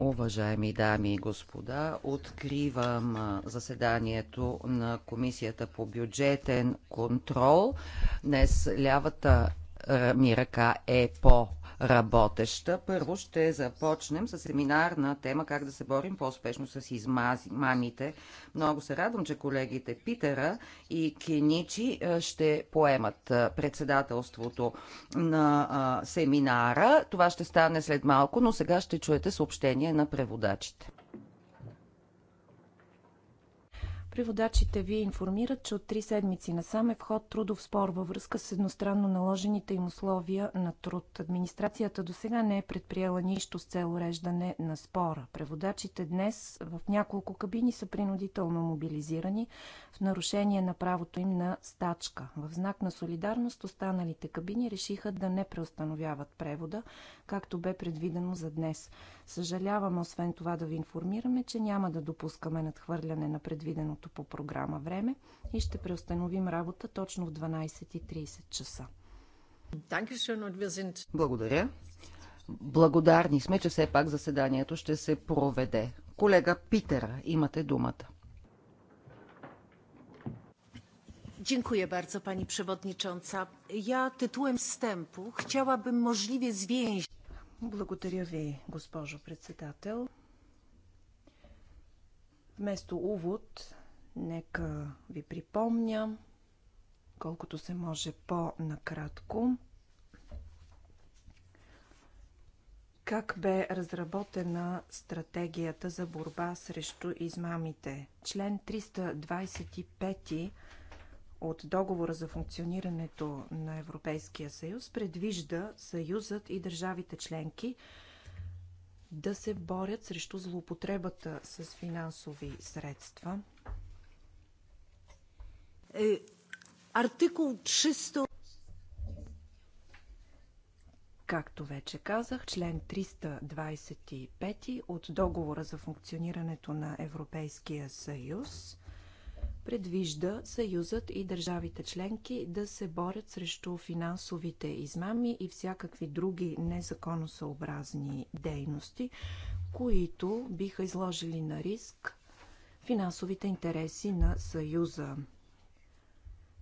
Уважаеми дами и господа, откривам заседанието на Комисията по бюджетен контрол. Днес лявата ми ръка е по работеща. Първо ще започнем с семинар на тема как да се борим по-успешно с измамите. Много се радвам, че колегите Питера и Кеничи ще поемат председателството на семинара. Това ще стане след малко, но сега ще чуете съобщение на преводачите. Преводачите ви информират, че от три седмици насам е вход трудов спор във връзка с едностранно наложените им условия на труд. Администрацията до сега не е предприела нищо с цел уреждане на спора. Преводачите днес в няколко кабини са принудително мобилизирани в нарушение на правото им на стачка. В знак на солидарност останалите кабини решиха да не преустановяват превода, както бе предвидено за днес. Съжалявам, освен това, да ви информираме, че няма да допускаме надхвърляне на предвиденото по програма време и ще преустановим работа точно в 12.30 часа. Благодаря. Благодарни сме, че все пак заседанието ще се проведе. Колега Питера, имате думата. Dziękuję bardzo Pani Przewodnicząca. Ja tytułem wstępu chciałabym możliwie zwięzić благодаря ви, госпожо председател. Вместо увод, нека ви припомня, колкото се може по-накратко, как бе разработена стратегията за борба срещу измамите. Член 325 от договора за функционирането на Европейския съюз предвижда съюзът и държавите членки да се борят срещу злоупотребата с финансови средства. Е, артикул 600. Както вече казах, член 325 от договора за функционирането на Европейския съюз предвижда Съюзът и държавите членки да се борят срещу финансовите измами и всякакви други незаконосъобразни дейности, които биха изложили на риск финансовите интереси на Съюза.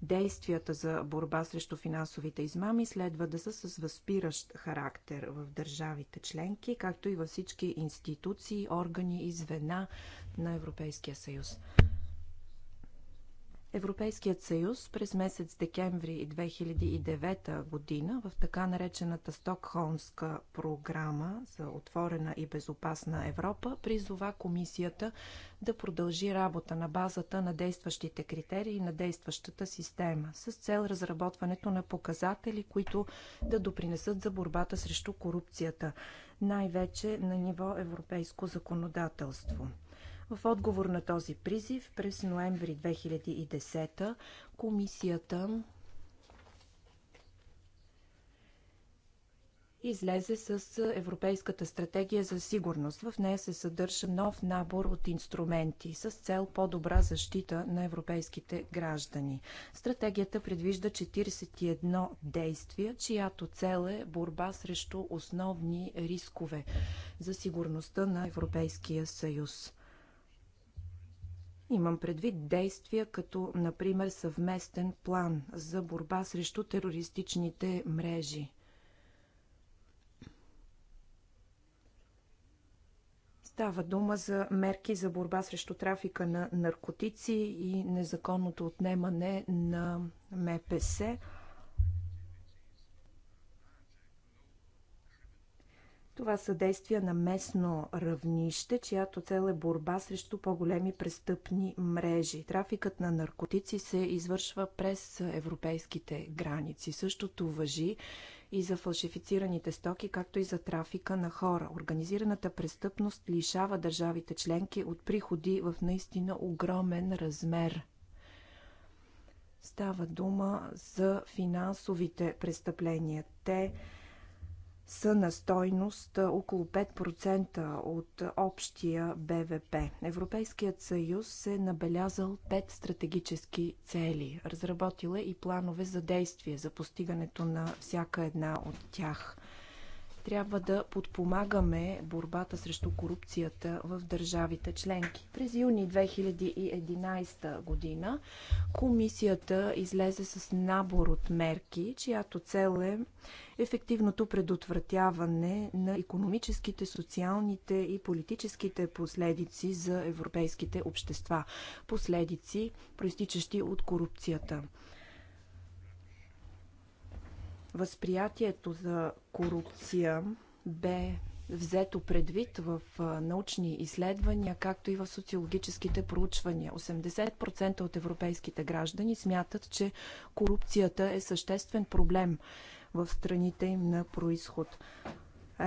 Действията за борба срещу финансовите измами следва да са с възпиращ характер в държавите членки, както и във всички институции, органи и звена на Европейския съюз. Европейският съюз през месец декември 2009 година в така наречената Стокхолмска програма за отворена и безопасна Европа призова комисията да продължи работа на базата на действащите критерии на действащата система с цел разработването на показатели, които да допринесат за борбата срещу корупцията, най-вече на ниво европейско законодателство. В отговор на този призив през ноември 2010 комисията излезе с Европейската стратегия за сигурност. В нея се съдържа нов набор от инструменти с цел по-добра защита на европейските граждани. Стратегията предвижда 41 действия, чиято цел е борба срещу основни рискове за сигурността на Европейския съюз. Имам предвид действия като, например, съвместен план за борба срещу терористичните мрежи. Става дума за мерки за борба срещу трафика на наркотици и незаконното отнемане на МПС. Това са действия на местно равнище, чиято цел е борба срещу по-големи престъпни мрежи. Трафикът на наркотици се извършва през европейските граници. Същото въжи и за фалшифицираните стоки, както и за трафика на хора. Организираната престъпност лишава държавите членки от приходи в наистина огромен размер. Става дума за финансовите престъпления. Те са на стойност около 5% от общия БВП. Европейският съюз е набелязал 5 стратегически цели. Разработил е и планове за действие за постигането на всяка една от тях трябва да подпомагаме борбата срещу корупцията в държавите членки. През юни 2011 година комисията излезе с набор от мерки, чиято цел е ефективното предотвратяване на економическите, социалните и политическите последици за европейските общества. Последици, проистичащи от корупцията. Възприятието за корупция бе взето предвид в научни изследвания, както и в социологическите проучвания. 80% от европейските граждани смятат, че корупцията е съществен проблем в страните им на происход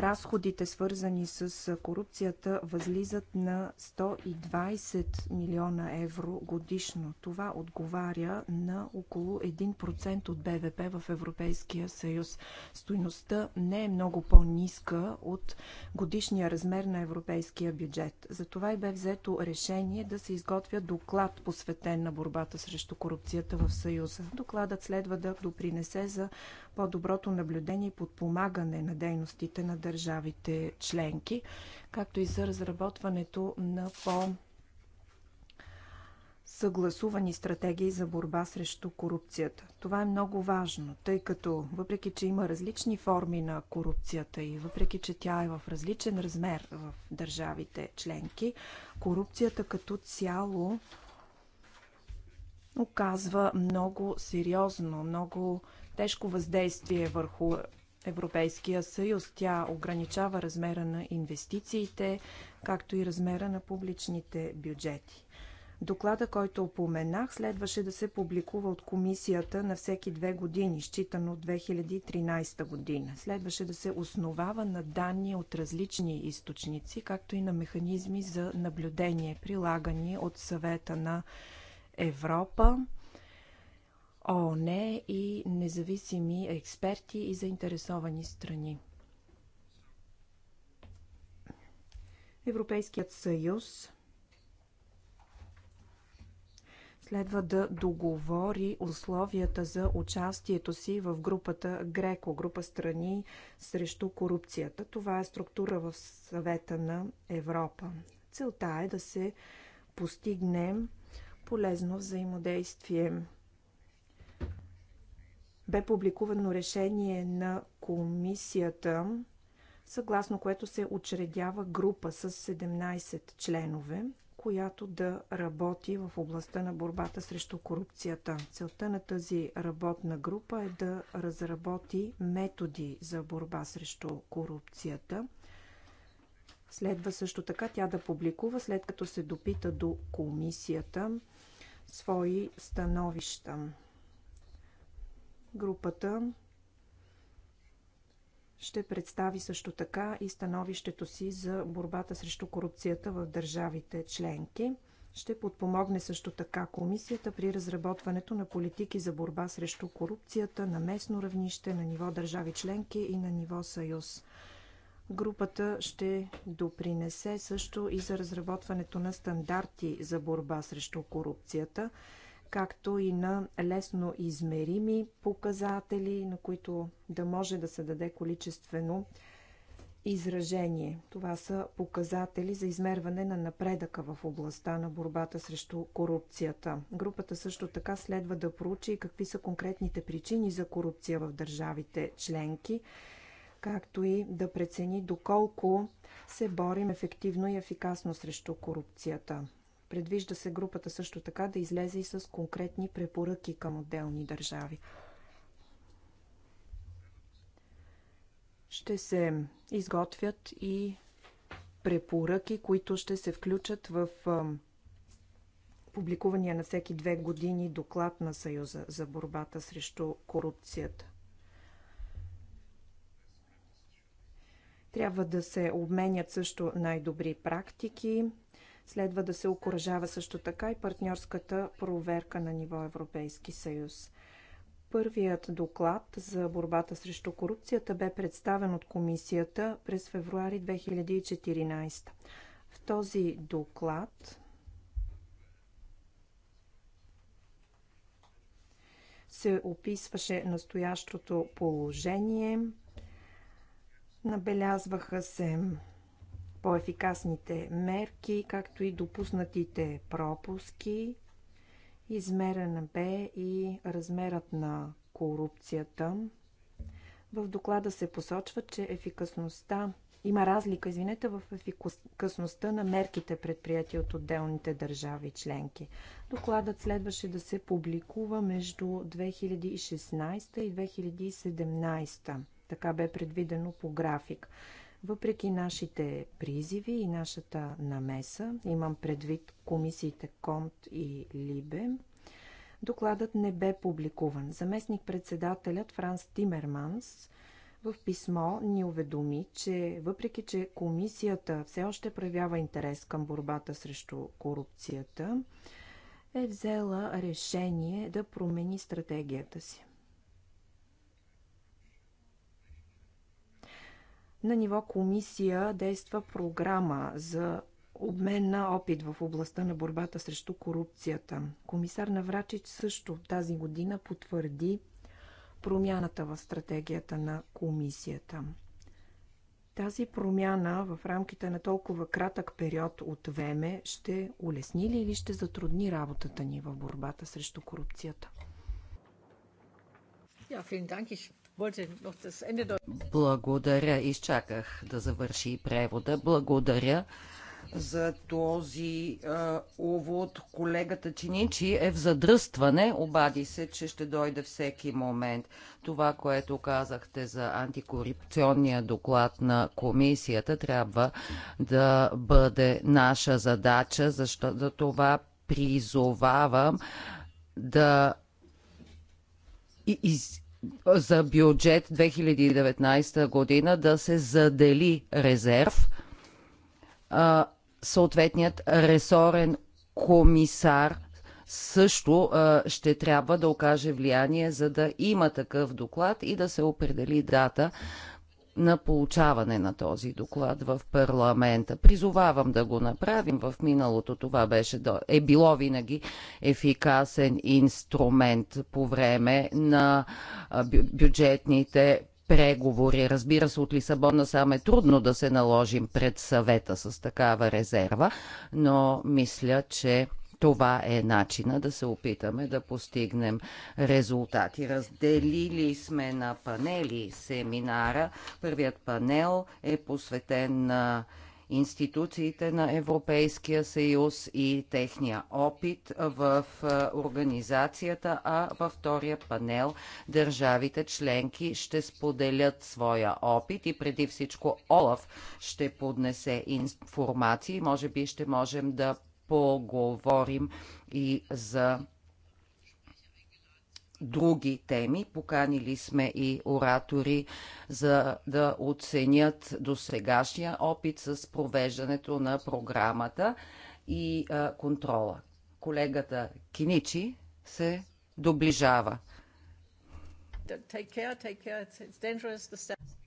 разходите свързани с корупцията възлизат на 120 милиона евро годишно. Това отговаря на около 1% от БВП в Европейския съюз. Стойността не е много по-ниска от годишния размер на европейския бюджет. Затова и бе взето решение да се изготвя доклад посветен на борбата срещу корупцията в Съюза. Докладът следва да допринесе за по-доброто наблюдение и подпомагане на дейностите на държавите членки, както и за разработването на по- съгласувани стратегии за борба срещу корупцията. Това е много важно, тъй като въпреки, че има различни форми на корупцията и въпреки, че тя е в различен размер в държавите членки, корупцията като цяло оказва много сериозно, много тежко въздействие върху Европейския съюз. Тя ограничава размера на инвестициите, както и размера на публичните бюджети. Доклада, който опоменах, следваше да се публикува от комисията на всеки две години, считано от 2013 година. Следваше да се основава на данни от различни източници, както и на механизми за наблюдение, прилагани от съвета на Европа ООН и независими експерти и заинтересовани страни. Европейският съюз следва да договори условията за участието си в групата Греко, група страни срещу корупцията. Това е структура в съвета на Европа. Целта е да се постигне полезно взаимодействие бе публикувано решение на комисията, съгласно което се учредява група с 17 членове, която да работи в областта на борбата срещу корупцията. Целта на тази работна група е да разработи методи за борба срещу корупцията. Следва също така тя да публикува, след като се допита до комисията, свои становища. Групата ще представи също така и становището си за борбата срещу корупцията в държавите членки. Ще подпомогне също така комисията при разработването на политики за борба срещу корупцията на местно равнище, на ниво държави членки и на ниво съюз. Групата ще допринесе също и за разработването на стандарти за борба срещу корупцията – както и на лесно измерими показатели, на които да може да се даде количествено изражение. Това са показатели за измерване на напредъка в областта на борбата срещу корупцията. Групата също така следва да проучи какви са конкретните причини за корупция в държавите членки, както и да прецени доколко се борим ефективно и ефикасно срещу корупцията. Предвижда се групата също така да излезе и с конкретни препоръки към отделни държави. Ще се изготвят и препоръки, които ще се включат в публикувания на всеки две години доклад на Съюза за борбата срещу корупцията. Трябва да се обменят също най-добри практики, Следва да се окоръжава също така и партньорската проверка на ниво Европейски съюз. Първият доклад за борбата срещу корупцията бе представен от комисията през февруари 2014. В този доклад се описваше настоящото положение, набелязваха се по-ефикасните мерки, както и допуснатите пропуски. на бе и размерът на корупцията. В доклада се посочва, че ефикасността има разлика, извинете, в ефикасността на мерките предприятия от отделните държави членки. Докладът следваше да се публикува между 2016 и 2017. Така бе предвидено по график. Въпреки нашите призиви и нашата намеса, имам предвид комисиите Конт и Либе, докладът не бе публикуван. Заместник-председателят Франс Тимерманс в писмо ни уведоми, че въпреки, че комисията все още проявява интерес към борбата срещу корупцията, е взела решение да промени стратегията си. На ниво комисия действа програма за обмен на опит в областта на борбата срещу корупцията. Комисар Наврачич също тази година потвърди промяната в стратегията на комисията. Тази промяна в рамките на толкова кратък период от време ще улесни ли или ще затрудни работата ни в борбата срещу корупцията? Ja, vielen Dank. Ich благодаря. Изчаках да завърши превода. Благодаря за този а, увод. Колегата Чиничи е в задръстване, обади се, че ще дойде всеки момент. Това, което казахте за антикорупционния доклад на комисията, трябва да бъде наша задача, защото за това призовавам да и, из, за бюджет 2019 година да се задели резерв. А, съответният ресорен комисар също а, ще трябва да окаже влияние, за да има такъв доклад и да се определи дата на получаване на този доклад в парламента. Призовавам да го направим. В миналото това беше, е било винаги ефикасен инструмент по време на бюджетните преговори. Разбира се, от Лисабона сам е трудно да се наложим пред съвета с такава резерва, но мисля, че това е начина да се опитаме да постигнем резултати. Разделили сме на панели семинара. Първият панел е посветен на институциите на Европейския съюз и техния опит в организацията, а във втория панел държавите членки ще споделят своя опит и преди всичко Олаф ще поднесе информации. Може би ще можем да поговорим и за други теми. Поканили сме и оратори за да оценят досегашния опит с провеждането на програмата и а, контрола. Колегата Киничи се доближава.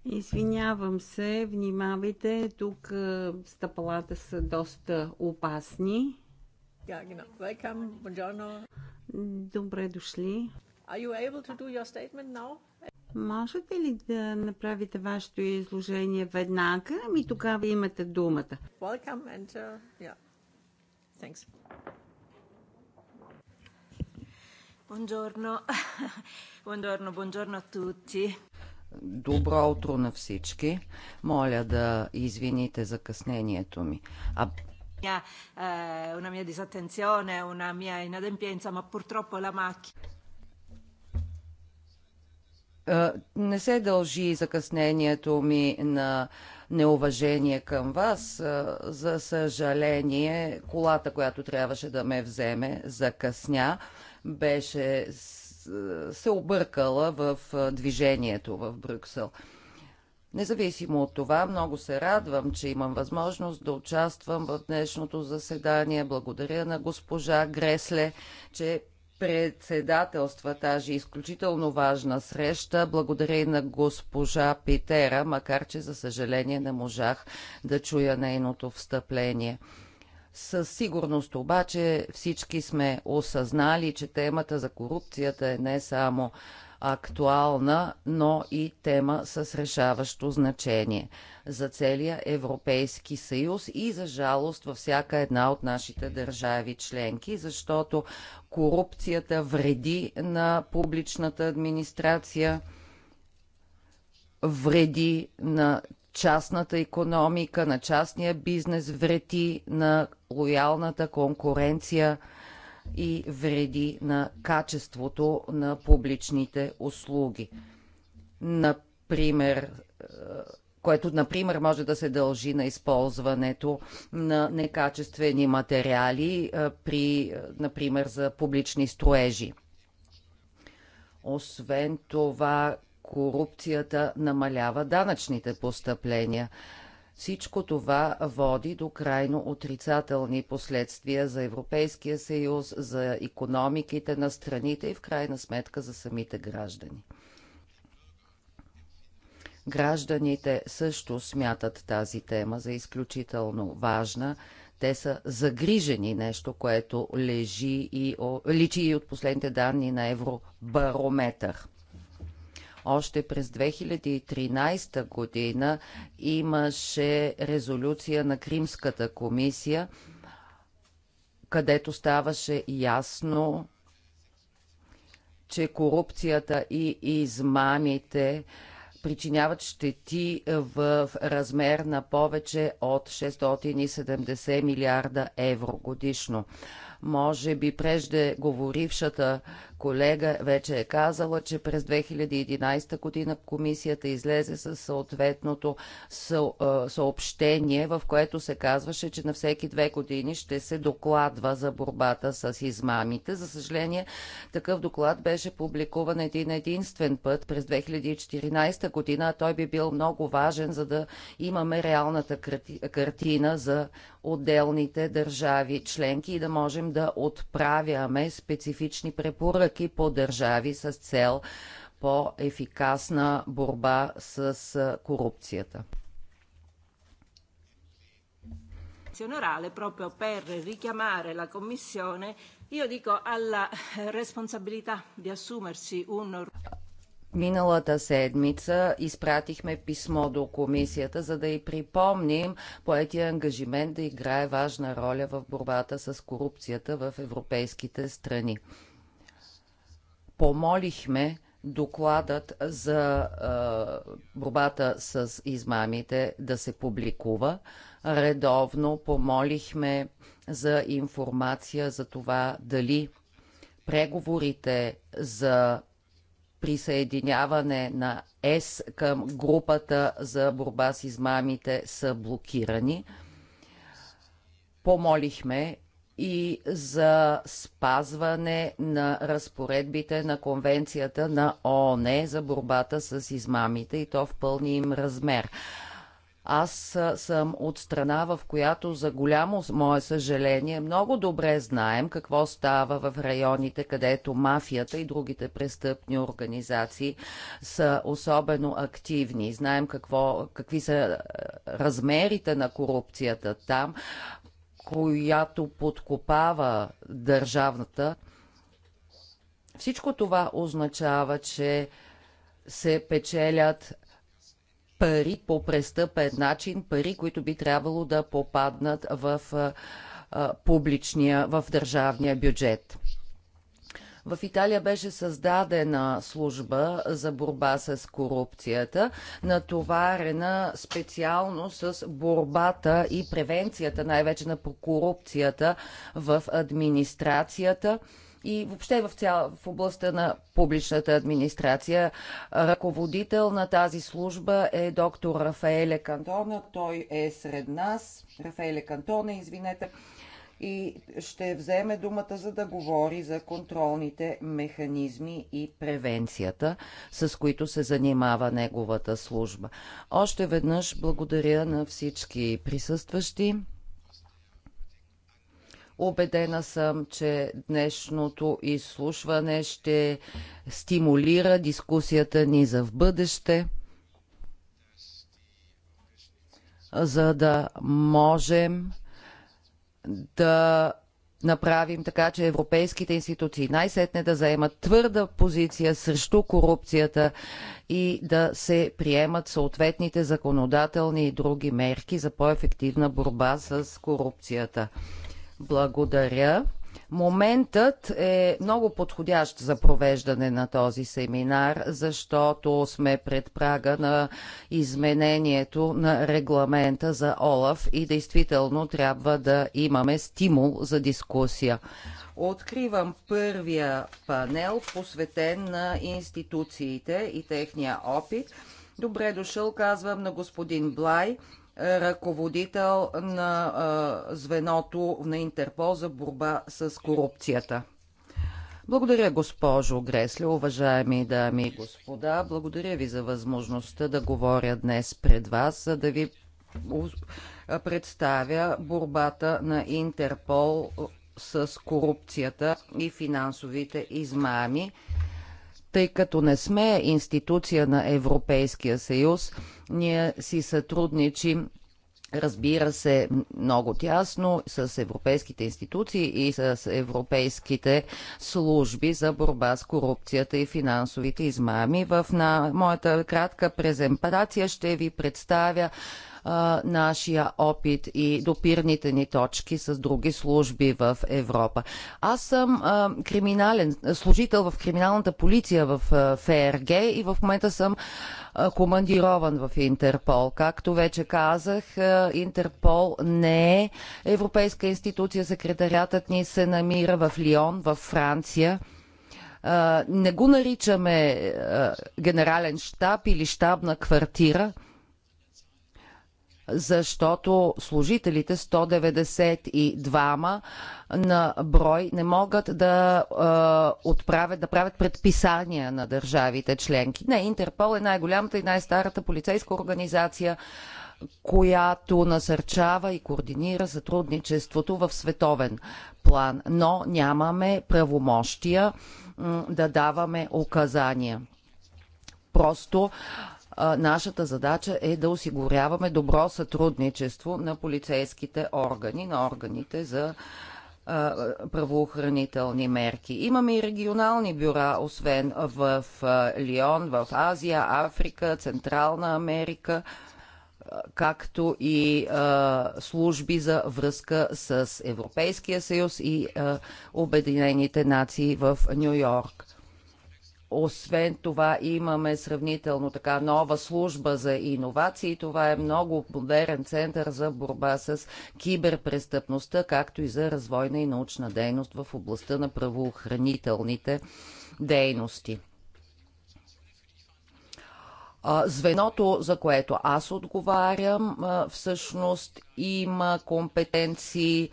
Извинявам се, внимавайте, тук стъпалата са доста опасни. Добре дошли. Можете ли да направите вашето изложение веднага? Ами тогава имате думата. Welcome and uh, yeah. Thanks. Buongiorno. Buongiorno, buongiorno a tutti. Добро утро на всички. Моля да извините за къснението ми. А... Mia, е, una mia disattenzione, una mia inadempienza, ma purtroppo la macchina. Е, не се дължи закъснението ми на неуважение към вас. Е, за съжаление, колата, която трябваше да ме вземе, закъсня беше се объркала в движението в Брюксел. Независимо от това, много се радвам, че имам възможност да участвам в днешното заседание. Благодаря на госпожа Гресле, че председателства тази изключително важна среща. Благодаря и на госпожа Питера, макар че за съжаление не можах да чуя нейното встъпление. Със сигурност обаче всички сме осъзнали, че темата за корупцията е не само актуална, но и тема с решаващо значение за целия Европейски съюз и за жалост във всяка една от нашите държави членки, защото корупцията вреди на публичната администрация, вреди на частната економика, на частния бизнес, вреди на лоялната конкуренция и вреди на качеството на публичните услуги. Например, е, което, например, може да се дължи на използването на некачествени материали е, при, е, например, за публични строежи. Освен това, корупцията намалява данъчните постъпления. Всичко това води до крайно отрицателни последствия за Европейския съюз, за економиките на страните и в крайна сметка за самите граждани. Гражданите също смятат тази тема за изключително важна. Те са загрижени нещо, което лежи и, личи и от последните данни на Евробарометър. Още през 2013 година имаше резолюция на Кримската комисия, където ставаше ясно, че корупцията и измамите причиняват щети в размер на повече от 670 милиарда евро годишно. Може би прежде говорившата колега вече е казала, че през 2011 година комисията излезе с съответното съобщение, в което се казваше, че на всеки две години ще се докладва за борбата с измамите. За съжаление, такъв доклад беше публикуван един единствен път през 2014 година, а той би бил много важен, за да имаме реалната картина за отделните държави членки и да можем да отправяме специфични препоръки по държави с цел по-ефикасна борба с корупцията. orale proprio per richiamare la Commissione, io dico alla responsabilità di assumersi un Миналата седмица изпратихме писмо до комисията, за да й припомним поетия ангажимент да играе важна роля в борбата с корупцията в европейските страни. Помолихме докладът за а, борбата с измамите да се публикува. Редовно помолихме за информация за това дали преговорите за присъединяване на ЕС към групата за борба с измамите са блокирани. Помолихме и за спазване на разпоредбите на Конвенцията на ООН за борбата с измамите и то в пълния им размер. Аз съм от страна, в която, за голямо мое съжаление, много добре знаем какво става в районите, където мафията и другите престъпни организации са особено активни. Знаем какво, какви са размерите на корупцията там, която подкопава държавната. Всичко това означава, че се печелят пари по престъпен начин, пари, които би трябвало да попаднат в публичния, в държавния бюджет. В Италия беше създадена служба за борба с корупцията, натоварена специално с борбата и превенцията, най-вече на корупцията в администрацията и въобще в, цяло, в областта на публичната администрация. Ръководител на тази служба е доктор Рафаеле Кантона. Той е сред нас. Рафаеле Кантона, извинете и ще вземе думата, за да говори за контролните механизми и превенцията, с които се занимава неговата служба. Още веднъж благодаря на всички присъстващи. Обедена съм, че днешното изслушване ще стимулира дискусията ни за в бъдеще, за да можем да направим така, че европейските институции най-сетне да заемат твърда позиция срещу корупцията и да се приемат съответните законодателни и други мерки за по-ефективна борба с корупцията. Благодаря. Моментът е много подходящ за провеждане на този семинар, защото сме пред прага на изменението на регламента за ОЛАФ и действително трябва да имаме стимул за дискусия. Откривам първия панел, посветен на институциите и техния опит. Добре дошъл, казвам на господин Блай ръководител на звеното на Интерпол за борба с корупцията. Благодаря, госпожо Гресле, уважаеми дами и господа. Благодаря ви за възможността да говоря днес пред вас, за да ви представя борбата на Интерпол с корупцията и финансовите измами, тъй като не сме институция на Европейския съюз – ние си сътрудничим разбира се, много тясно с европейските институции и с европейските служби за борба с корупцията и финансовите измами. В на моята кратка презентация ще ви представя нашия опит и допирните ни точки с други служби в Европа. Аз съм а, криминален, служител в криминалната полиция в а, ФРГ и в момента съм а, командирован в Интерпол. Както вече казах, а, Интерпол не е европейска институция. Секретариатът ни се намира в Лион, в Франция не го наричаме генерален щаб или щабна квартира – защото служителите 192 на брой не могат да е, отправят, да правят предписания на държавите членки. Не, Интерпол е най-голямата и най-старата полицейска организация която насърчава и координира сътрудничеството в световен план, но нямаме правомощия да даваме указания. Просто нашата задача е да осигуряваме добро сътрудничество на полицейските органи, на органите за правоохранителни мерки. Имаме и регионални бюра, освен в Лион, в Азия, Африка, Централна Америка, както и служби за връзка с Европейския съюз и Обединените нации в Нью Йорк. Освен това имаме сравнително така нова служба за иновации. Това е много модерен център за борба с киберпрестъпността, както и за развойна и научна дейност в областта на правоохранителните дейности. Звеното, за което аз отговарям, всъщност има компетенции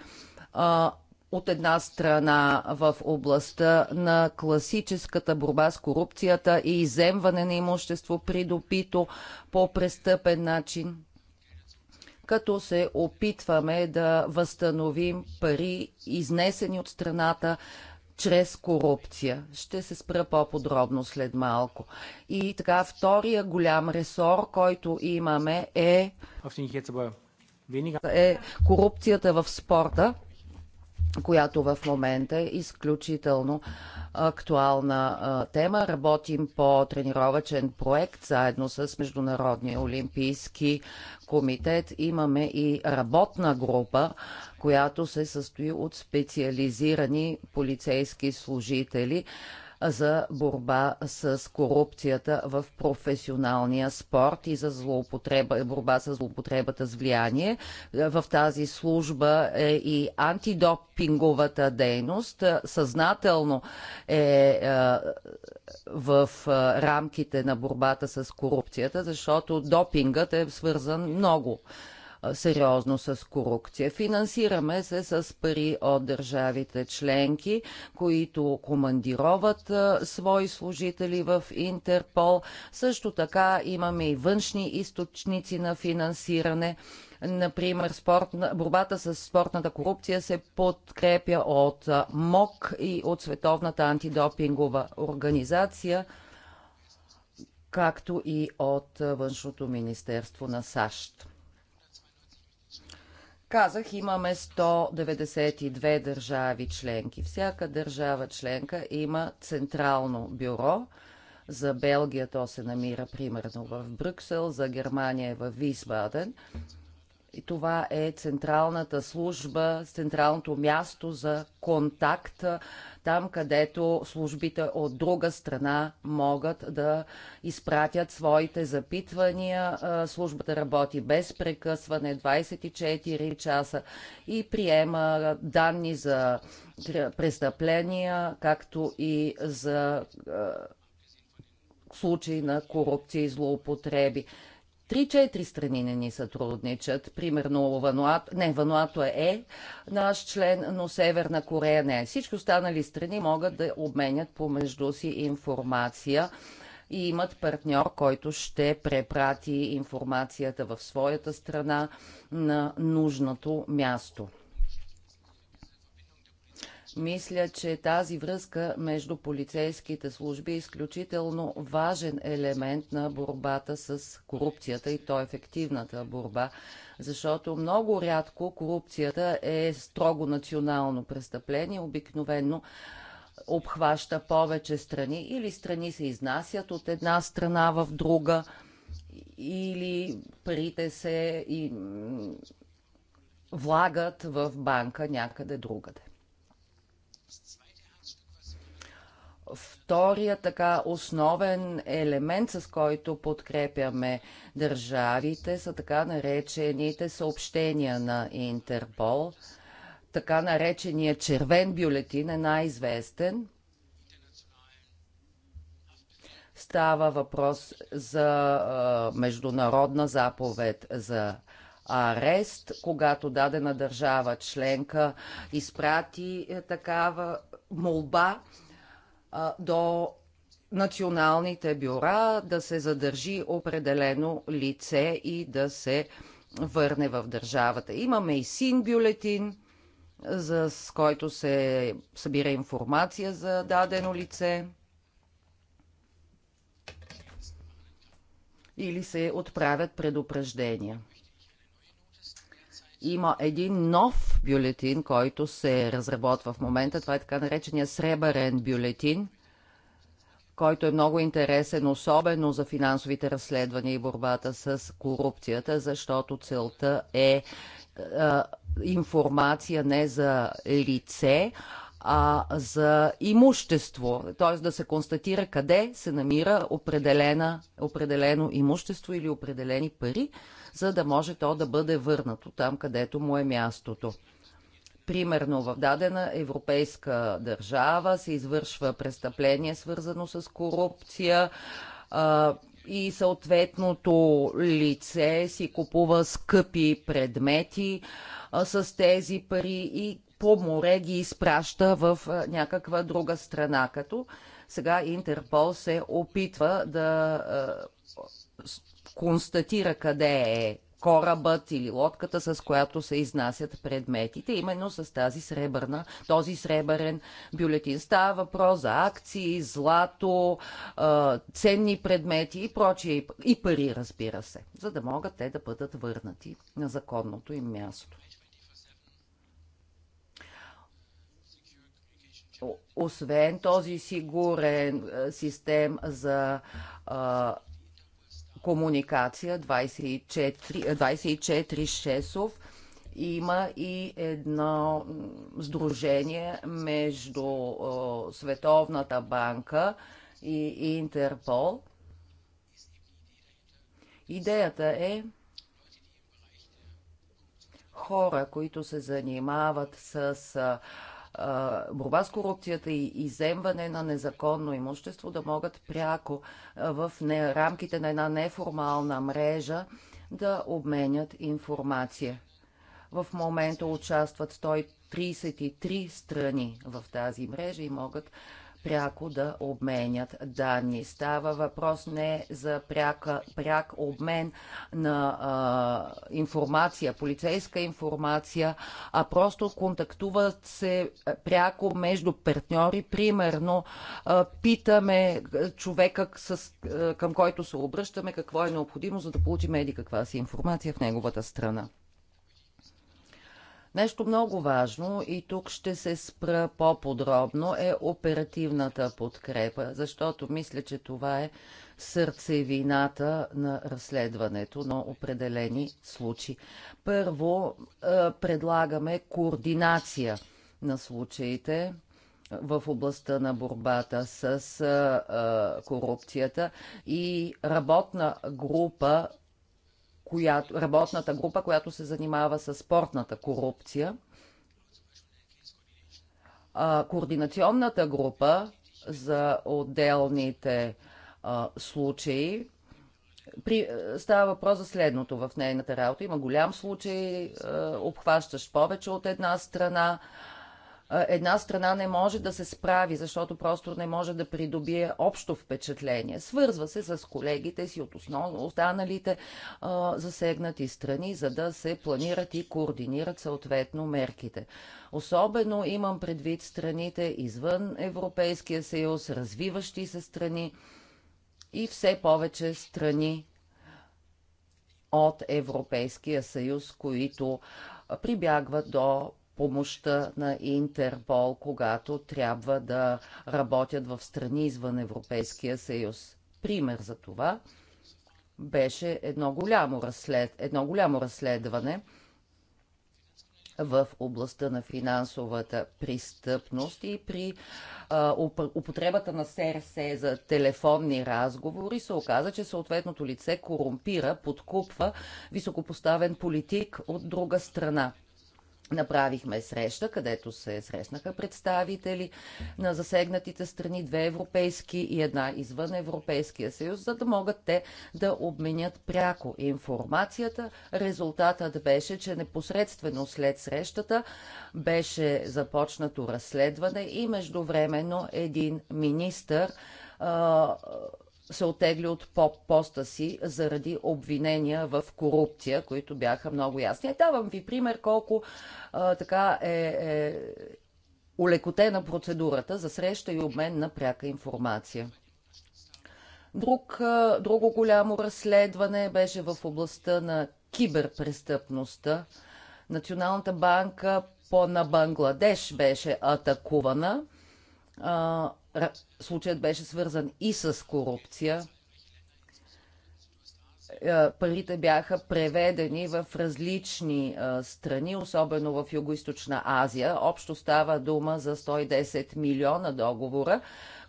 от една страна в областта на класическата борба с корупцията и иземване на имущество придобито по престъпен начин, като се опитваме да възстановим пари, изнесени от страната чрез корупция. Ще се спра по-подробно след малко. И така, втория голям ресор, който имаме е, е корупцията в спорта която в момента е изключително актуална а, тема. Работим по тренировачен проект заедно с Международния олимпийски комитет. Имаме и работна група, която се състои от специализирани полицейски служители, за борба с корупцията в професионалния спорт и за злоупотреба, борба с злоупотребата с влияние. В тази служба е и антидопинговата дейност. Съзнателно е, е в е, рамките на борбата с корупцията, защото допингът е свързан много сериозно с корупция. Финансираме се с пари от държавите членки, които командироват свои служители в Интерпол. Също така имаме и външни източници на финансиране. Например, спортна, борбата с спортната корупция се подкрепя от МОК и от Световната антидопингова организация, както и от Външното министерство на САЩ. Казах, имаме 192 държави членки. Всяка държава членка има централно бюро. За Белгия то се намира примерно в Брюксел, за Германия е в Висбаден. И това е централната служба, централното място за контакт, там където службите от друга страна могат да изпратят своите запитвания. Службата работи без прекъсване 24 часа и приема данни за престъпления, както и за случаи на корупция и злоупотреби. Три-четири страни не ни сътрудничат. Примерно Вануато, не, Вануато е, е наш член, но Северна Корея не е. Всички останали страни могат да обменят помежду си информация и имат партньор, който ще препрати информацията в своята страна на нужното място. Мисля, че тази връзка между полицейските служби е изключително важен елемент на борбата с корупцията и то е ефективната борба, защото много рядко корупцията е строго национално престъпление, обикновено обхваща повече страни или страни се изнасят от една страна в друга или парите се и влагат в банка някъде другаде. Втория така основен елемент, с който подкрепяме държавите, са така наречените съобщения на Интерпол. Така наречения червен бюлетин е най-известен. Става въпрос за а, международна заповед за арест, когато дадена държава членка изпрати е, такава молба до националните бюра да се задържи определено лице и да се върне в държавата. Имаме и син бюлетин, за, с който се събира информация за дадено лице. Или се отправят предупреждения има един нов бюлетин, който се разработва в момента. Това е така наречения сребърен бюлетин, който е много интересен, особено за финансовите разследвания и борбата с корупцията, защото целта е а, информация не за лице, а за имущество, т.е. да се констатира къде се намира определено имущество или определени пари, за да може то да бъде върнато там, където му е мястото. Примерно в дадена европейска държава се извършва престъпление, свързано с корупция, и съответното лице си купува скъпи предмети а, с тези пари и по море ги изпраща в а, някаква друга страна, като сега Интерпол се опитва да а, констатира къде е корабът или лодката, с която се изнасят предметите, именно с тази сребърна, този сребърен бюлетин. Става въпрос за акции, злато, ценни предмети и прочие, и пари, разбира се, за да могат те да бъдат върнати на законното им място. освен този сигурен систем за комуникация 24, е, Шесов. Има и едно сдружение между Световната банка и Интерпол. Идеята е хора, които се занимават с борба с корупцията и иземване на незаконно имущество да могат пряко в рамките на една неформална мрежа да обменят информация. В момента участват 133 страни в тази мрежа и могат пряко да обменят данни. Става въпрос не за пряка, пряк обмен на а, информация, полицейска информация, а просто контактуват се пряко между партньори. Примерно, а, питаме човека, с, а, към който се обръщаме, какво е необходимо, за да получим еди каква си информация в неговата страна. Нещо много важно и тук ще се спра по-подробно е оперативната подкрепа, защото мисля, че това е сърцевината на разследването на определени случаи. Първо е, предлагаме координация на случаите, в областта на борбата с е, е, корупцията и работна група която, работната група, която се занимава с спортната корупция. А, координационната група за отделните а, случаи. При, става въпрос за следното в нейната работа. Има голям случай, а, обхващащ повече от една страна една страна не може да се справи, защото просто не може да придобие общо впечатление. Свързва се с колегите си от основно останалите а, засегнати страни, за да се планират и координират съответно мерките. Особено имам предвид страните извън Европейския съюз, развиващи се страни и все повече страни от Европейския съюз, които прибягват до помощта на Интерпол, когато трябва да работят в страни извън Европейския съюз. Пример за това беше едно голямо, разслед... едно голямо разследване в областта на финансовата престъпност и при а, употребата на СРС за телефонни разговори се оказа, че съответното лице корумпира, подкупва високопоставен политик от друга страна. Направихме среща, където се срещнаха представители на засегнатите страни, две европейски и една извън Европейския съюз, за да могат те да обменят пряко информацията. Резултатът беше, че непосредствено след срещата беше започнато разследване и междувременно един министър се отегли от поста си заради обвинения в корупция, които бяха много ясни. Е, давам ви пример колко а, така е, е улекотена процедурата за среща и обмен на пряка информация. Друг, а, друго голямо разследване беше в областта на киберпрестъпността. Националната банка по, на Бангладеш беше атакувана. А, случаят беше свързан и с корупция. Е, парите бяха преведени в различни е, страни, особено в Юго-Источна Азия. Общо става дума за 110 милиона договора,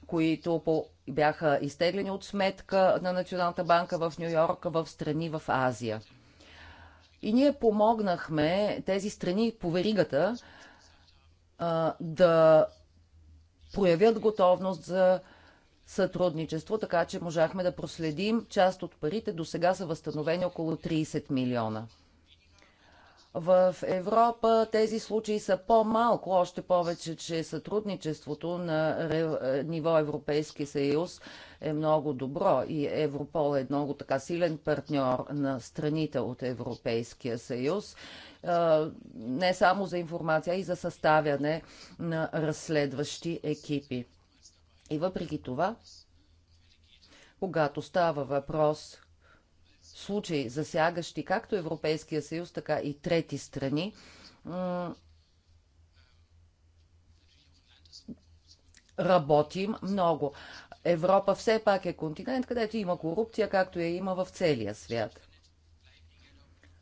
които по бяха изтеглени от сметка на Националната банка в Нью Йорк в страни в Азия. И ние помогнахме тези страни по веригата е, да проявят готовност за сътрудничество, така че можахме да проследим част от парите. До сега са възстановени около 30 милиона. В Европа тези случаи са по-малко, още повече, че сътрудничеството на ниво Европейски съюз е много добро и Европол е много така силен партньор на страните от Европейския съюз не само за информация, а и за съставяне на разследващи екипи. И въпреки това, когато става въпрос случаи, засягащи както Европейския съюз, така и трети страни, работим много. Европа все пак е континент, където има корупция, както я има в целия свят.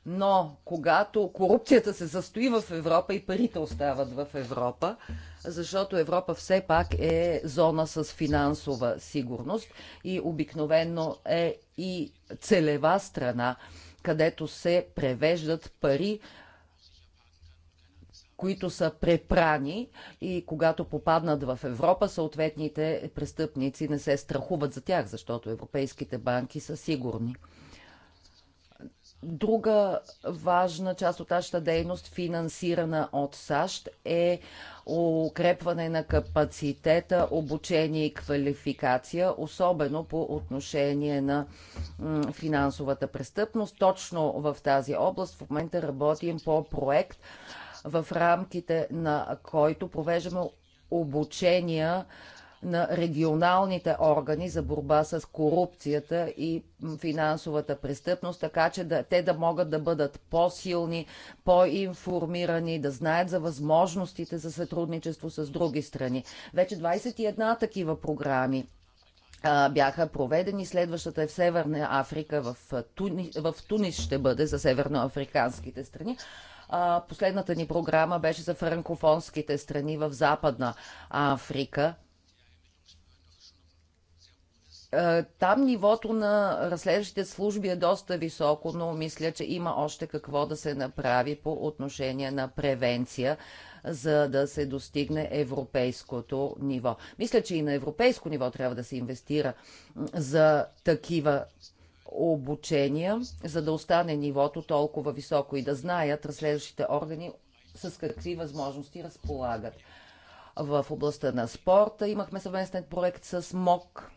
Но когато корупцията се състои в Европа и парите остават в Европа, защото Европа все пак е зона с финансова сигурност и обикновено е и целева страна, където се превеждат пари, които са препрани и когато попаднат в Европа, съответните престъпници не се страхуват за тях, защото европейските банки са сигурни. Друга важна част от нашата дейност, финансирана от САЩ, е укрепване на капацитета, обучение и квалификация, особено по отношение на финансовата престъпност. Точно в тази област в момента работим по проект, в рамките на който провеждаме обучения на регионалните органи за борба с корупцията и финансовата престъпност, така че да, те да могат да бъдат по-силни, по-информирани, да знаят за възможностите за сътрудничество с други страни. Вече 21 такива програми бяха проведени. Следващата е в Северна Африка, в Тунис, в Тунис ще бъде за северноафриканските страни. Последната ни програма беше за франкофонските страни в Западна Африка. Е, там нивото на разследващите служби е доста високо, но мисля, че има още какво да се направи по отношение на превенция, за да се достигне европейското ниво. Мисля, че и на европейско ниво трябва да се инвестира за такива обучения, за да остане нивото толкова високо и да знаят разследващите органи с какви възможности разполагат. В областта на спорта имахме съвместен проект с МОК –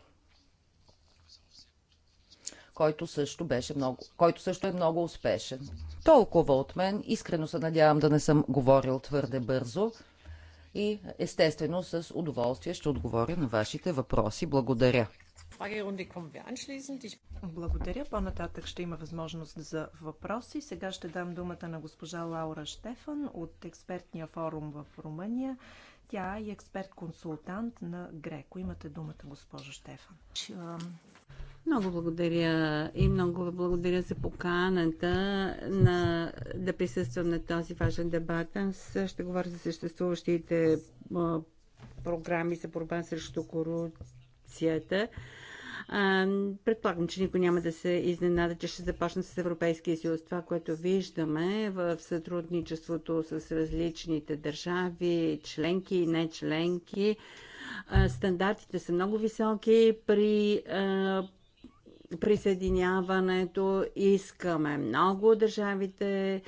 който също, беше много, който също е много успешен. Толкова от мен. Искрено се надявам да не съм говорил твърде бързо. И естествено с удоволствие ще отговоря на вашите въпроси. Благодаря. Благодаря. По-нататък ще има възможност за въпроси. Сега ще дам думата на госпожа Лаура Штефан от експертния форум в Румъния. Тя е експерт-консултант на Греко. Имате думата, госпожо Штефан. Много благодаря и много благодаря за поканата на, да присъствам на този важен дебат. Аз ще говоря за съществуващите програми за борба срещу корупцията. предполагам, че никой няма да се изненада, че ще започна с Европейския съюз. Това, което виждаме в сътрудничеството с различните държави, членки и нечленки. стандартите са много високи при присъединяването. Искаме много държавите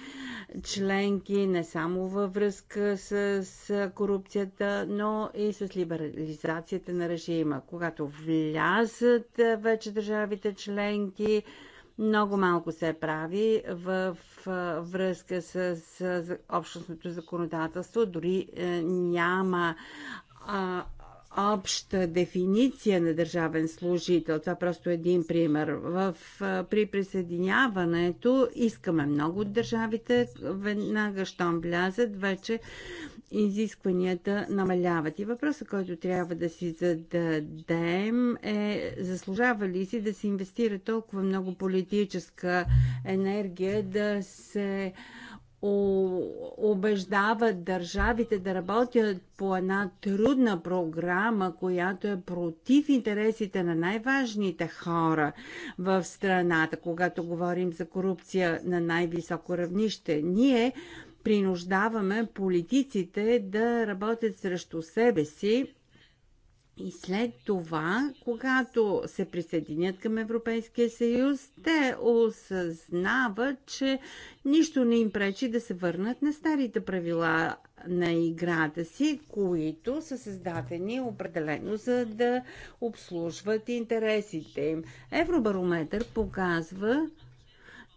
членки, не само във връзка с, корупцията, но и с либерализацията на режима. Когато влязат вече държавите членки, много малко се прави в връзка с, общностното законодателство. Дори е, няма обща дефиниция на държавен служител. Това просто е един пример. В, при присъединяването искаме много от държавите, веднага щом влязат, вече изискванията намаляват. И въпросът, който трябва да си зададем е заслужава ли си да се инвестира толкова много политическа енергия, да се а, убеждават държавите да работят по една трудна програма, която е против интересите на най-важните хора в страната, когато говорим за корупция на най-високо равнище. Ние принуждаваме политиците да работят срещу себе си и след това, когато се присъединят към Европейския съюз, те осъзнават, че нищо не им пречи да се върнат на старите правила на играта си, които са създадени определено за да обслужват интересите им. Евробарометър показва,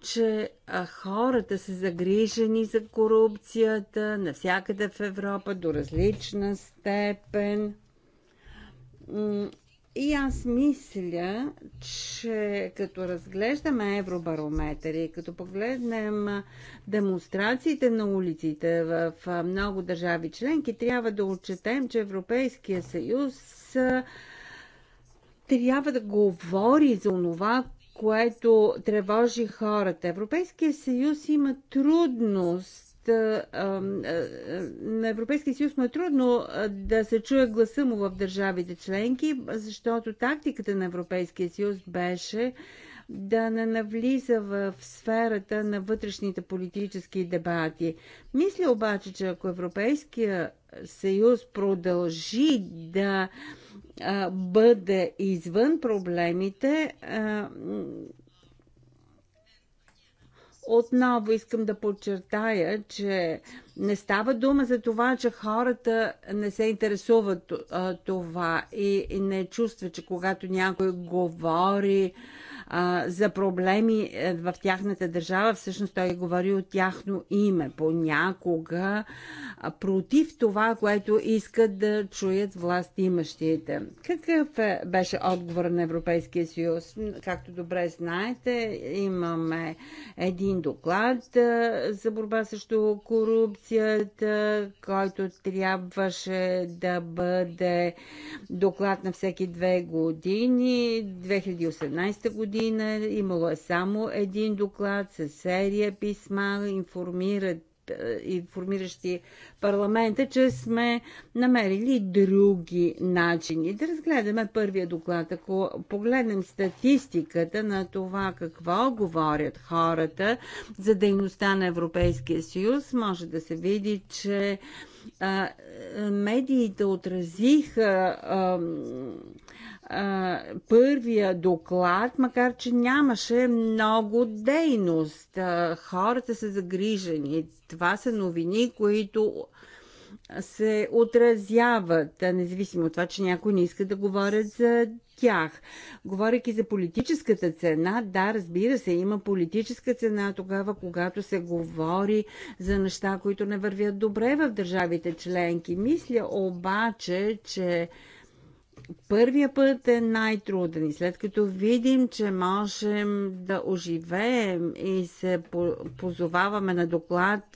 че хората са загрижени за корупцията навсякъде в Европа до различна степен. И аз мисля, че като разглеждаме евробарометри, като погледнем демонстрациите на улиците в много държави членки, трябва да отчетем, че Европейския съюз трябва да говори за това, което тревожи хората. Европейския съюз има трудност на Европейския съюз му е трудно да се чуе гласа му в държавите членки, защото тактиката на Европейския съюз беше да не навлиза в сферата на вътрешните политически дебати. Мисля обаче, че ако Европейския съюз продължи да бъде извън проблемите, а, отново искам да подчертая, че не става дума за това, че хората не се интересуват това и не чувстват, че когато някой говори а, за проблеми е, в тяхната държава, всъщност той говори от тяхно име. Понякога против това, което искат да чуят власт имащите. Какъв е, беше отговор на Европейския съюз? Както добре знаете, имаме един доклад за борба срещу корупцията, който трябваше да бъде доклад на всеки две години, 2018 година година имало е само един доклад с серия писма, информират е, информиращи парламента, че сме намерили други начини. Да разгледаме първия доклад. Ако погледнем статистиката на това какво говорят хората за дейността на Европейския съюз, може да се види, че а, медиите отразиха а, а, първия доклад, макар че нямаше много дейност. А, хората са загрижени. Това са новини, които се отразяват, независимо от това, че някой не иска да говорят за тях. Говоряки за политическата цена, да, разбира се, има политическа цена тогава, когато се говори за неща, които не вървят добре в държавите членки. Мисля обаче, че Първия път е най-труден и след като видим, че можем да оживеем и се позоваваме на доклад,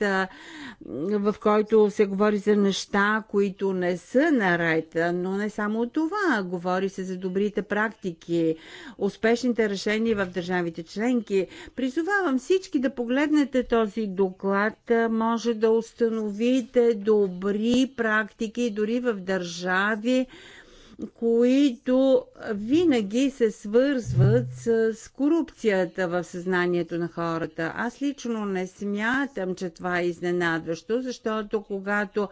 в който се говори за неща, които не са наред, но не само това. Говори се за добрите практики, успешните решения в държавите членки. Призовавам всички да погледнете този доклад. Може да установите добри практики дори в държави, които винаги се свързват с корупцията в съзнанието на хората. Аз лично не смятам, че това е изненадващо, защото когато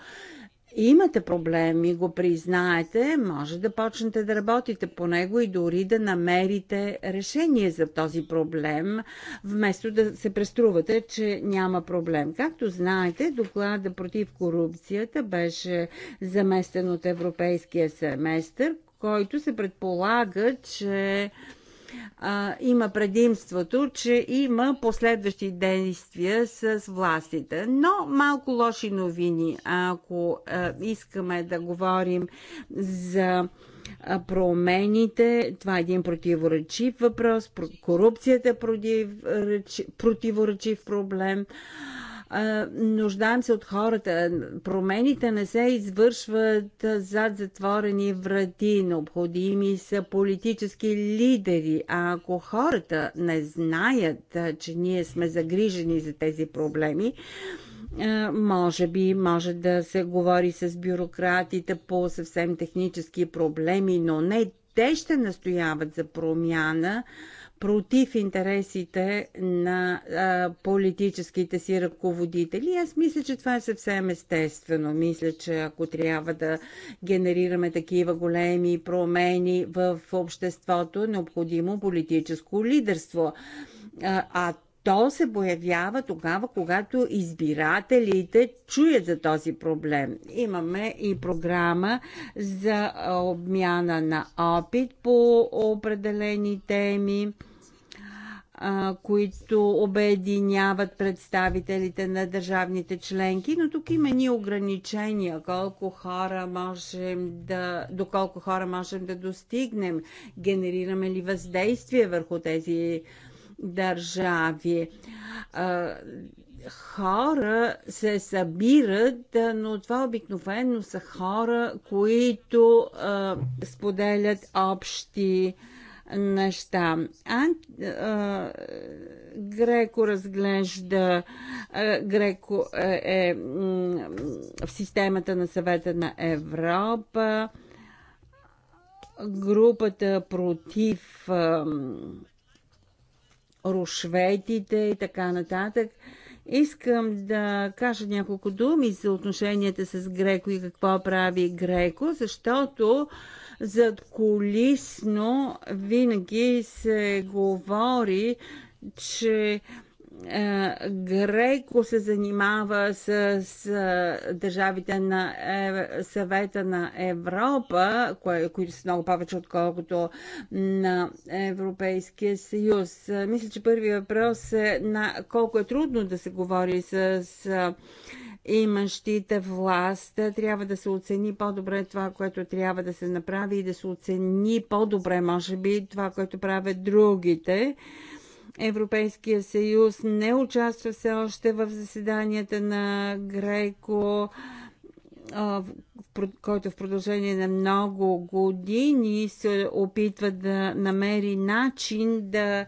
и имате проблем и го признаете, може да почнете да работите по него и дори да намерите решение за този проблем, вместо да се преструвате, че няма проблем. Както знаете, доклада против корупцията беше заместен от Европейския семестър, който се предполага, че а, има предимството, че има последващи действия с властите. Но малко лоши новини, ако а, искаме да говорим за промените, това е един противоречив въпрос, корупцията е противоречив проблем нуждаем се от хората. Промените не се извършват зад затворени врати. Необходими са политически лидери. А ако хората не знаят, че ние сме загрижени за тези проблеми, може би може да се говори с бюрократите по съвсем технически проблеми, но не те ще настояват за промяна, против интересите на а, политическите си ръководители. Аз мисля, че това е съвсем естествено. Мисля, че ако трябва да генерираме такива големи промени в обществото, е необходимо политическо лидерство. А, а то се появява тогава, когато избирателите чуят за този проблем. Имаме и програма за обмяна на опит по определени теми които обединяват представителите на държавните членки, но тук има ни ограничения, колко хора можем да, до колко хора можем да достигнем, генерираме ли въздействие върху тези държави. Хора се събират, но това обикновено са хора, които споделят общи а, неща. Ан, а, Греко разглежда, а, Греко е, е в системата на съвета на Европа, групата против а, рушветите и така нататък. Искам да кажа няколко думи за отношенията с Греко и какво прави Греко, защото а, зад колисно винаги се говори, че е, Греко се занимава с, с държавите на е, съвета на Европа, кое, които са много повече отколкото на Европейския съюз. Мисля, че първият въпрос е на колко е трудно да се говори с, с имащите власт. Трябва да се оцени по-добре това, което трябва да се направи и да се оцени по-добре, може би, това, което правят другите. Европейския съюз не участва все още в заседанията на Греко който е в продължение на много години се опитва да намери начин да,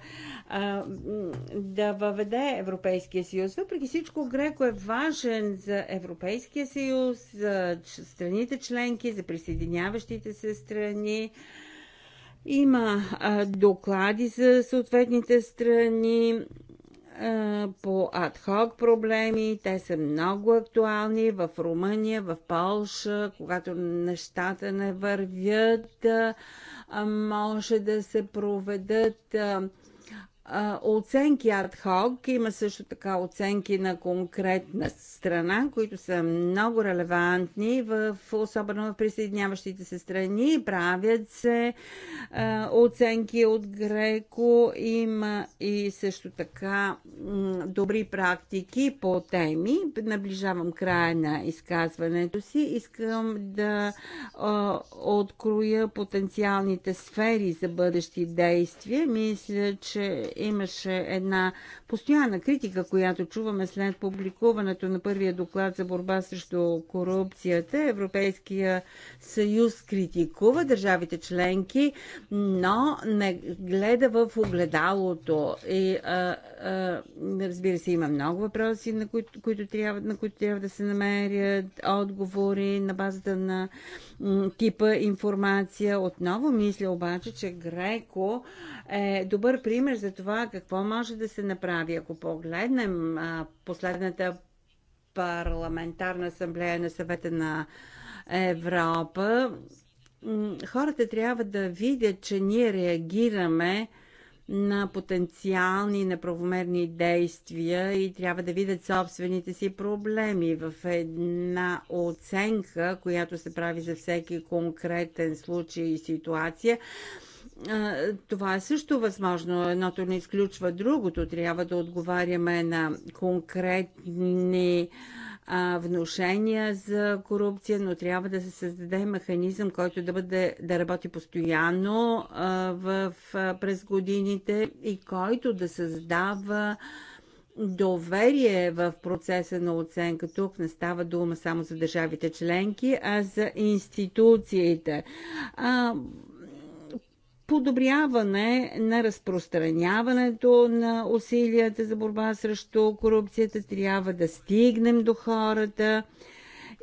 да въведе Европейския съюз. Въпреки всичко, Греко е важен за Европейския съюз, за страните членки, за присъединяващите се страни. Има доклади за съответните страни, по адхок проблеми. Те са много актуални в Румъния, в Полша, когато нещата не вървят. Може да се проведат оценки оценки хок, има също така оценки на конкретна страна, които са много релевантни, в, особено в присъединяващите се страни. Правят се а, оценки от Греко, има и също така добри практики по теми. Наближавам края на изказването си. Искам да а, откроя потенциалните сфери за бъдещи действия. Мисля, че имаше една постоянна критика, която чуваме след публикуването на първия доклад за борба срещу корупцията. Европейския съюз критикува държавите членки, но не гледа в огледалото. И, а, а, разбира се, има много въпроси, на които, които трябва, на които трябва да се намерят отговори на базата на типа информация. Отново мисля обаче, че Греко е добър пример за това, това какво може да се направи. Ако погледнем а, последната парламентарна асамблея на съвета на Европа, хората трябва да видят, че ние реагираме на потенциални неправомерни действия и трябва да видят собствените си проблеми в една оценка, която се прави за всеки конкретен случай и ситуация това е също възможно. Едното не изключва другото. Трябва да отговаряме на конкретни вношения внушения за корупция, но трябва да се създаде механизъм, който да, бъде, да работи постоянно в, през годините и който да създава доверие в процеса на оценка. Тук не става дума само за държавите членки, а за институциите. А, подобряване на разпространяването на усилията за борба срещу корупцията. Трябва да стигнем до хората.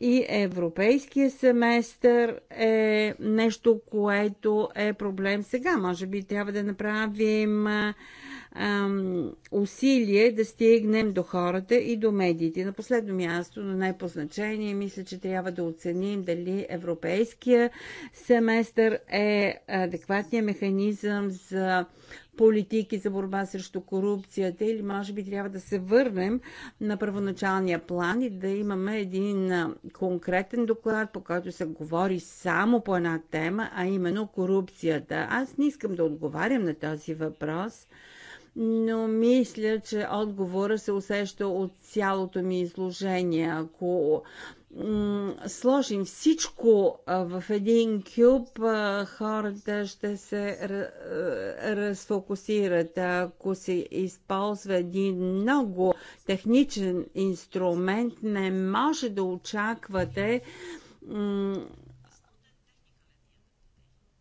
И европейския семестър е нещо, което е проблем сега. Може би трябва да направим ам, усилие да стигнем до хората и до медиите. На последно място, но най по значение мисля, че трябва да оценим дали европейския семестър е адекватния механизъм за политики за борба срещу корупцията или може би трябва да се върнем на първоначалния план и да имаме един конкретен доклад, по който се говори само по една тема, а именно корупцията. Аз не искам да отговарям на този въпрос но мисля, че отговора се усеща от цялото ми изложение. Ако сложим всичко в един кюб, хората ще се разфокусират. Ако се използва един много техничен инструмент, не може да очаквате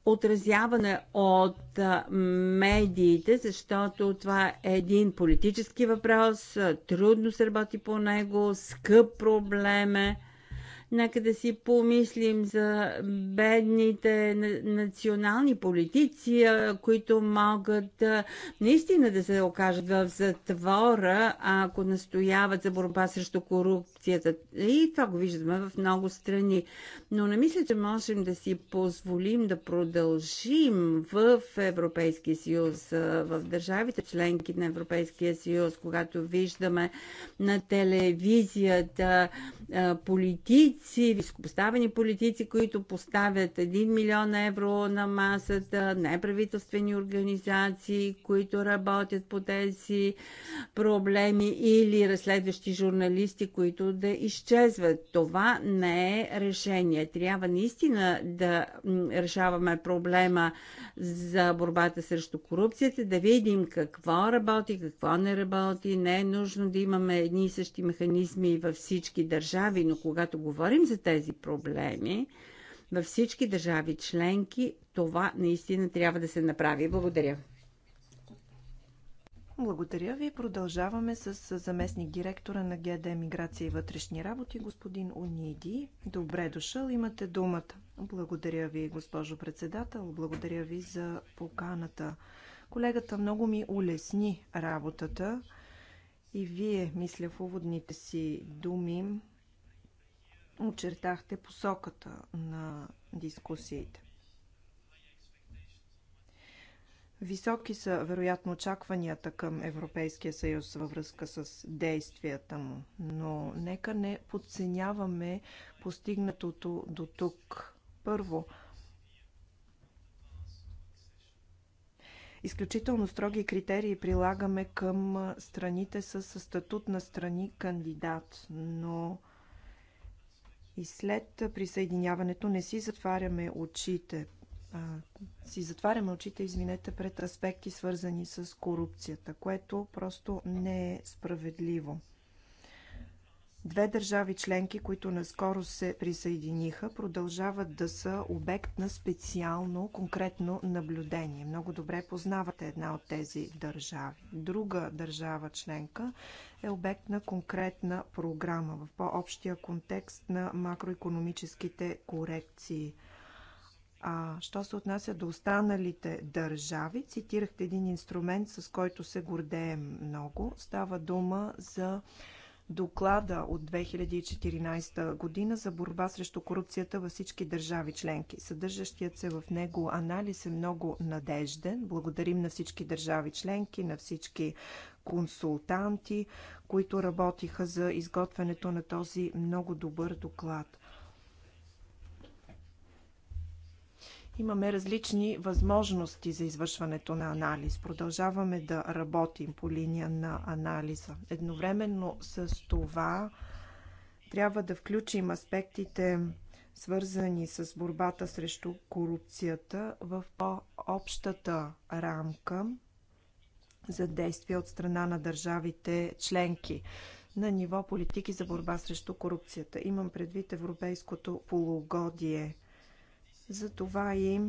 отразяване от медиите, защото това е един политически въпрос, трудно се работи по него, скъп проблем е. Нека да си помислим за бедните национални политици, които могат наистина да се окажат в затвора, ако настояват за борба срещу корупцията. И това го виждаме в много страни. Но не мисля, че можем да си позволим да продължим в Европейския съюз, в държавите членки на Европейския съюз, когато виждаме на телевизията политици, политици, високопоставени политици, които поставят 1 милион евро на масата, неправителствени организации, които работят по тези проблеми или разследващи журналисти, които да изчезват. Това не е решение. Трябва наистина да решаваме проблема за борбата срещу корупцията, да видим какво работи, какво не работи. Не е нужно да имаме едни и същи механизми във всички държави, но когато говорим говорим за тези проблеми във всички държави членки, това наистина трябва да се направи. Благодаря. Благодаря ви. Продължаваме с заместник директора на ГД Миграция и вътрешни работи, господин Униди. Добре дошъл, имате думата. Благодаря ви, госпожо председател. Благодаря ви за поканата. Колегата много ми улесни работата и вие, мисля в уводните си думи, очертахте посоката на дискусиите. Високи са, вероятно, очакванията към Европейския съюз във връзка с действията му, но нека не подценяваме постигнатото до тук. Първо, изключително строги критерии прилагаме към страните с статут на страни кандидат, но и след присъединяването не си затваряме очите. А, си затваряме очите, извинете, пред аспекти свързани с корупцията, което просто не е справедливо. Две държави членки, които наскоро се присъединиха, продължават да са обект на специално, конкретно наблюдение. Много добре познавате една от тези държави. Друга държава членка е обект на конкретна програма в по-общия контекст на макроекономическите корекции. А що се отнася до останалите държави, цитирахте един инструмент, с който се гордеем много. Става дума за доклада от 2014 година за борба срещу корупцията във всички държави членки. Съдържащият се в него анализ е много надежден. Благодарим на всички държави членки, на всички консултанти, които работиха за изготвянето на този много добър доклад. Имаме различни възможности за извършването на анализ. Продължаваме да работим по линия на анализа. Едновременно с това трябва да включим аспектите, свързани с борбата срещу корупцията в по-общата рамка за действия от страна на държавите членки на ниво политики за борба срещу корупцията. Имам предвид европейското полугодие. Затова и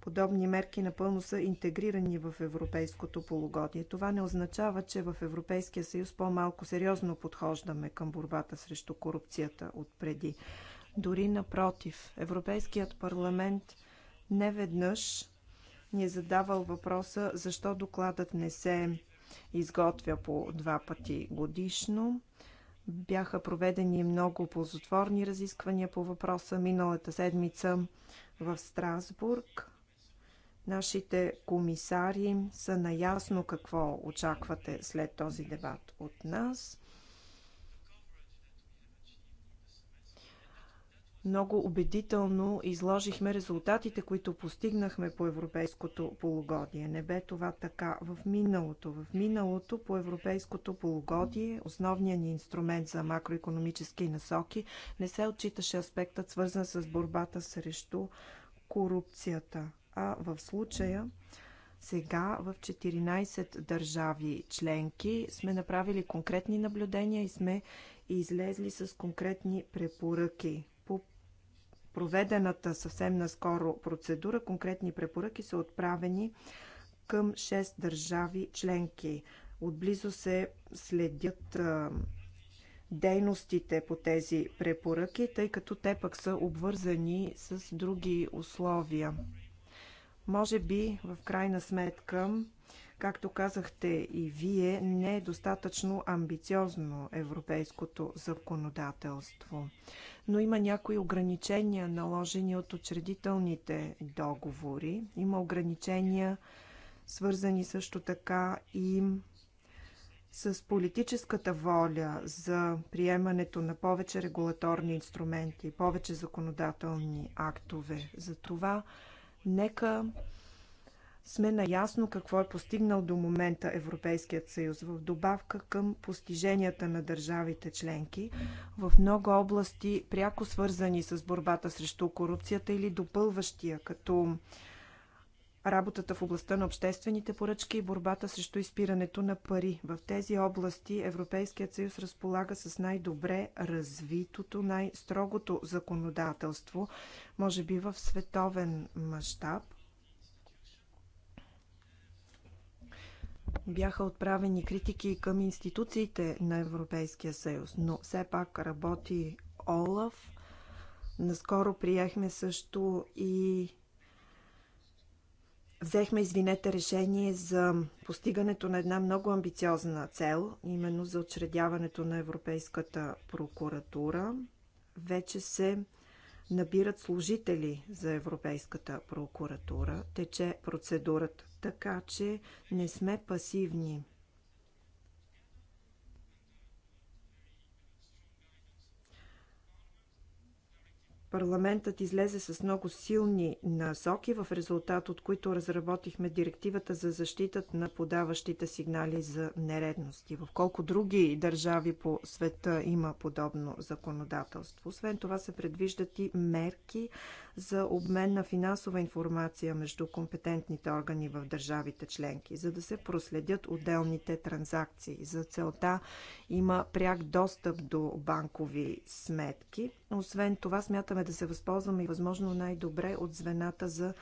подобни мерки напълно са интегрирани в европейското полугодие. Това не означава, че в Европейския съюз по-малко сериозно подхождаме към борбата срещу корупцията от преди. Дори напротив, Европейският парламент не веднъж ни е задавал въпроса защо докладът не се изготвя по два пъти годишно. Бяха проведени много ползотворни разисквания по въпроса миналата седмица в Страсбург. Нашите комисари са наясно какво очаквате след този дебат от нас. Много убедително изложихме резултатите, които постигнахме по европейското полугодие. Не бе това така в миналото. В миналото по европейското полугодие, основният ни инструмент за макроекономически насоки, не се отчиташе аспектът свързан с борбата срещу корупцията. А в случая сега в 14 държави членки сме направили конкретни наблюдения и сме излезли с конкретни препоръки проведената съвсем наскоро процедура конкретни препоръки са отправени към 6 държави членки. Отблизо се следят дейностите по тези препоръки, тъй като те пък са обвързани с други условия. Може би в крайна сметка Както казахте и вие, не е достатъчно амбициозно европейското законодателство. Но има някои ограничения, наложени от учредителните договори. Има ограничения, свързани също така и с политическата воля за приемането на повече регулаторни инструменти, повече законодателни актове. За това, нека сме наясно какво е постигнал до момента Европейският съюз в добавка към постиженията на държавите членки в много области, пряко свързани с борбата срещу корупцията или допълващия, като работата в областта на обществените поръчки и борбата срещу изпирането на пари. В тези области Европейският съюз разполага с най-добре развитото, най-строгото законодателство, може би в световен мащаб – Бяха отправени критики към институциите на Европейския съюз, но все пак работи ОЛАФ. Наскоро приехме също и взехме, извинете, решение за постигането на една много амбициозна цел, именно за учредяването на Европейската прокуратура. Вече се набират служители за Европейската прокуратура. Тече процедурата, така че не сме пасивни. Парламентът излезе с много силни насоки, в резултат от които разработихме директивата за защита на подаващите сигнали за нередности. В колко други държави по света има подобно законодателство? Освен това се предвиждат и мерки за обмен на финансова информация между компетентните органи в държавите членки, за да се проследят отделните транзакции. За целта има пряк достъп до банкови сметки. Освен това, смятаме да се възползваме и възможно най-добре от звената за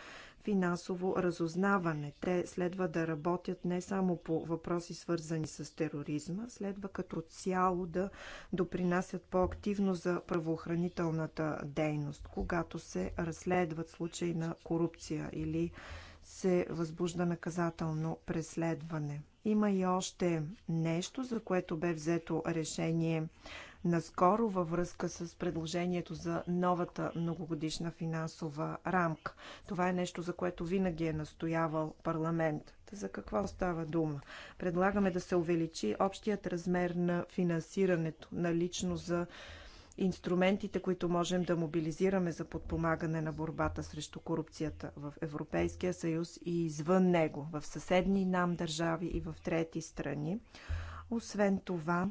финансово разузнаване. Те следва да работят не само по въпроси свързани с тероризма, следва като цяло да допринасят по-активно за правоохранителната дейност, когато се разследват случаи на корупция или се възбужда наказателно преследване. Има и още нещо, за което бе взето решение наскоро във връзка с предложението за новата многогодишна финансова рамка. Това е нещо, за което винаги е настоявал парламент. За какво става дума? Предлагаме да се увеличи общият размер на финансирането на лично за инструментите, които можем да мобилизираме за подпомагане на борбата срещу корупцията в Европейския съюз и извън него, в съседни нам държави и в трети страни. Освен това,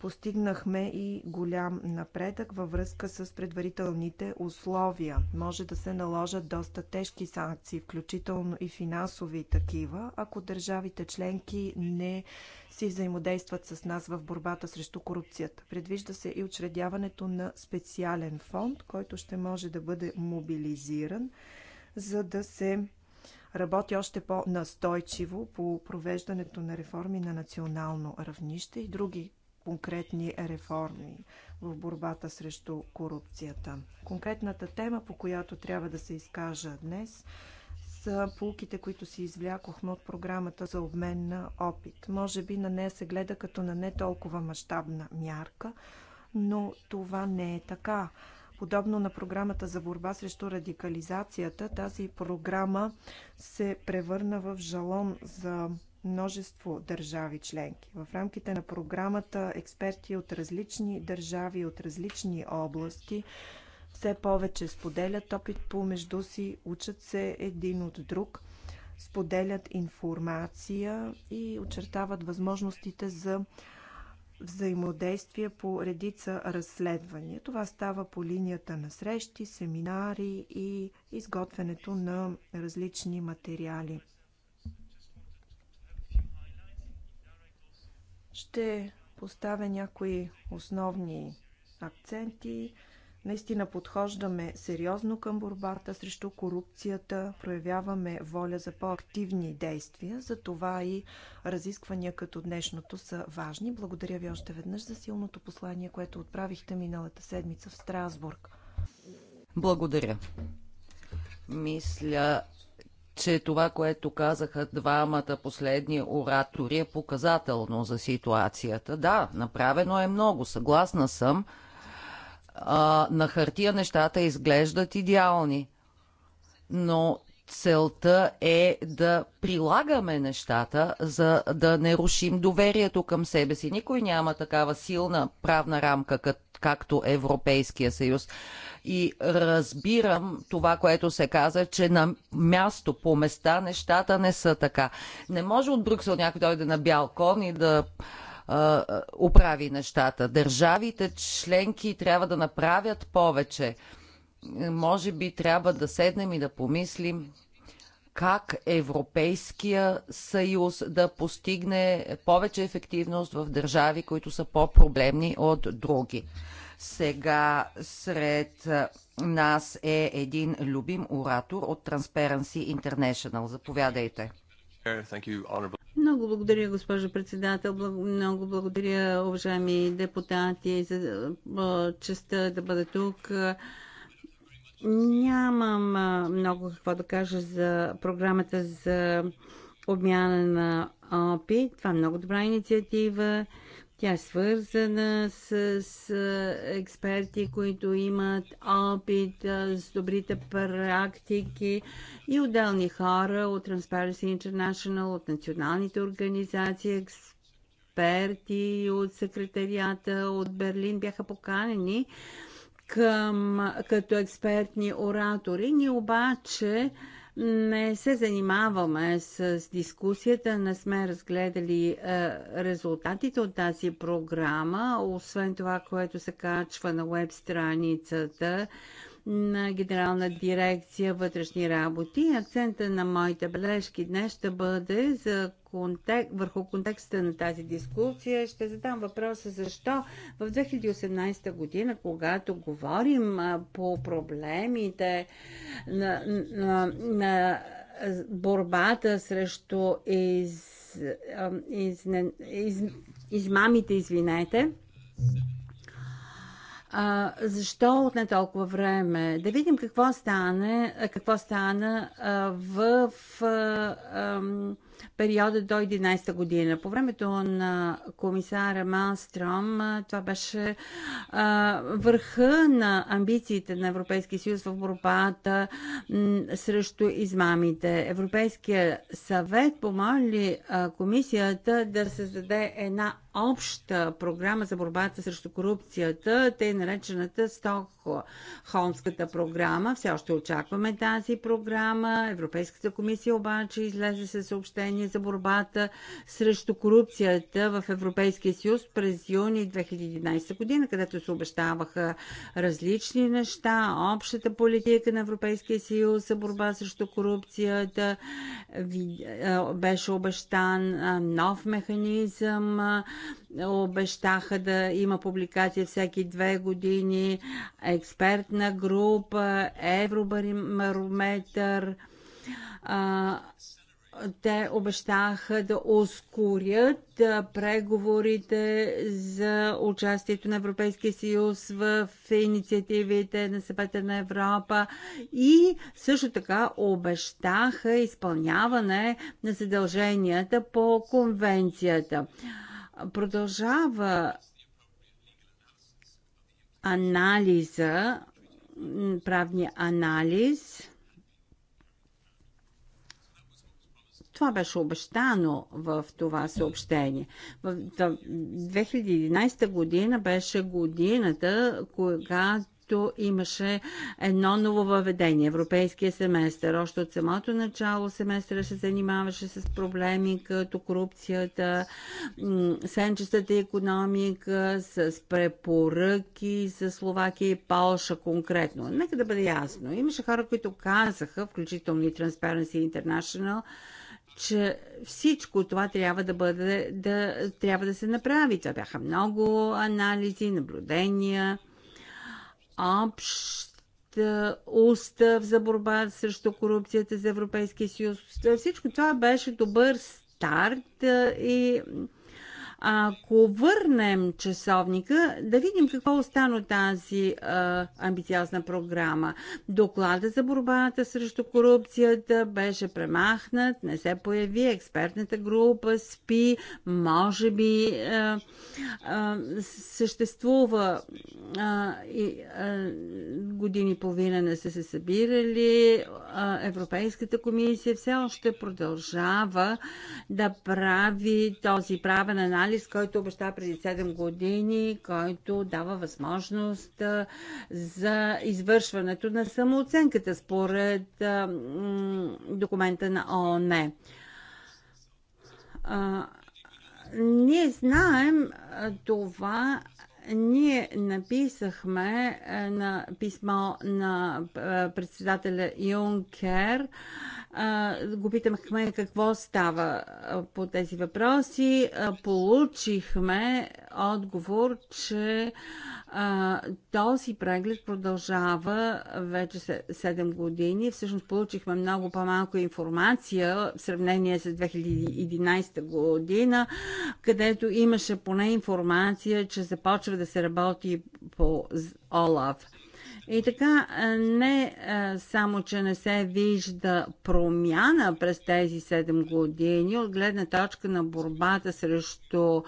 Постигнахме и голям напредък във връзка с предварителните условия. Може да се наложат доста тежки санкции, включително и финансови такива, ако държавите членки не си взаимодействат с нас в борбата срещу корупцията. Предвижда се и учредяването на специален фонд, който ще може да бъде мобилизиран, за да се работи още по-настойчиво по провеждането на реформи на национално равнище и други конкретни реформи в борбата срещу корупцията. Конкретната тема, по която трябва да се изкажа днес, са полуките, които си извлякохме от програмата за обмен на опит. Може би на нея се гледа като на не толкова мащабна мярка, но това не е така. Подобно на програмата за борба срещу радикализацията, тази програма се превърна в жалон за множество държави членки. В рамките на програмата експерти от различни държави, от различни области все повече споделят опит помежду си, учат се един от друг, споделят информация и очертават възможностите за взаимодействие по редица разследвания. Това става по линията на срещи, семинари и изготвянето на различни материали. Ще поставя някои основни акценти. Наистина подхождаме сериозно към борбата срещу корупцията, проявяваме воля за по-активни действия, за това и разисквания като днешното са важни. Благодаря ви още веднъж за силното послание, което отправихте миналата седмица в Страсбург. Благодаря. Мисля, че това, което казаха двамата последни оратори е показателно за ситуацията. Да, направено е много, съгласна съм. А, на хартия нещата изглеждат идеални, но целта е да прилагаме нещата, за да не рушим доверието към себе си. Никой няма такава силна правна рамка, като както Европейския съюз. И разбирам това, което се каза, че на място, по места, нещата не са така. Не може от Брюксел някой дойде на бял кон и да а, оправи нещата. Държавите членки трябва да направят повече може би трябва да седнем и да помислим как Европейския съюз да постигне повече ефективност в държави, които са по-проблемни от други. Сега сред нас е един любим оратор от Transparency International. Заповядайте. Много благодаря, госпожо председател. Много благодаря, уважаеми депутати, за честа да бъда тук. Нямам много какво да кажа за програмата за обмяна на опит. Това е много добра инициатива. Тя е свързана с, с експерти, които имат опит с добрите практики и отделни хора от Transparency International, от националните организации, експерти от секретарията от Берлин бяха поканени към, като експертни оратори. Ние обаче не се занимаваме с дискусията, не сме разгледали е, резултатите от тази програма, освен това, което се качва на веб страницата на Генерална дирекция вътрешни работи. Акцента на моите бележки днес ще бъде за контек, върху контекста на тази дискусия ще задам въпроса защо в 2018 година, когато говорим по проблемите на, на, на борбата срещу из, из, из, измамите, извинете, а, защо не толкова време? Да видим какво стане, какво стана а, в а, а, периода до 11 година. По времето на комисара Малстром това беше а, върха на амбициите на Европейския съюз в борбата срещу измамите. Европейския съвет помоли а, комисията да създаде една обща програма за борбата срещу корупцията, те е наречената Стокхолмската програма. Все още очакваме тази програма. Европейската комисия обаче излезе със съобщение за борбата срещу корупцията в Европейския съюз през юни 2011 година, където се обещаваха различни неща. Общата политика на Европейския съюз за борба срещу корупцията е, беше обещан е, нов механизъм Обещаха да има публикация всеки две години, експертна група, евробарометър. Те обещаха да ускорят преговорите за участието на Европейския съюз в инициативите на съвета на Европа и също така обещаха изпълняване на задълженията по конвенцията. Продължава анализа, правния анализ. Това беше обещано в това съобщение. В 2011 година беше годината, когато също имаше едно ново въведение, европейския семестър. Още от самото начало семестъра се занимаваше с проблеми като корупцията, сенчестата економика, с препоръки за Словакия и Полша конкретно. Нека да бъде ясно. Имаше хора, които казаха, включително и Transparency International, че всичко това трябва да бъде, да, трябва да се направи. Това бяха много анализи, наблюдения, общ устав за борба срещу корупцията за Европейския съюз. Всичко това беше добър старт и ако върнем часовника, да видим какво остана от тази а, амбициозна програма. Доклада за борбата срещу корупцията беше премахнат, не се появи, експертната група спи, може би а, а, съществува а, и, а, години и половина не са се събирали, а, Европейската комисия все още продължава да прави този правен анализ анализ, който обеща преди 7 години, който дава възможност за извършването на самооценката според документа на ООН. Ние знаем това ние написахме на писмо на председателя Юнкер го питахме какво става по тези въпроси. получихме отговор, че този преглед продължава вече 7 години. Всъщност получихме много по-малко информация в сравнение с 2011 година, където имаше поне информация, че започва да се работи по ОЛАВ. И така, не само, че не се вижда промяна през тези 7 години, от гледна точка на борбата срещу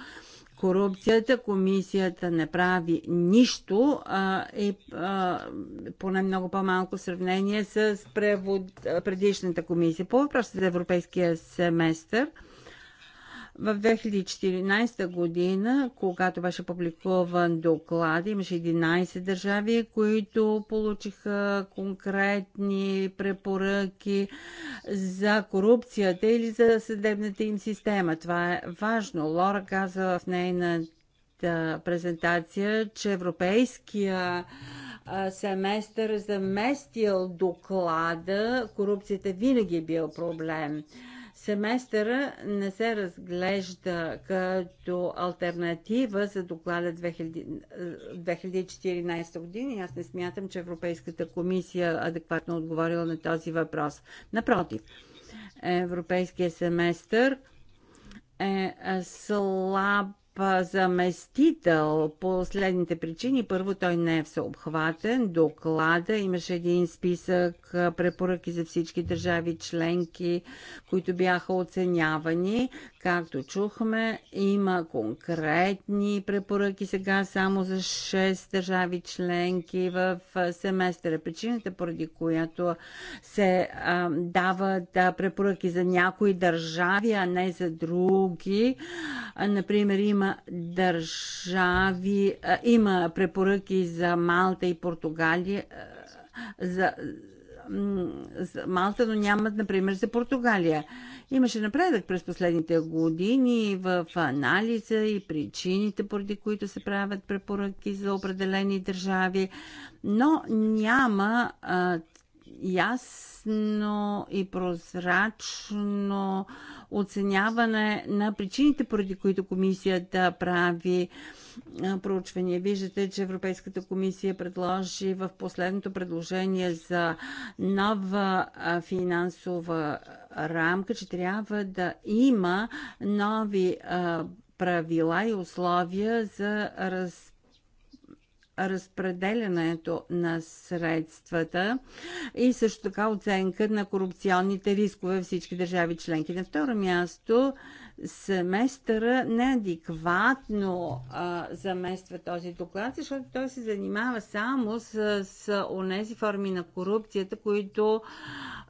корупцията, комисията не прави нищо а, и а, поне много по-малко сравнение с превод, предишната комисия. По въпроса за европейския семестър, в 2014 година, когато беше публикуван доклад, имаше 11 държави, които получиха конкретни препоръки за корупцията или за съдебната им система. Това е важно. Лора каза в нейната презентация, че европейския семестър заместил доклада, корупцията винаги е бил проблем. Семестъра не се разглежда като альтернатива за доклада 2000, 2014 година и аз не смятам, че Европейската комисия адекватно отговорила на този въпрос. Напротив, Европейския семестър е слаб заместител по следните причини. Първо, той не е всеобхватен. Доклада имаше един списък препоръки за всички държави членки, които бяха оценявани. Както чухме, има конкретни препоръки сега само за 6 държави членки в семестъра. Причината, поради която се а, дават а, препоръки за някои държави, а не за други. А, например, има държави, а, има препоръки за Малта и Португалия. А, за, Малта, но нямат, например, за Португалия. Имаше напредък през последните години в анализа и причините, поради които се правят препоръки за определени държави, но няма а, ясно и прозрачно оценяване на причините, поради които комисията прави проучвания. Виждате, че Европейската комисия предложи в последното предложение за нова финансова рамка, че трябва да има нови правила и условия за разпределение разпределянето на средствата и също така оценка на корупционните рискове в всички държави членки. На второ място семестъра неадекватно а, замества този доклад, защото той се занимава само с, с онези форми на корупцията, които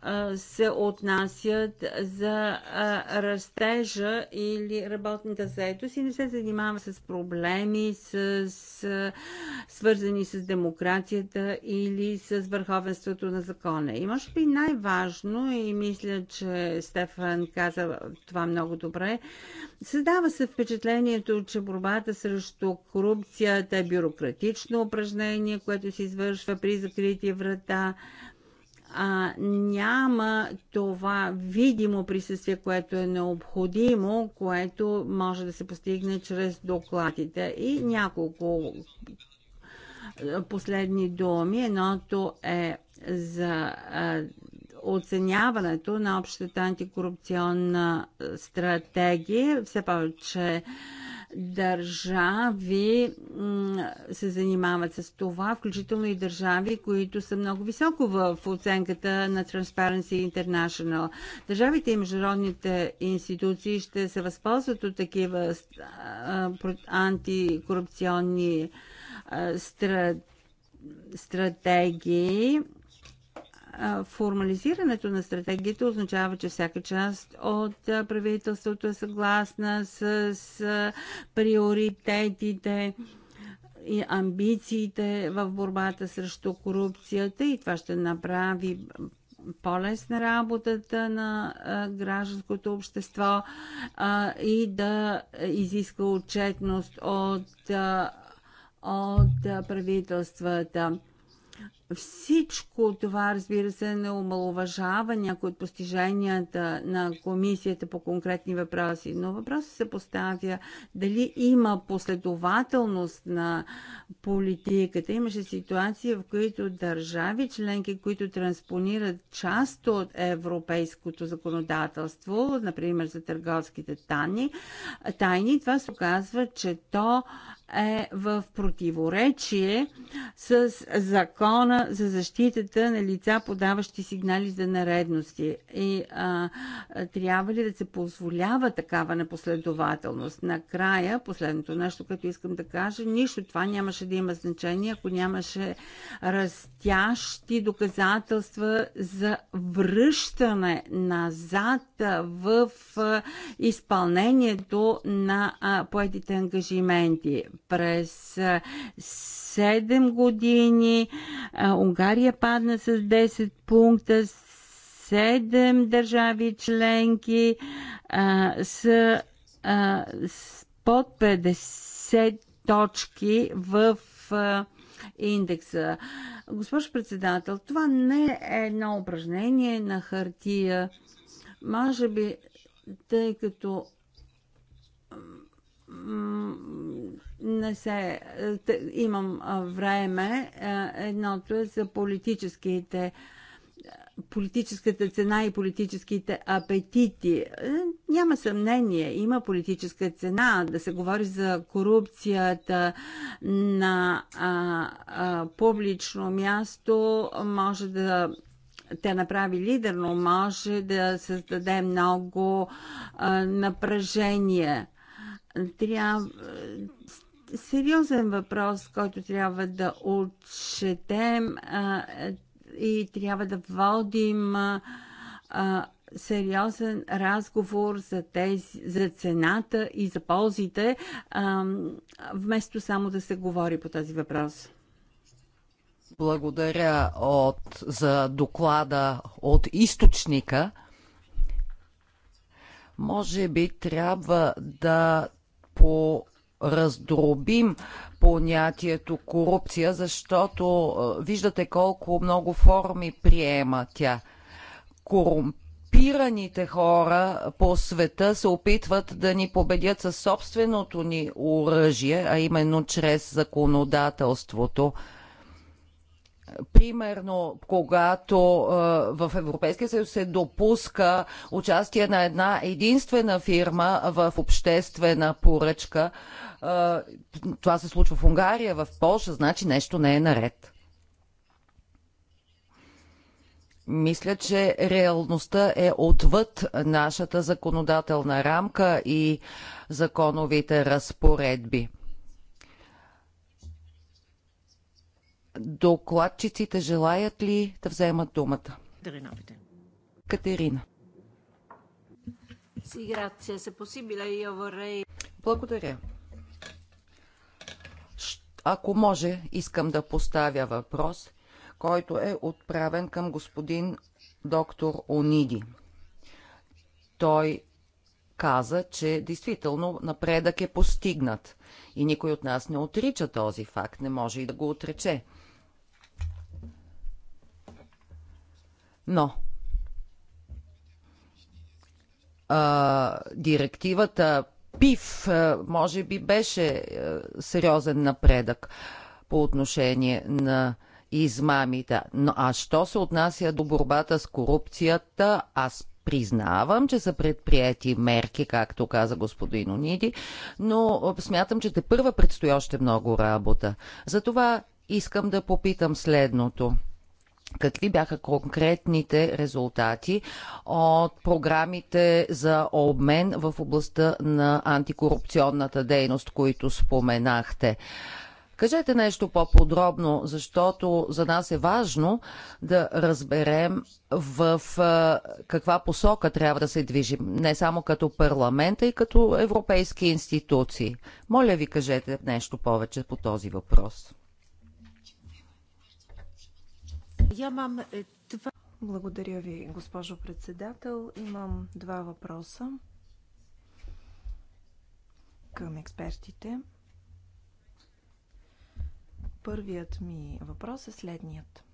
а, се отнасят за а, растежа или работната заедост и не се занимава с проблеми, с, с свързани с демокрацията или с върховенството на закона. И може би най-важно, и мисля, че Стефан каза това много добре, Създава се впечатлението, че борбата срещу корупцията е бюрократично упражнение, което се извършва при закрити врата, а, няма това видимо присъствие, което е необходимо, което може да се постигне чрез докладите. И няколко последни думи. Едното е за а, оценяването на общата антикорупционна е, стратегия. Все повече държави се занимават с това, включително и държави, които са много високо в оценката на Transparency International. Държавите и международните институции ще се възползват от такива е, антикорупционни е, стратегии Формализирането на стратегията означава, че всяка част от правителството е съгласна с, с приоритетите и амбициите в борбата срещу корупцията и това ще направи по-лесна работата на гражданското общество а, и да изиска отчетност от, от правителствата. Всичко това, разбира се, не омалуважава някои от постиженията на комисията по конкретни въпроси, но въпросът се поставя дали има последователност на политиката. Имаше ситуации, в които държави, членки, които транспонират част от европейското законодателство, например за търговските тайни, тайни това се оказва, че то е в противоречие с закона за защитата на лица, подаващи сигнали за наредности. И а, трябва ли да се позволява такава непоследователност? Накрая, последното нещо, което искам да кажа, нищо това нямаше да има значение, ако нямаше растящи доказателства за връщане назад в изпълнението на поетите ангажименти през 7 години. Унгария падна с 10 пункта, 7 държави членки а, са а, с под 50 точки в а, индекса. Госпожо председател, това не е едно упражнение на хартия. Може би, тъй като не се, имам време. Едното е за политическите политическата цена и политическите апетити. Е, няма съмнение, има политическа цена да се говори за корупцията на а, а, публично място, може да те направи лидер, но може да създаде много а, напрежение трябва е, сериозен въпрос, който трябва да отчетем е, и трябва да водим сериозен разговор за, тези, за цената и за ползите, вместо само да се говори по този въпрос. Благодаря от, за доклада от източника. Може би трябва да по раздробим понятието корупция, защото виждате колко много форми приема тя. Корумпираните хора по света се опитват да ни победят със собственото ни оръжие, а именно чрез законодателството примерно, когато в Европейския съюз се допуска участие на една единствена фирма в обществена поръчка, това се случва в Унгария, в Польша, значи нещо не е наред. Мисля, че реалността е отвъд нашата законодателна рамка и законовите разпоредби. Докладчиците желаят ли да вземат думата? Катерина, Благодаря. Ако може, искам да поставя въпрос, който е отправен към господин доктор Ониди. Той каза, че действително напредък е постигнат и никой от нас не отрича този факт, не може и да го отрече. Но а, директивата ПИФ може би беше сериозен напредък по отношение на измамите. Но а що се отнася до борбата с корупцията, аз признавам, че са предприяти мерки, както каза господин Ониди, но смятам, че те първа предстои още много работа. Затова искам да попитам следното какви бяха конкретните резултати от програмите за обмен в областта на антикорупционната дейност, които споменахте. Кажете нещо по-подробно, защото за нас е важно да разберем в каква посока трябва да се движим, не само като парламент, а и като европейски институции. Моля ви, кажете нещо повече по този въпрос. Е, Благодаря ви, госпожо председател. Имам два въпроса към експертите. Първият ми въпрос е следният.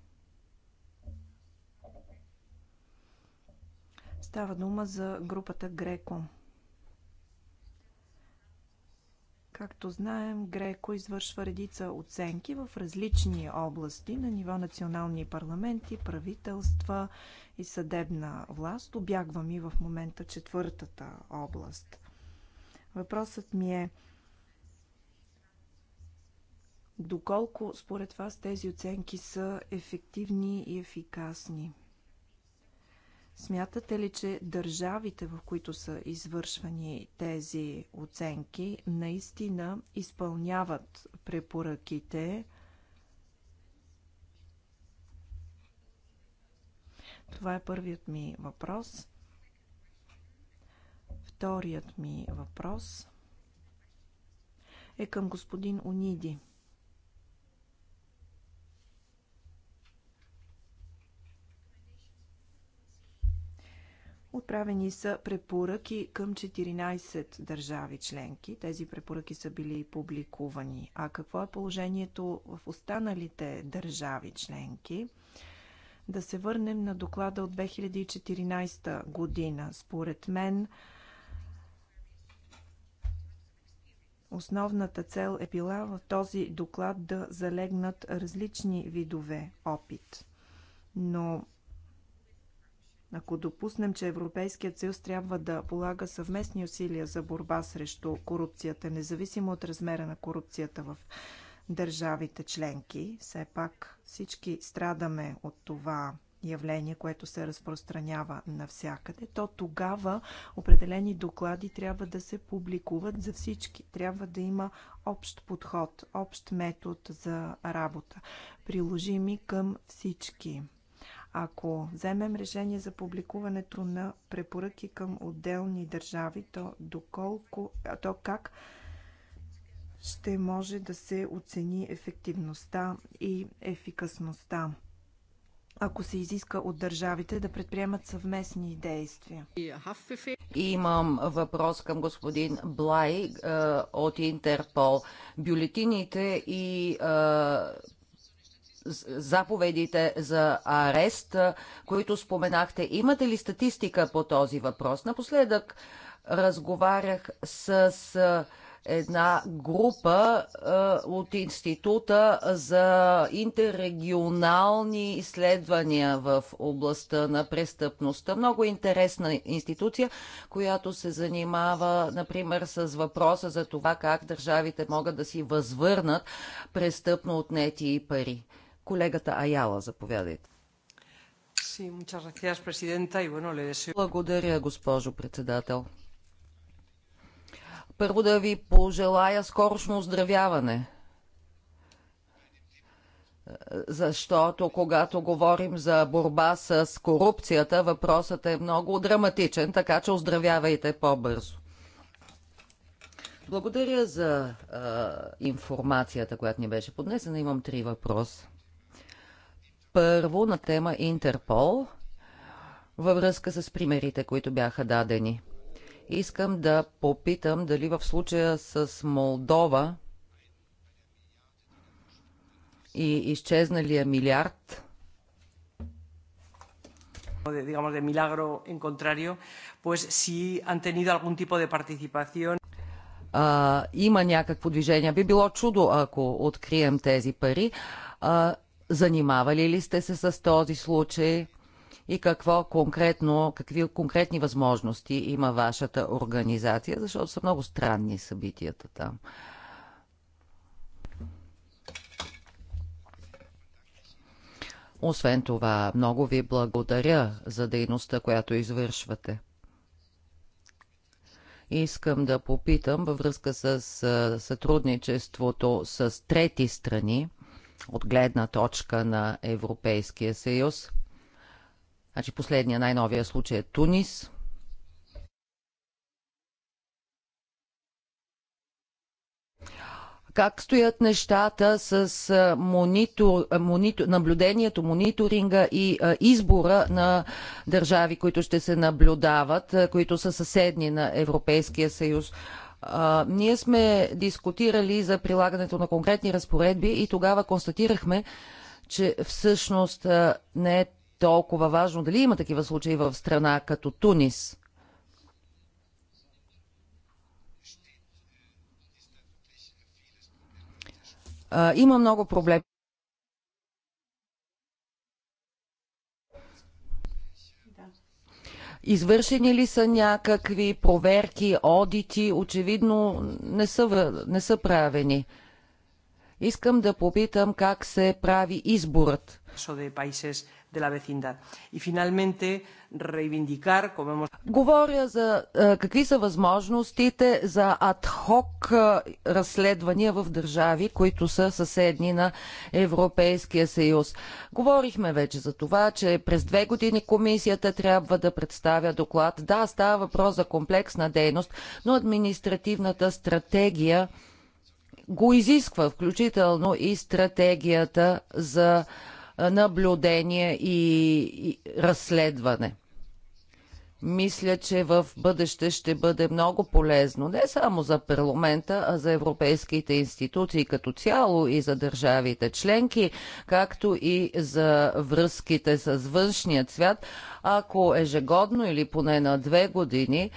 Става дума за групата Греко – Както знаем, Греко извършва редица оценки в различни области на ниво национални парламенти, правителства и съдебна власт. Обягвам и в момента четвъртата област. Въпросът ми е доколко според вас тези оценки са ефективни и ефикасни? Смятате ли, че държавите, в които са извършвани тези оценки, наистина изпълняват препоръките? Това е първият ми въпрос. Вторият ми въпрос е към господин Униди. Отправени са препоръки към 14 държави членки. Тези препоръки са били публикувани. А какво е положението в останалите държави членки? Да се върнем на доклада от 2014 година. Според мен, Основната цел е била в този доклад да залегнат различни видове опит. Но ако допуснем, че Европейският съюз трябва да полага съвместни усилия за борба срещу корупцията, независимо от размера на корупцията в държавите членки, все пак всички страдаме от това явление, което се разпространява навсякъде, то тогава определени доклади трябва да се публикуват за всички. Трябва да има общ подход, общ метод за работа, приложими към всички. Ако вземем решение за публикуването на препоръки към отделни държави, то доколко, то как ще може да се оцени ефективността и ефикасността, ако се изиска от държавите да предприемат съвместни действия. Имам въпрос към господин Блай е, от Интерпол. Бюлетините и е, заповедите за арест, които споменахте. Имате ли статистика по този въпрос? Напоследък разговарях с една група от Института за интеррегионални изследвания в областта на престъпността. Много интересна институция, която се занимава, например, с въпроса за това как държавите могат да си възвърнат престъпно отнети пари. Колегата Аяла, заповядайте. Благодаря, госпожо председател. Първо да ви пожелая скорошно оздравяване защото когато говорим за борба с корупцията, въпросът е много драматичен, така че оздравявайте по-бързо. Благодаря за а, информацията, която ни беше поднесена. Имам три въпроса. Първо на тема Интерпол във връзка с примерите, които бяха дадени. Искам да попитам дали в случая с Молдова и изчезналия милиард digamos, de milagro en contrario, pues si han tenido algún tipo de participación. А, има някакво движение. Би било чудо, ако открием тези пари. А, Занимавали ли сте се с този случай и какво конкретно, какви конкретни възможности има вашата организация, защото са много странни събитията там. Освен това, много ви благодаря за дейността, която извършвате. Искам да попитам във връзка с сътрудничеството с трети страни от гледна точка на Европейския съюз. Значи последния най-новия случай е Тунис. Как стоят нещата с монитор, монитор, наблюдението, мониторинга и избора на държави, които ще се наблюдават, които са съседни на Европейския съюз? А, ние сме дискутирали за прилагането на конкретни разпоредби и тогава констатирахме, че всъщност не е толкова важно дали има такива случаи в страна като Тунис. А, има много проблеми. Извършени ли са някакви проверки, одити? Очевидно не са, не са правени. Искам да попитам как се прави изборът. Говоря за е, какви са възможностите за адхок е, разследвания в държави, които са съседни на Европейския съюз. Говорихме вече за това, че през две години комисията трябва да представя доклад. Да, става въпрос за комплексна дейност, но административната стратегия го изисква, включително и стратегията за наблюдение и, разследване. Мисля, че в бъдеще ще бъде много полезно не само за парламента, а за европейските институции като цяло и за държавите членки, както и за връзките с външния свят, ако ежегодно или поне на две години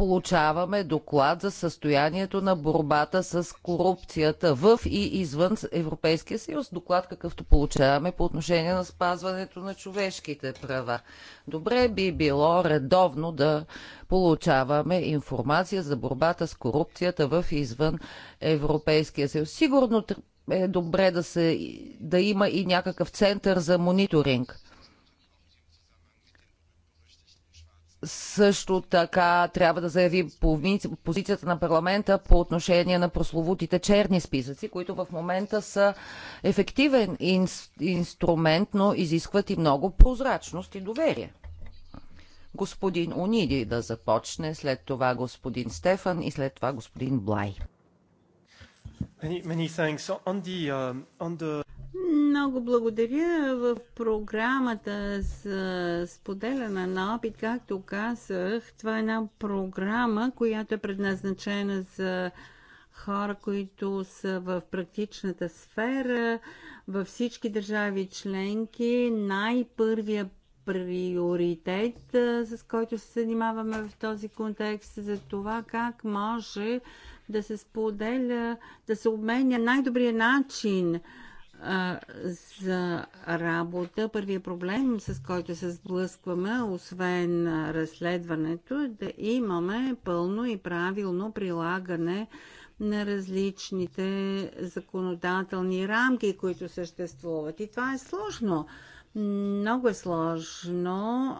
получаваме доклад за състоянието на борбата с корупцията в и извън Европейския съюз. Доклад какъвто получаваме по отношение на спазването на човешките права. Добре би било редовно да получаваме информация за борбата с корупцията в и извън Европейския съюз. Сигурно е добре да, се, да има и някакъв център за мониторинг също така трябва да заявим позицията на парламента по отношение на прословутите черни списъци, които в момента са ефективен инс, инструмент, но изискват и много прозрачност и доверие. Господин Униди да започне, след това господин Стефан и след това господин Блай. Many, many the, um, the... Много благодаря в програмата за споделяне на опит. Както казах, това е една програма, която е предназначена за хора, които са в практичната сфера във всички държави членки. Най-първия приоритет, с който се занимаваме в този контекст, за това как може да се споделя, да се обменя най добрия начин за работа. Първият проблем, с който се сблъскваме, освен разследването, е да имаме пълно и правилно прилагане на различните законодателни рамки, които съществуват. И това е сложно. Много е сложно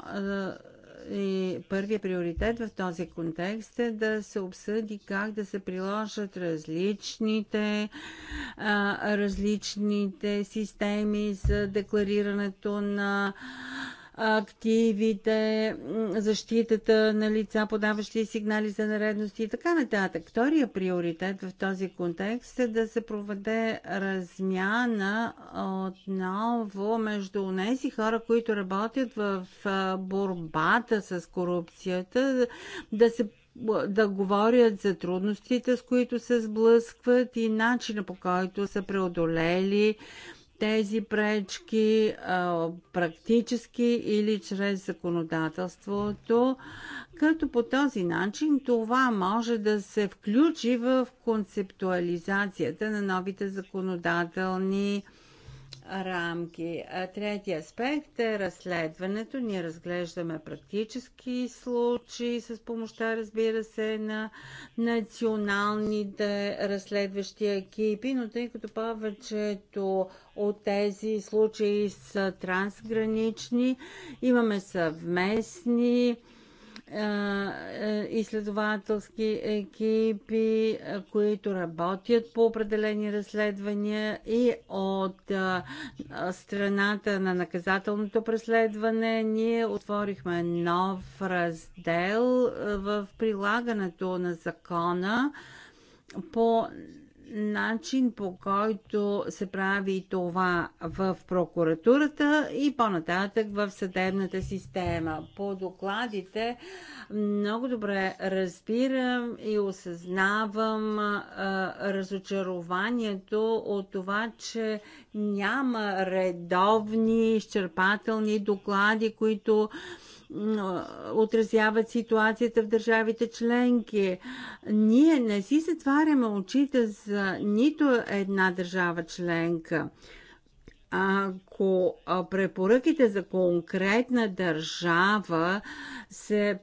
и първият приоритет в този контекст е да се обсъди как да се приложат различните, а, различните системи за декларирането на активите, защитата на лица, подаващи сигнали за наредности и така нататък. Втория приоритет в този контекст е да се проведе размяна отново между тези хора, които работят в борбата с корупцията, да се да говорят за трудностите, с които се сблъскват и начина по който са преодолели тези пречки а, практически или чрез законодателството, като по този начин това може да се включи в концептуализацията на новите законодателни а, рамки. Третия аспект е разследването. Ние разглеждаме практически случаи с помощта, разбира се, на националните разследващи екипи, но тъй като повечето от тези случаи са трансгранични, имаме съвместни изследователски екипи, които работят по определени разследвания и от страната на наказателното преследване ние отворихме нов раздел в прилагането на закона по начин по който се прави това в прокуратурата и по-нататък в съдебната система. По докладите много добре разбирам и осъзнавам а, разочарованието от това, че няма редовни изчерпателни доклади, които отразяват ситуацията в държавите членки. Ние не си затваряме очите за нито една държава членка. Ако препоръките за конкретна държава се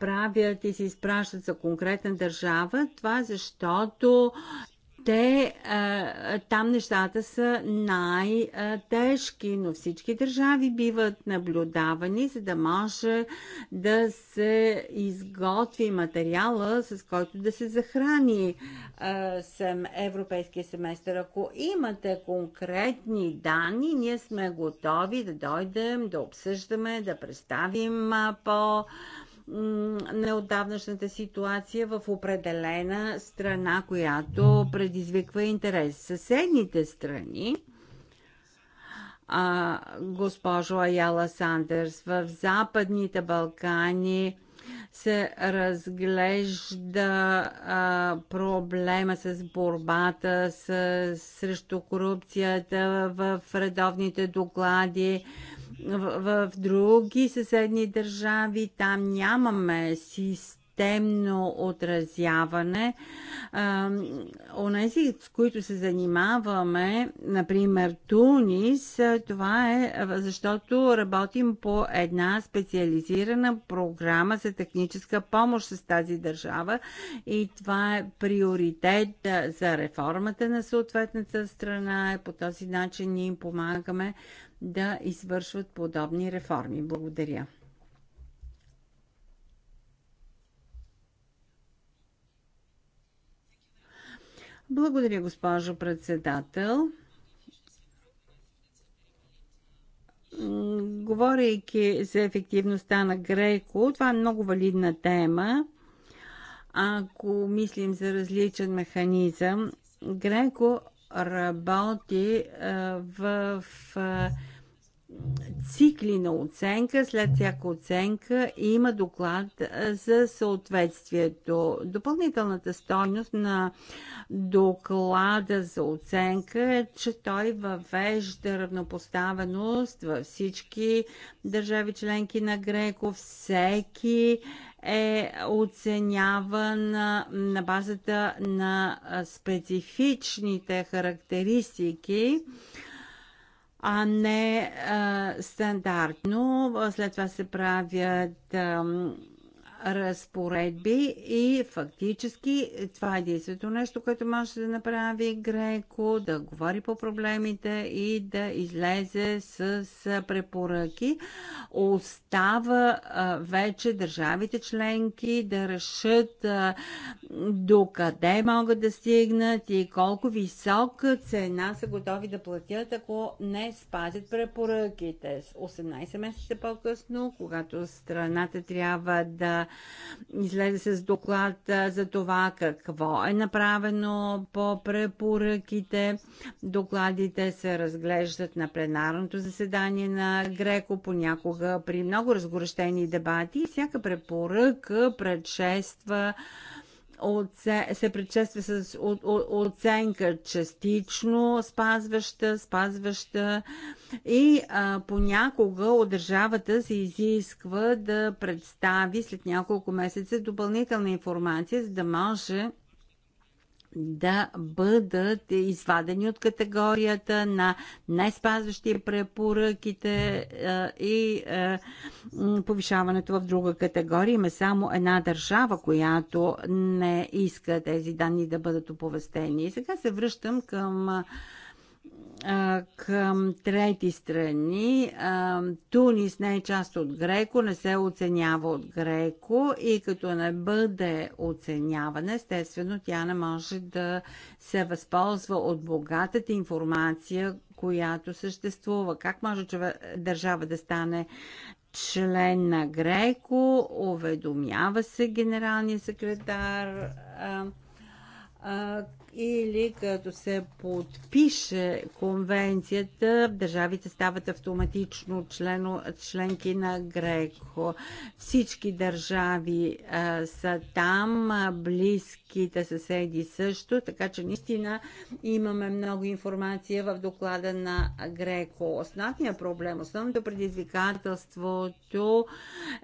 правят и се изпращат за конкретна държава, това защото те, там нещата са най-тежки, но всички държави биват наблюдавани, за да може да се изготви материала, с който да се захрани съм европейския семестър. Ако имате конкретни данни, ние сме готови да дойдем, да обсъждаме, да представим по- неотдавнашната ситуация в определена страна, която предизвиква интерес. Съседните страни, а, госпожо Аяла Сандърс, в Западните Балкани се разглежда а, проблема с борбата с, срещу корупцията в редовните доклади в, в други съседни държави там нямаме системно отразяване. онези, с които се занимаваме, например Тунис, това е защото работим по една специализирана програма за техническа помощ с тази държава и това е приоритет за реформата на съответната страна. По този начин ние им помагаме да извършват подобни реформи. Благодаря. Благодаря, госпожо председател. Говорейки за ефективността на Греко, това е много валидна тема. Ако мислим за различен механизъм, Греко работи е, в е, цикли на оценка. След всяка оценка има доклад е, за съответствието. Допълнителната стойност на доклада за оценка е, че той въвежда равнопоставеност във всички държави членки на Греко. Всеки е оценяван на базата на специфичните характеристики а не а, стандартно. След това се правят а, разпоредби и фактически това е единственото нещо, което може да направи Греко, да говори по проблемите и да излезе с препоръки. Остава вече държавите членки да решат докъде могат да стигнат и колко висока цена са готови да платят, ако не спазят препоръките. 18 месеца по-късно, когато страната трябва да излезе с доклад за това какво е направено по препоръките. Докладите се разглеждат на пленарното заседание на Греко, понякога при много разгорещени дебати и всяка препоръка предшества оце, се предшества с о, о, оценка частично спазваща, спазваща и а, понякога от държавата се изисква да представи след няколко месеца допълнителна информация, за да може да бъдат извадени от категорията на най-спазващи препоръките и повишаването в друга категория. Има само една държава, която не иска тези данни да бъдат оповестени. И сега се връщам към а, към трети страни. А, Тунис не е част от Греко, не се оценява от Греко и като не бъде оценяване, естествено тя не може да се възползва от богатата информация, която съществува. Как може държава да стане член на Греко, уведомява се генералния секретар а, а, или като се подпише конвенцията, държавите стават автоматично члено, членки на Греко. Всички държави а, са там, а, близките съседи също, така че наистина имаме много информация в доклада на Греко. Основният проблем, основното предизвикателството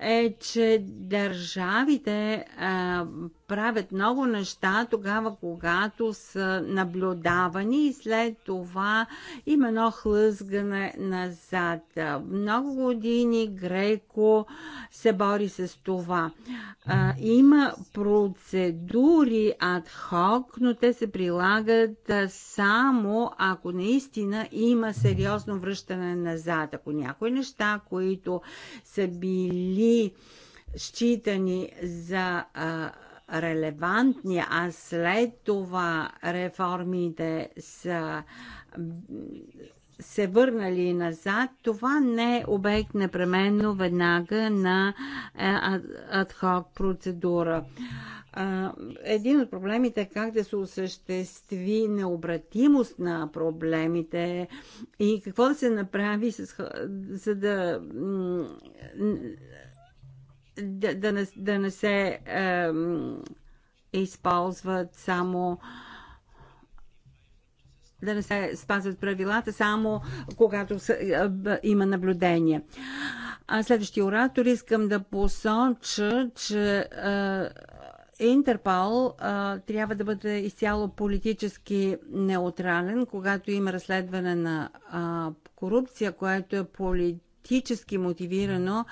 е, че държавите а, правят много неща тогава, когато са наблюдавани и след това има едно хлъзгане назад. Много години Греко се бори с това. А, има процедури ад хок, но те се прилагат само ако наистина има сериозно връщане назад. Ако някои неща, които са били считани за а, релевантни, а след това реформите са се върнали назад, това не е обект непременно веднага на е, адхок процедура. Един от проблемите е как да се осъществи необратимост на проблемите и какво да се направи, с, за да да, да, не, да не се е, използват само да не се спазват правилата само когато е, има наблюдение. А следващия оратор искам да посоча, че е, Интерпол е, трябва да бъде изцяло политически неутрален, когато има разследване на а, е, корупция, което е полит политически мотивирано,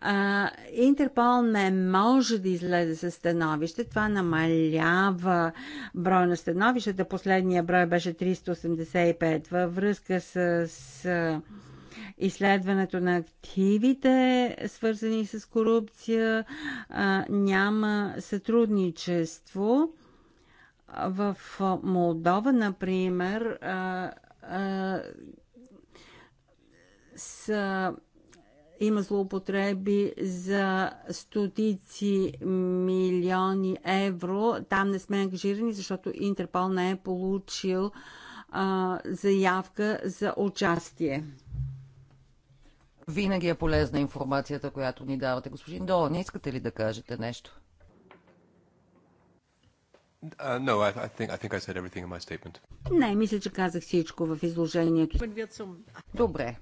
а, Интерпол не може да излезе с становище. Това намалява брой на становищата. Последния брой беше 385 във връзка с, с изследването на активите, свързани с корупция, а, няма сътрудничество. В Молдова, например, а, а, са има злоупотреби за стотици милиони евро. Там не сме ангажирани, защото Интерпол не е получил а, заявка за участие. Винаги е полезна информацията, която ни давате. Господин Дола, не искате ли да кажете нещо? Uh, no, I, I think, I think I said everything in my statement. Не, мисля, че казах всичко в изложението. Добре,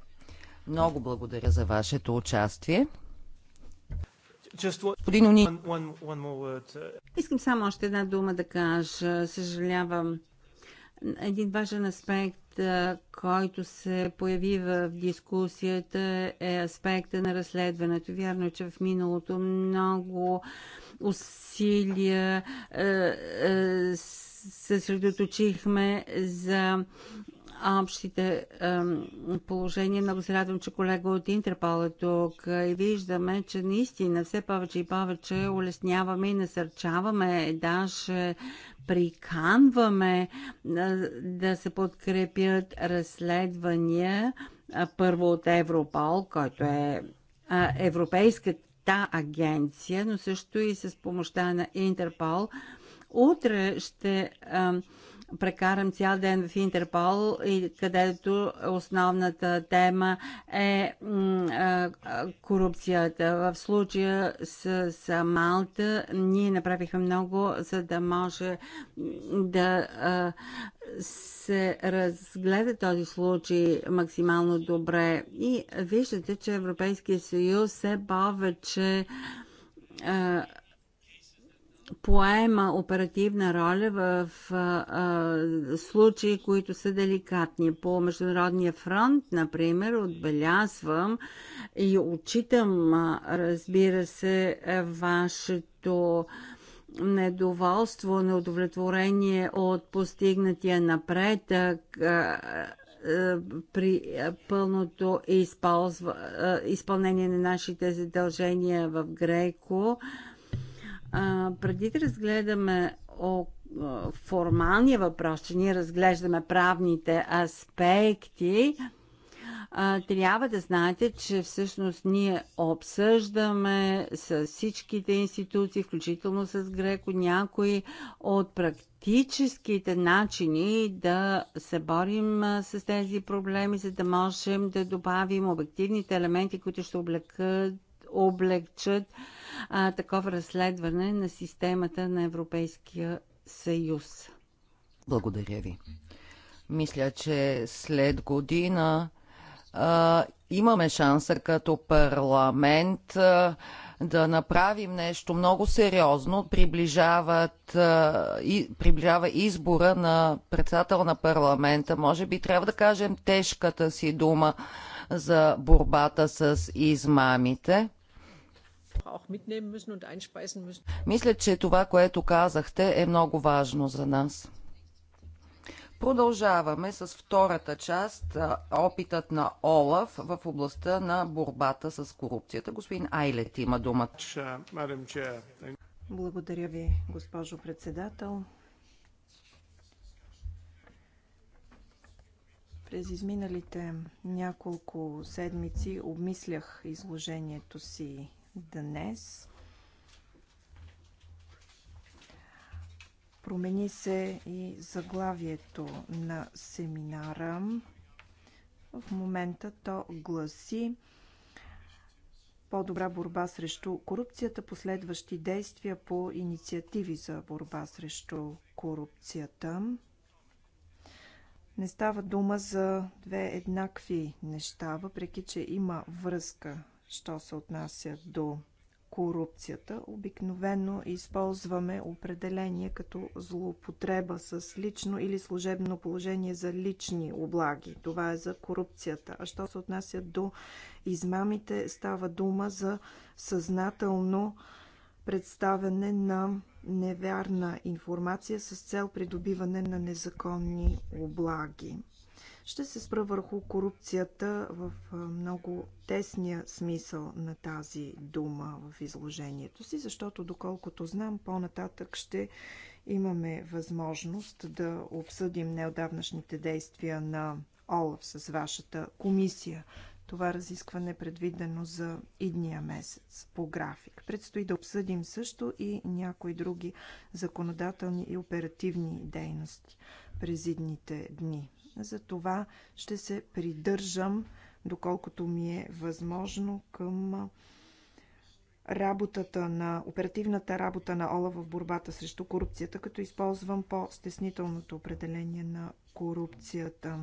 много благодаря за вашето участие. Господин Уни... Uh, Искам само още една дума да кажа. Съжалявам. Един важен аспект, който се появи в дискусията е аспекта на разследването. Вярно е, че в миналото много усилия е, е, съсредоточихме за общите положения. Много се радвам, че колега от Интерпол е тук и виждаме, че наистина все повече и повече улесняваме и насърчаваме, даже приканваме е, да се подкрепят разследвания е, първо от Европол, който е, е европейската агенция, но също и с помощта на Интерпол. Утре ще прекарам цял ден в Интерпол, и където основната тема е корупцията. В случая с, с Малта ние направихме много, за да може да се разгледа този случай максимално добре. И виждате, че Европейския съюз все повече поема оперативна роля в а, а, случаи, които са деликатни. По Международния фронт, например, отбелязвам и отчитам, а, разбира се, вашето недоволство, неудовлетворение от постигнатия напредък. А, при пълното използва, изпълнение на нашите задължения в Греко. А, а, преди да разгледаме о, формалния въпрос, че ние разглеждаме правните аспекти, а, трябва да знаете, че всъщност ние обсъждаме с всичките институции, включително с Греко, някои от практическите начини да се борим с тези проблеми, за да можем да добавим обективните елементи, които ще облекат, облегчат а, такова разследване на системата на Европейския съюз. Благодаря ви. Мисля, че след година а, имаме шанса като парламент а, да направим нещо много сериозно. Приближават, а, и, приближава избора на председател на парламента. Може би трябва да кажем тежката си дума за борбата с измамите. Мисля, че това, което казахте, е много важно за нас. Продължаваме с втората част опитът на Олаф в областта на борбата с корупцията. Господин Айлет има думата. Благодаря ви, госпожо председател. През изминалите няколко седмици обмислях изложението си днес. Промени се и заглавието на семинара. В момента то гласи по-добра борба срещу корупцията, последващи действия по инициативи за борба срещу корупцията. Не става дума за две еднакви неща, въпреки че има връзка що се отнася до корупцията. Обикновено използваме определение като злоупотреба с лично или служебно положение за лични облаги. Това е за корупцията. А що се отнася до измамите, става дума за съзнателно представяне на невярна информация с цел придобиване на незаконни облаги. Ще се спра върху корупцията в много тесния смисъл на тази дума в изложението си, защото доколкото знам, по-нататък ще имаме възможност да обсъдим неодавнашните действия на ОЛАФ с вашата комисия. Това разискване е предвидено за идния месец по график. Предстои да обсъдим също и някои други законодателни и оперативни дейности през идните дни. За това ще се придържам, доколкото ми е възможно, към работата на оперативната работа на ОЛА в борбата срещу корупцията, като използвам по-стеснителното определение на корупцията.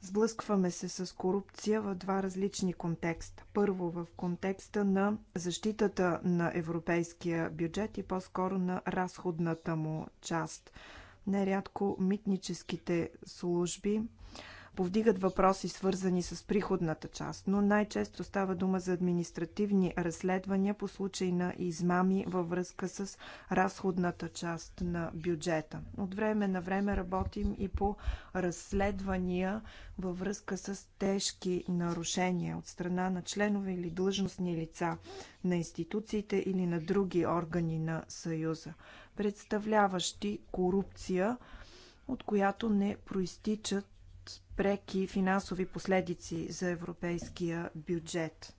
Сблъскваме се с корупция в два различни контекста. Първо в контекста на защитата на европейския бюджет и по-скоро на разходната му част. Нерядко митническите служби повдигат въпроси, свързани с приходната част, но най-често става дума за административни разследвания по случай на измами във връзка с разходната част на бюджета. От време на време работим и по разследвания във връзка с тежки нарушения от страна на членове или длъжностни лица на институциите или на други органи на Съюза представляващи корупция, от която не проистичат преки финансови последици за европейския бюджет.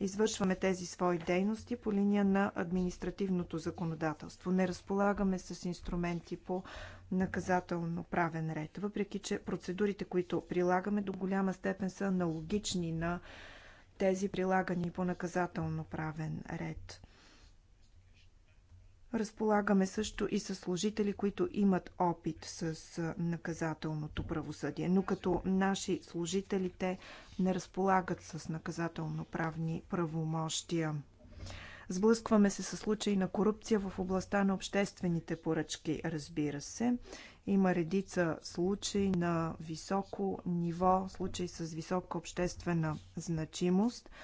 Извършваме тези свои дейности по линия на административното законодателство. Не разполагаме с инструменти по наказателно правен ред, въпреки че процедурите, които прилагаме, до голяма степен са аналогични на тези прилагани по наказателно правен ред. Разполагаме също и с служители, които имат опит с наказателното правосъдие, но като наши служителите не разполагат с наказателно-правни правомощия. Сблъскваме се с случаи на корупция в областта на обществените поръчки, разбира се. Има редица случаи на високо ниво, случаи с висока обществена значимост –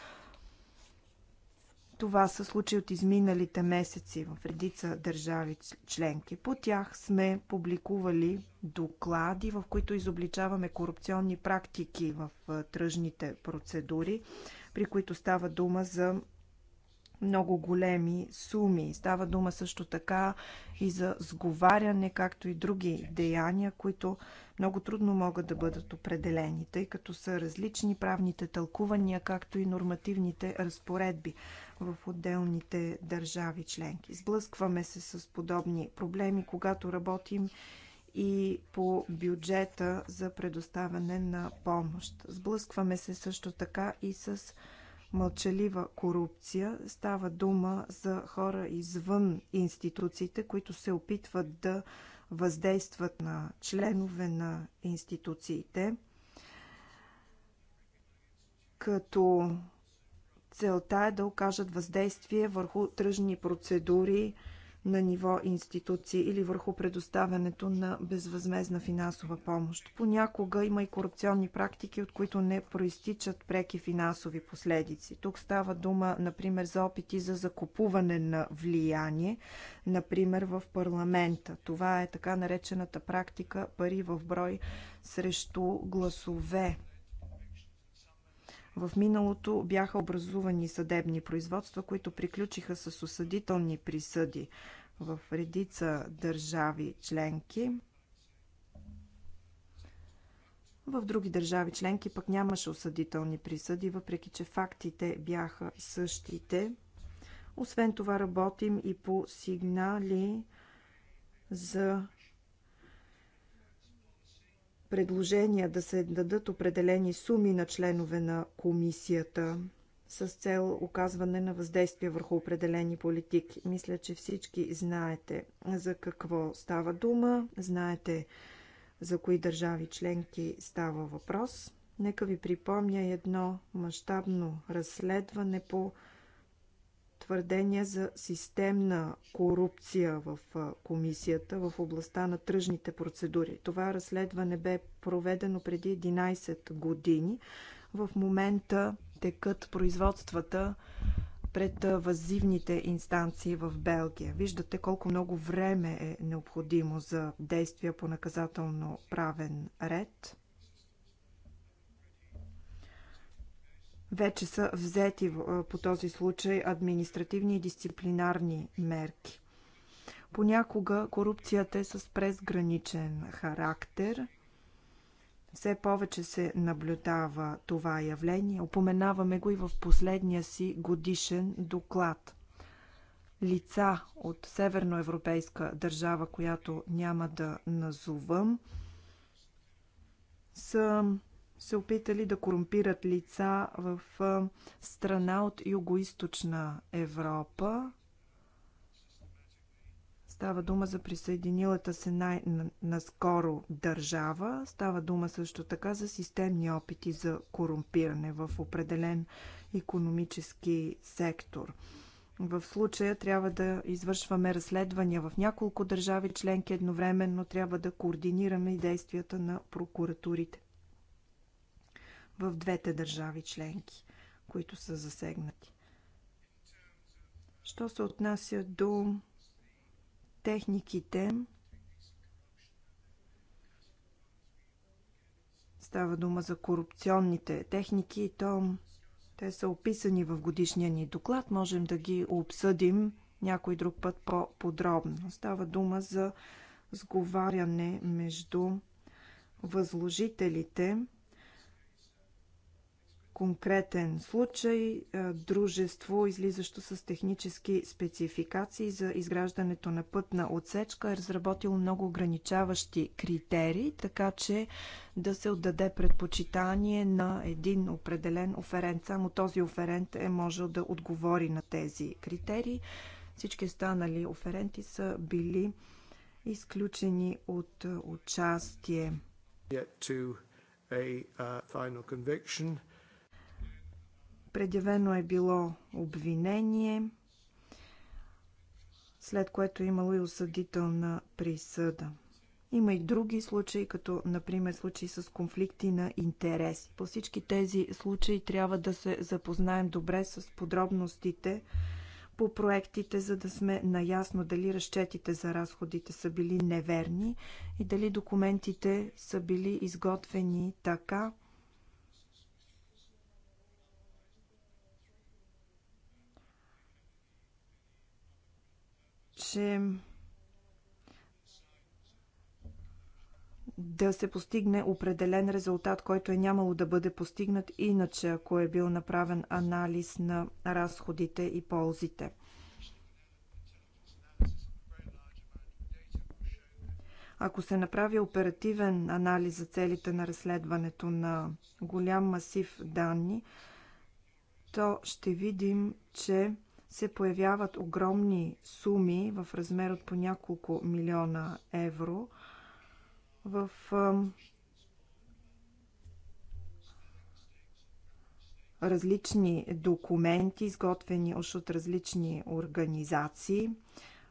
това са случаи от изминалите месеци в редица държави членки. По тях сме публикували доклади, в които изобличаваме корупционни практики в тръжните процедури, при които става дума за много големи суми. Става дума също така и за сговаряне, както и други деяния, които много трудно могат да бъдат определени, тъй като са различни правните тълкувания, както и нормативните разпоредби в отделните държави членки. Сблъскваме се с подобни проблеми, когато работим и по бюджета за предоставяне на помощ. Сблъскваме се също така и с мълчалива корупция. Става дума за хора извън институциите, които се опитват да въздействат на членове на институциите, като Целта е да окажат въздействие върху тръжни процедури на ниво институции или върху предоставянето на безвъзмезна финансова помощ. Понякога има и корупционни практики, от които не проистичат преки финансови последици. Тук става дума, например, за опити за закупуване на влияние, например в парламента. Това е така наречената практика пари в брой срещу гласове в миналото бяха образувани съдебни производства, които приключиха с осъдителни присъди в редица държави членки. В други държави членки пък нямаше осъдителни присъди, въпреки че фактите бяха същите. Освен това работим и по сигнали за предложения да се дадат определени суми на членове на комисията с цел оказване на въздействие върху определени политики. Мисля, че всички знаете за какво става дума, знаете за кои държави членки става въпрос. Нека ви припомня едно мащабно разследване по твърдения за системна корупция в комисията в областта на тръжните процедури. Това разследване бе проведено преди 11 години. В момента текат производствата пред въззивните инстанции в Белгия. Виждате колко много време е необходимо за действия по наказателно правен ред. вече са взети по този случай административни и дисциплинарни мерки. Понякога корупцията е с презграничен характер. Все повече се наблюдава това явление. Опоменаваме го и в последния си годишен доклад. Лица от северноевропейска държава, която няма да назовам, са се опитали да корумпират лица в страна от югоизточна Европа. Става дума за присъединилата се най-наскоро държава. Става дума също така за системни опити за корумпиране в определен економически сектор. В случая трябва да извършваме разследвания в няколко държави членки едновременно, трябва да координираме и действията на прокуратурите в двете държави членки, които са засегнати. Що се отнася до техниките, става дума за корупционните техники и то те са описани в годишния ни доклад. Можем да ги обсъдим някой друг път по-подробно. Става дума за сговаряне между възложителите – конкретен случай е, дружество, излизащо с технически спецификации за изграждането на пътна отсечка, е разработило много ограничаващи критерии, така че да се отдаде предпочитание на един определен оферент. Само този оферент е можел да отговори на тези критерии. Всички останали оференти са били изключени от е, участие. Yet to a uh, final conviction. Предявено е било обвинение, след което е имало и осъдителна присъда. Има и други случаи, като например случаи с конфликти на интереси. По всички тези случаи трябва да се запознаем добре с подробностите по проектите, за да сме наясно дали разчетите за разходите са били неверни и дали документите са били изготвени така, че да се постигне определен резултат, който е нямало да бъде постигнат иначе, ако е бил направен анализ на разходите и ползите. Ако се направи оперативен анализ за целите на разследването на голям масив данни, то ще видим, че се появяват огромни суми в размер от по няколко милиона евро в различни документи, изготвени още от различни организации.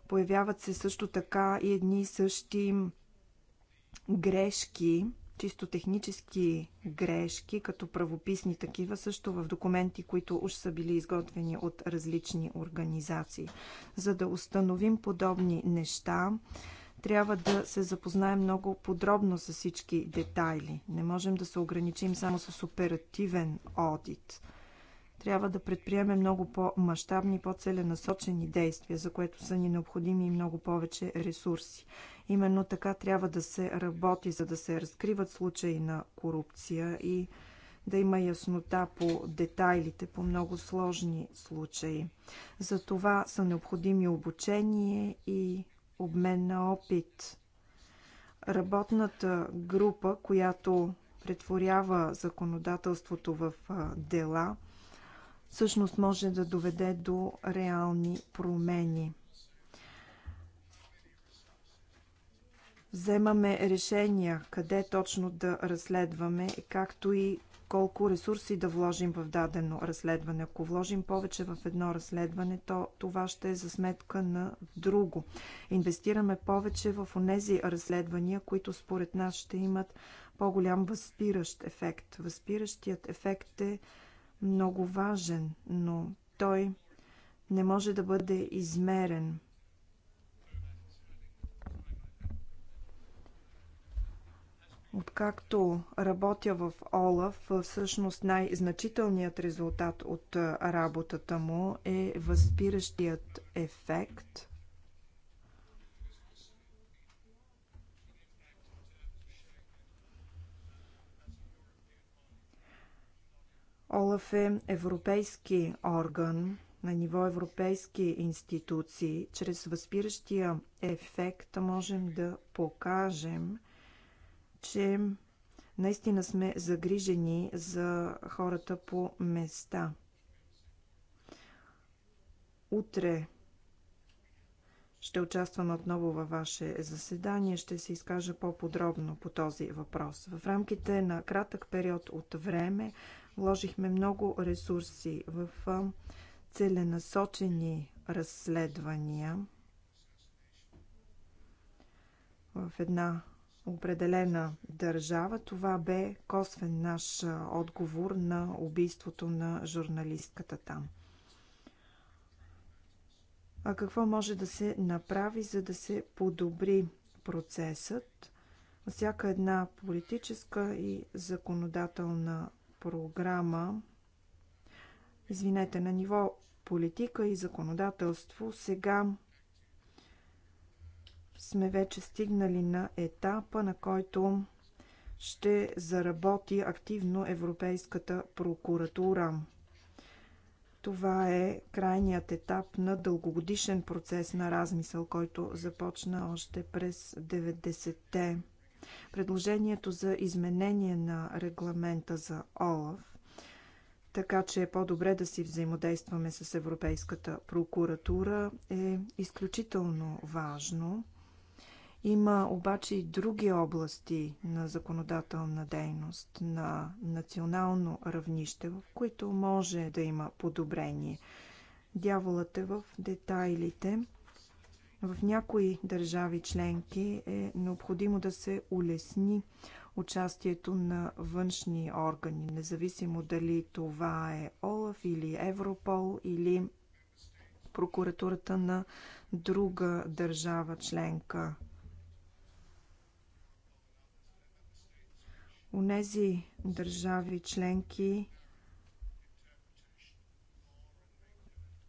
Появяват се също така и едни и същи грешки чисто технически грешки, като правописни такива, също в документи, които уж са били изготвени от различни организации. За да установим подобни неща, трябва да се запознаем много подробно с всички детайли. Не можем да се ограничим само с оперативен одит. Трябва да предприемем много по-масштабни, по-целенасочени действия, за което са ни необходими и много повече ресурси. Именно така трябва да се работи, за да се разкриват случаи на корупция и да има яснота по детайлите, по много сложни случаи. За това са необходими обучение и обмен на опит. Работната група, която претворява законодателството в дела, всъщност може да доведе до реални промени. вземаме решения къде точно да разследваме, както и колко ресурси да вложим в дадено разследване. Ако вложим повече в едно разследване, то това ще е за сметка на друго. Инвестираме повече в онези разследвания, които според нас ще имат по-голям възпиращ ефект. Възпиращият ефект е много важен, но той не може да бъде измерен – Откакто работя в ОЛАФ, всъщност най-значителният резултат от работата му е възпиращият ефект. ОЛАФ е европейски орган на ниво европейски институции. Чрез възпиращия ефект можем да покажем – че наистина сме загрижени за хората по места. Утре ще участвам отново във ваше заседание. Ще се изкажа по-подробно по този въпрос. В рамките на кратък период от време вложихме много ресурси в целенасочени разследвания в една определена държава. Това бе косвен наш отговор на убийството на журналистката там. А какво може да се направи, за да се подобри процесът? Всяка една политическа и законодателна програма, извинете, на ниво политика и законодателство, сега сме вече стигнали на етапа, на който ще заработи активно Европейската прокуратура. Това е крайният етап на дългогодишен процес на размисъл, който започна още през 90-те. Предложението за изменение на регламента за ОЛАФ, така че е по-добре да си взаимодействаме с Европейската прокуратура, е изключително важно – има обаче и други области на законодателна дейност на национално равнище, в които може да има подобрение. Дяволът е в детайлите. В някои държави членки е необходимо да се улесни участието на външни органи, независимо дали това е ОЛАФ или Европол или прокуратурата на друга държава членка Унези държави членки,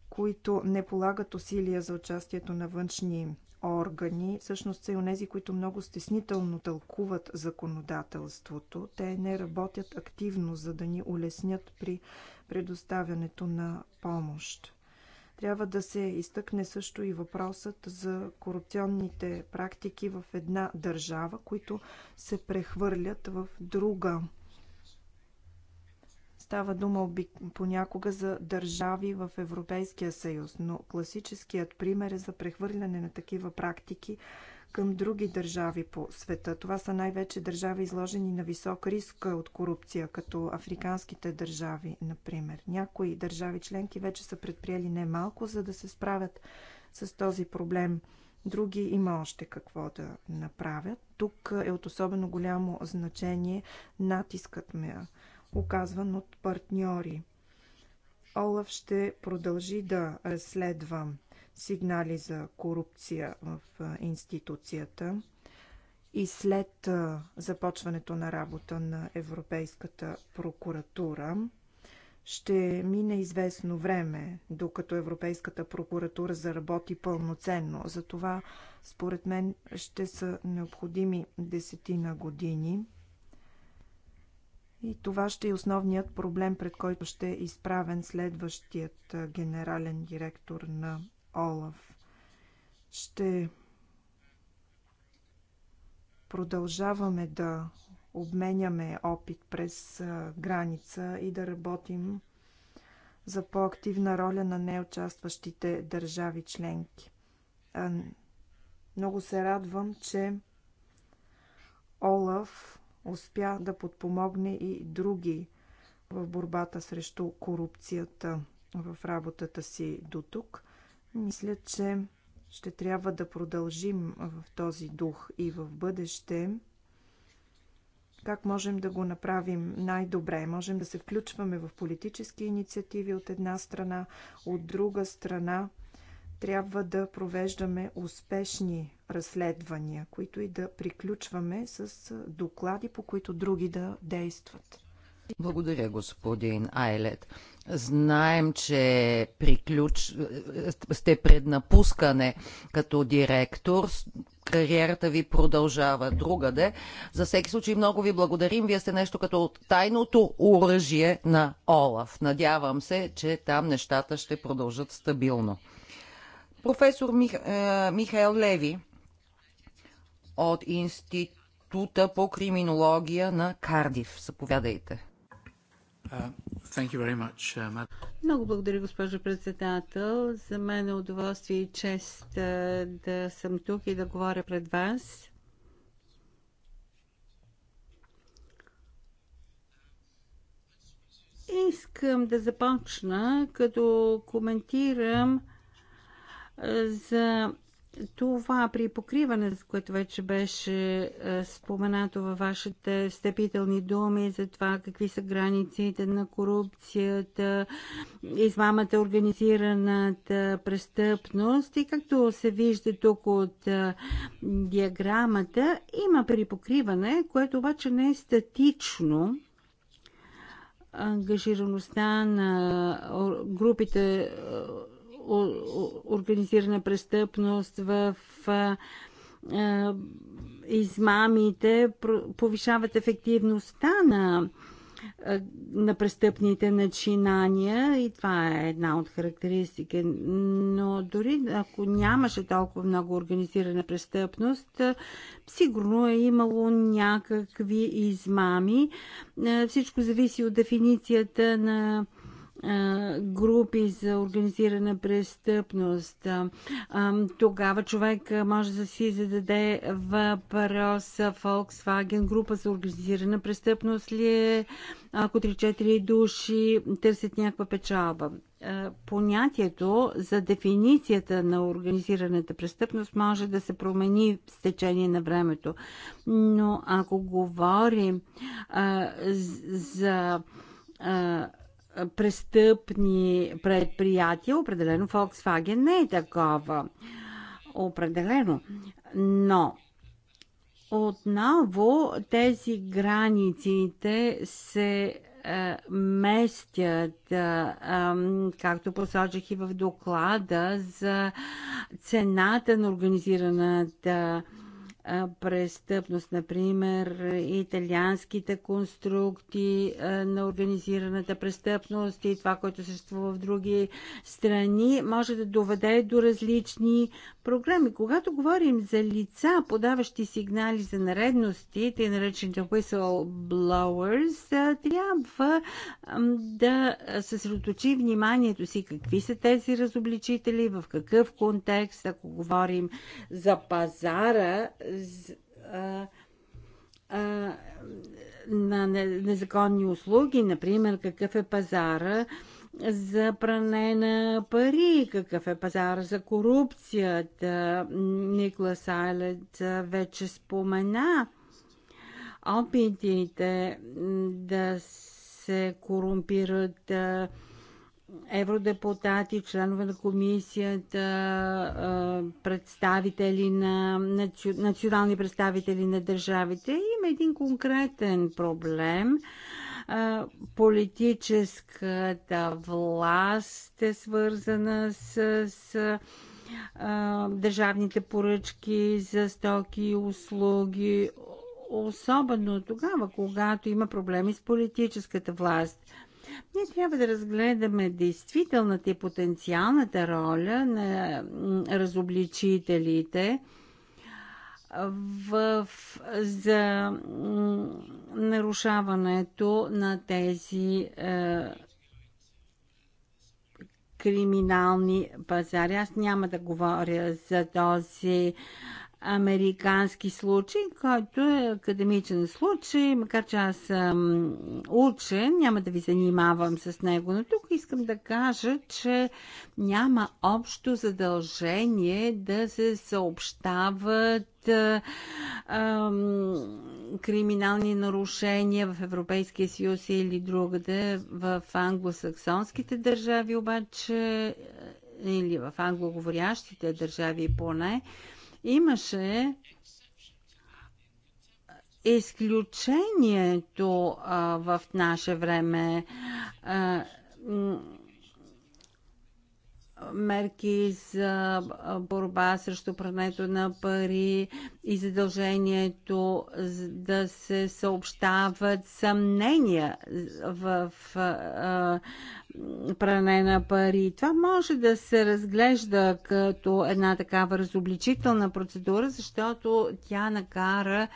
които не полагат усилия за участието на външни органи, всъщност са и унези, които много стеснително тълкуват законодателството. Те не работят активно, за да ни улеснят при предоставянето на помощ. Трябва да се изтъкне също и въпросът за корупционните практики в една държава, които се прехвърлят в друга. Става дума понякога за държави в Европейския съюз, но класическият пример е за прехвърляне на такива практики към други държави по света. Това са най-вече държави изложени на висок риск от корупция, като африканските държави, например. Някои държави членки вече са предприели немалко, за да се справят с този проблем. Други има още какво да направят. Тук е от особено голямо значение натискът ме, оказван от партньори. Олаф ще продължи да разследва сигнали за корупция в институцията и след започването на работа на Европейската прокуратура ще мине известно време, докато Европейската прокуратура заработи пълноценно. Затова, според мен, ще са необходими десетина години. И това ще е основният проблем, пред който ще е изправен следващият генерален директор на Олаф. Ще продължаваме да обменяме опит през граница и да работим за по-активна роля на неучастващите държави членки. Много се радвам, че Олаф успя да подпомогне и други в борбата срещу корупцията в работата си до тук. Мисля, че ще трябва да продължим в този дух и в бъдеще. Как можем да го направим най-добре? Можем да се включваме в политически инициативи от една страна, от друга страна трябва да провеждаме успешни разследвания, които и да приключваме с доклади, по които други да действат. Благодаря, господин Айлет. Знаем, че приключ... сте пред напускане като директор. Кариерата ви продължава другаде. За всеки случай много ви благодарим. Вие сте нещо като тайното оръжие на Олаф. Надявам се, че там нещата ще продължат стабилно. Професор Мих... Е, Михаил Леви от Института по криминология на Кардив. съповядайте. Uh, Много благодаря, госпожо председател. За мен е удоволствие и чест да съм тук и да говоря пред вас. Искам да започна, като коментирам за това при покриване, за което вече беше е, споменато във вашите встъпителни думи за това какви са границите на корупцията, измамата, организираната престъпност и както се вижда тук от е, диаграмата, има при покриване, което обаче не е статично ангажираността на групите е, организирана престъпност, в измамите, повишават ефективността на на престъпните начинания и това е една от характеристики. Но дори ако нямаше толкова много организирана престъпност, сигурно е имало някакви измами. Всичко зависи от дефиницията на групи за организирана престъпност. Тогава човек може да си зададе въпроса Volkswagen група за организирана престъпност ли е, ако 3-4 души търсят някаква печалба. Понятието за дефиницията на организираната престъпност може да се промени с течение на времето. Но ако говорим за престъпни предприятия. Определено Volkswagen не е такова. Определено. Но отново тези границите се е, местят, е, е, както посочих и в доклада, за цената на организираната престъпност, например италианските конструкти на организираната престъпност и това, което съществува в други страни, може да доведе до различни програми. Когато говорим за лица, подаващи сигнали за наредности, те наречените whistleblowers, трябва да съсредоточи вниманието си какви са тези разобличители, в какъв контекст, ако говорим за пазара, на незаконни услуги, например, какъв е пазара за пране на пари, какъв е пазар за корупцията. Никла Айлет вече спомена опитите да се корумпират евродепутати, членове на комисията, представители на национални представители на държавите. Има един конкретен проблем Политическата власт е свързана с, с а, държавните поръчки за стоки и услуги, особено тогава, когато има проблеми с политическата власт. Ние трябва да разгледаме действителната и потенциалната роля на разобличителите – в, за нарушаването на тези е, криминални пазари. Аз няма да говоря за този американски случай, който е академичен случай, макар че аз съм учен, няма да ви занимавам с него, но тук искам да кажа, че няма общо задължение да се съобщават криминални нарушения в Европейския съюз или другаде. В англосаксонските държави обаче или в англоговорящите държави поне, Имаше изключението а, в наше време. А, мерки за борба срещу прането на пари и задължението да се съобщават съмнения в, в, пране на пари. Това може да се разглежда като една такава разобличителна процедура, защото тя накара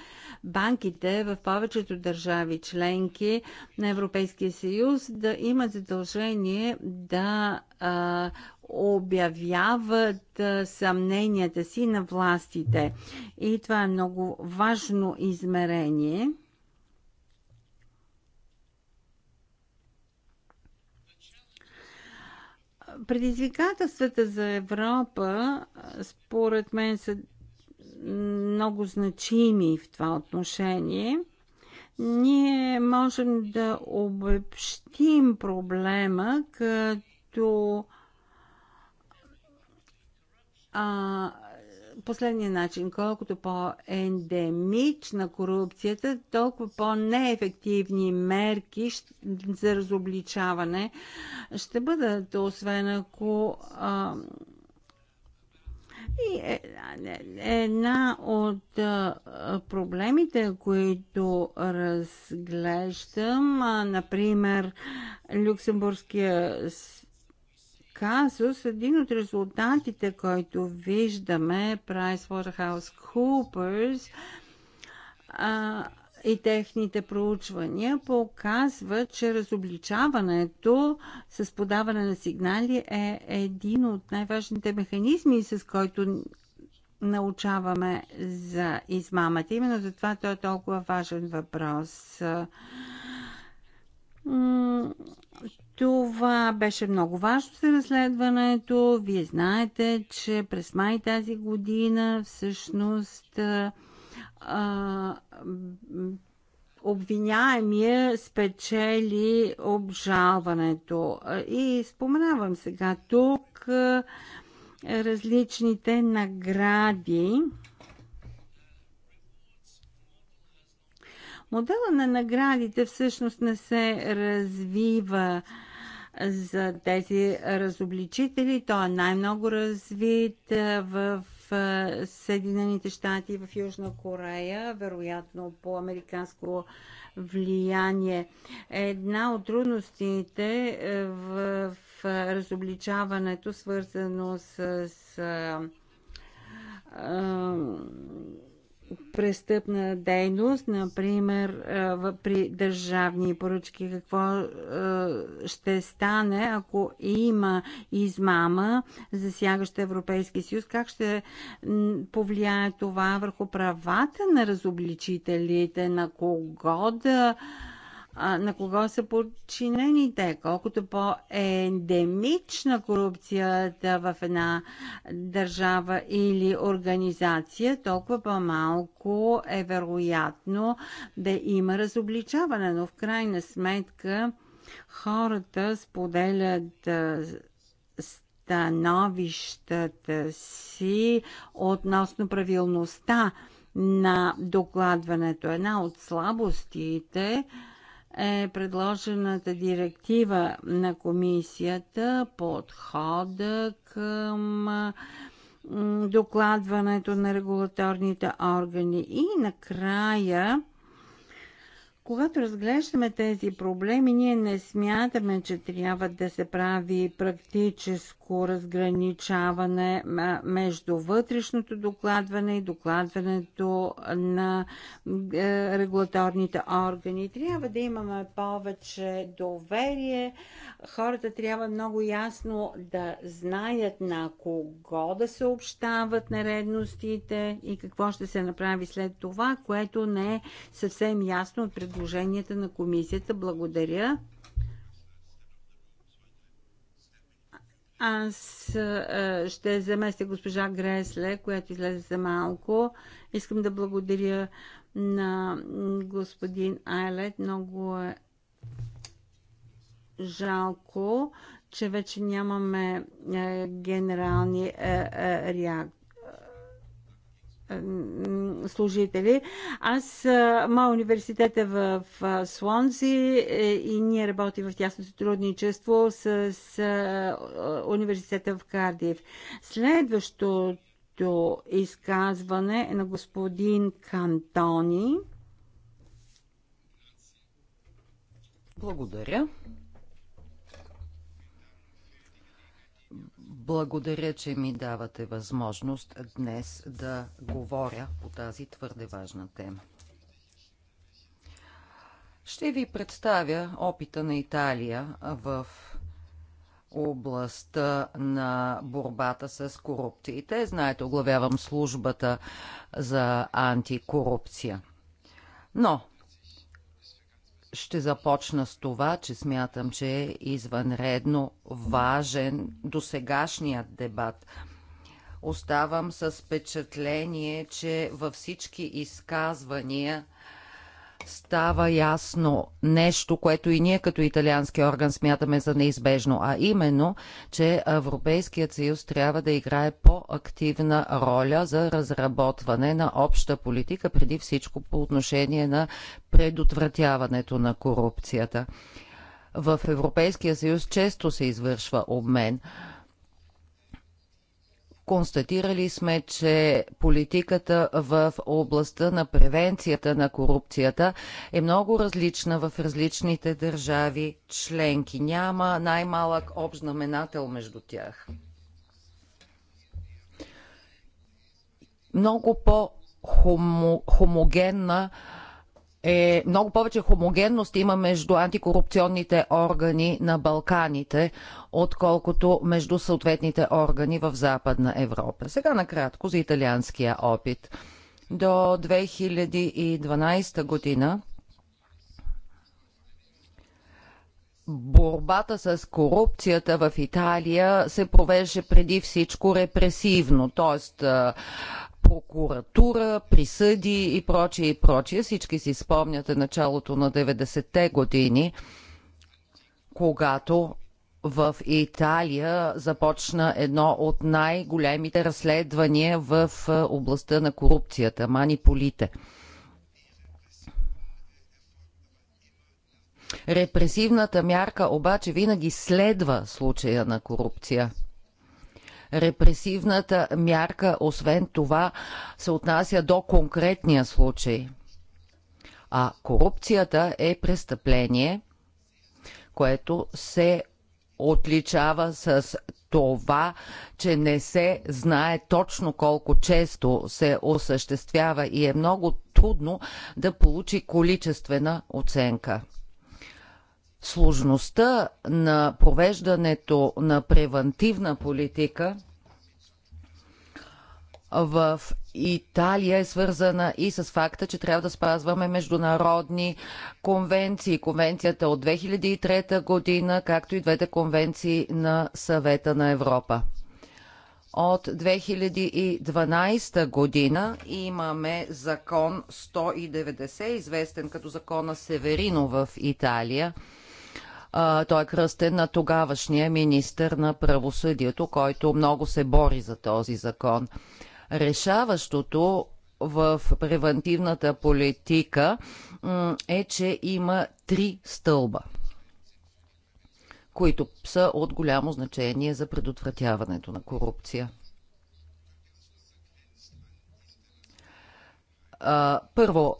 банките в повечето държави членки на Европейския съюз да имат задължение да а, обявяват съмненията си на властите. И това е много важно измерение – Предизвикателствата за Европа, според мен, са много значими в това отношение. Ние можем да обобщим проблема като а, последния начин. Колкото по-ендемична корупцията, толкова по-неефективни мерки за разобличаване ще бъдат, освен ако и е, е, една от проблемите, които разглеждам, например, Люксембургския казус, един от резултатите, който виждаме, PricewaterhouseCoopers а, и техните проучвания показва, че разобличаването с подаване на сигнали е един от най-важните механизми, с който научаваме за измамата. Именно за това той е толкова важен въпрос. Това беше много важно за разследването. Вие знаете, че през май тази година всъщност а, обвиняемия спечели обжалването. И споменавам сега тук различните награди. Модела на наградите всъщност не се развива а, за тези разобличители. Той е най-много развит е, в е, Съединените щати и в Южна Корея, вероятно по американско влияние. Една от трудностите е, в разобличаването, свързано с престъпна дейност, например при държавни поръчки, какво ще стане, ако има измама, засягаща Европейския съюз, как ще повлияе това върху правата на разобличителите, на кого да а, на кого са подчинените. Колкото по-ендемична корупцията в една държава или организация, толкова по-малко е вероятно да има разобличаване. Но в крайна сметка хората споделят становищата си относно правилността на докладването. Една от слабостите е предложената директива на комисията, подхода към докладването на регулаторните органи и накрая когато разглеждаме тези проблеми, ние не смятаме, че трябва да се прави практическо разграничаване между вътрешното докладване и докладването на е, регулаторните органи. Трябва да имаме повече доверие. Хората трябва много ясно да знаят на кого да съобщават наредностите и какво ще се направи след това, което не е съвсем ясно от предложенията на комисията. Благодаря. Аз ще заместя госпожа Гресле, която излезе за малко. Искам да благодаря на господин Айлет. Много е жалко, че вече нямаме е, генерални е, е, реакции служители. Аз, моя университет е в Слонзи е, и ние работим в тясно сътрудничество с, с университета в Кардив. Следващото изказване е на господин Кантони. Благодаря. Благодаря, че ми давате възможност днес да говоря по тази твърде важна тема. Ще ви представя опита на Италия в областта на борбата с корупциите. Знаете, оглавявам службата за антикорупция. Но ще започна с това, че смятам, че е извънредно важен досегашният дебат. Оставам с впечатление, че във всички изказвания – става ясно нещо, което и ние като италиански орган смятаме за неизбежно, а именно, че Европейският съюз трябва да играе по-активна роля за разработване на обща политика, преди всичко по отношение на предотвратяването на корупцията. В Европейския съюз често се извършва обмен Констатирали сме, че политиката в областта на превенцията на корупцията е много различна в различните държави членки. Няма най-малък общ знаменател между тях. Много по-хомогенна -хомо е много повече хомогенност има между антикорупционните органи на Балканите, отколкото между съответните органи в Западна Европа. Сега накратко за италианския опит. До 2012 година борбата с корупцията в Италия се провеждаше преди всичко репресивно, т.е прокуратура, присъди и прочие и прочие. Всички си спомняте началото на 90-те години, когато в Италия започна едно от най-големите разследвания в е, областта на корупцията – маниполите. Репресивната мярка обаче винаги следва случая на корупция – Репресивната мярка, освен това, се отнася до конкретния случай. А корупцията е престъпление, което се отличава с това, че не се знае точно колко често се осъществява и е много трудно да получи количествена оценка сложността на провеждането на превантивна политика в Италия е свързана и с факта, че трябва да спазваме международни конвенции. Конвенцията от 2003 година, както и двете конвенции на съвета на Европа. От 2012 година имаме закон 190, известен като закона Северино в Италия, а, той е кръстен на тогавашния министър на правосъдието, който много се бори за този закон. Решаващото в превентивната политика е, че има три стълба, които са от голямо значение за предотвратяването на корупция. Първо,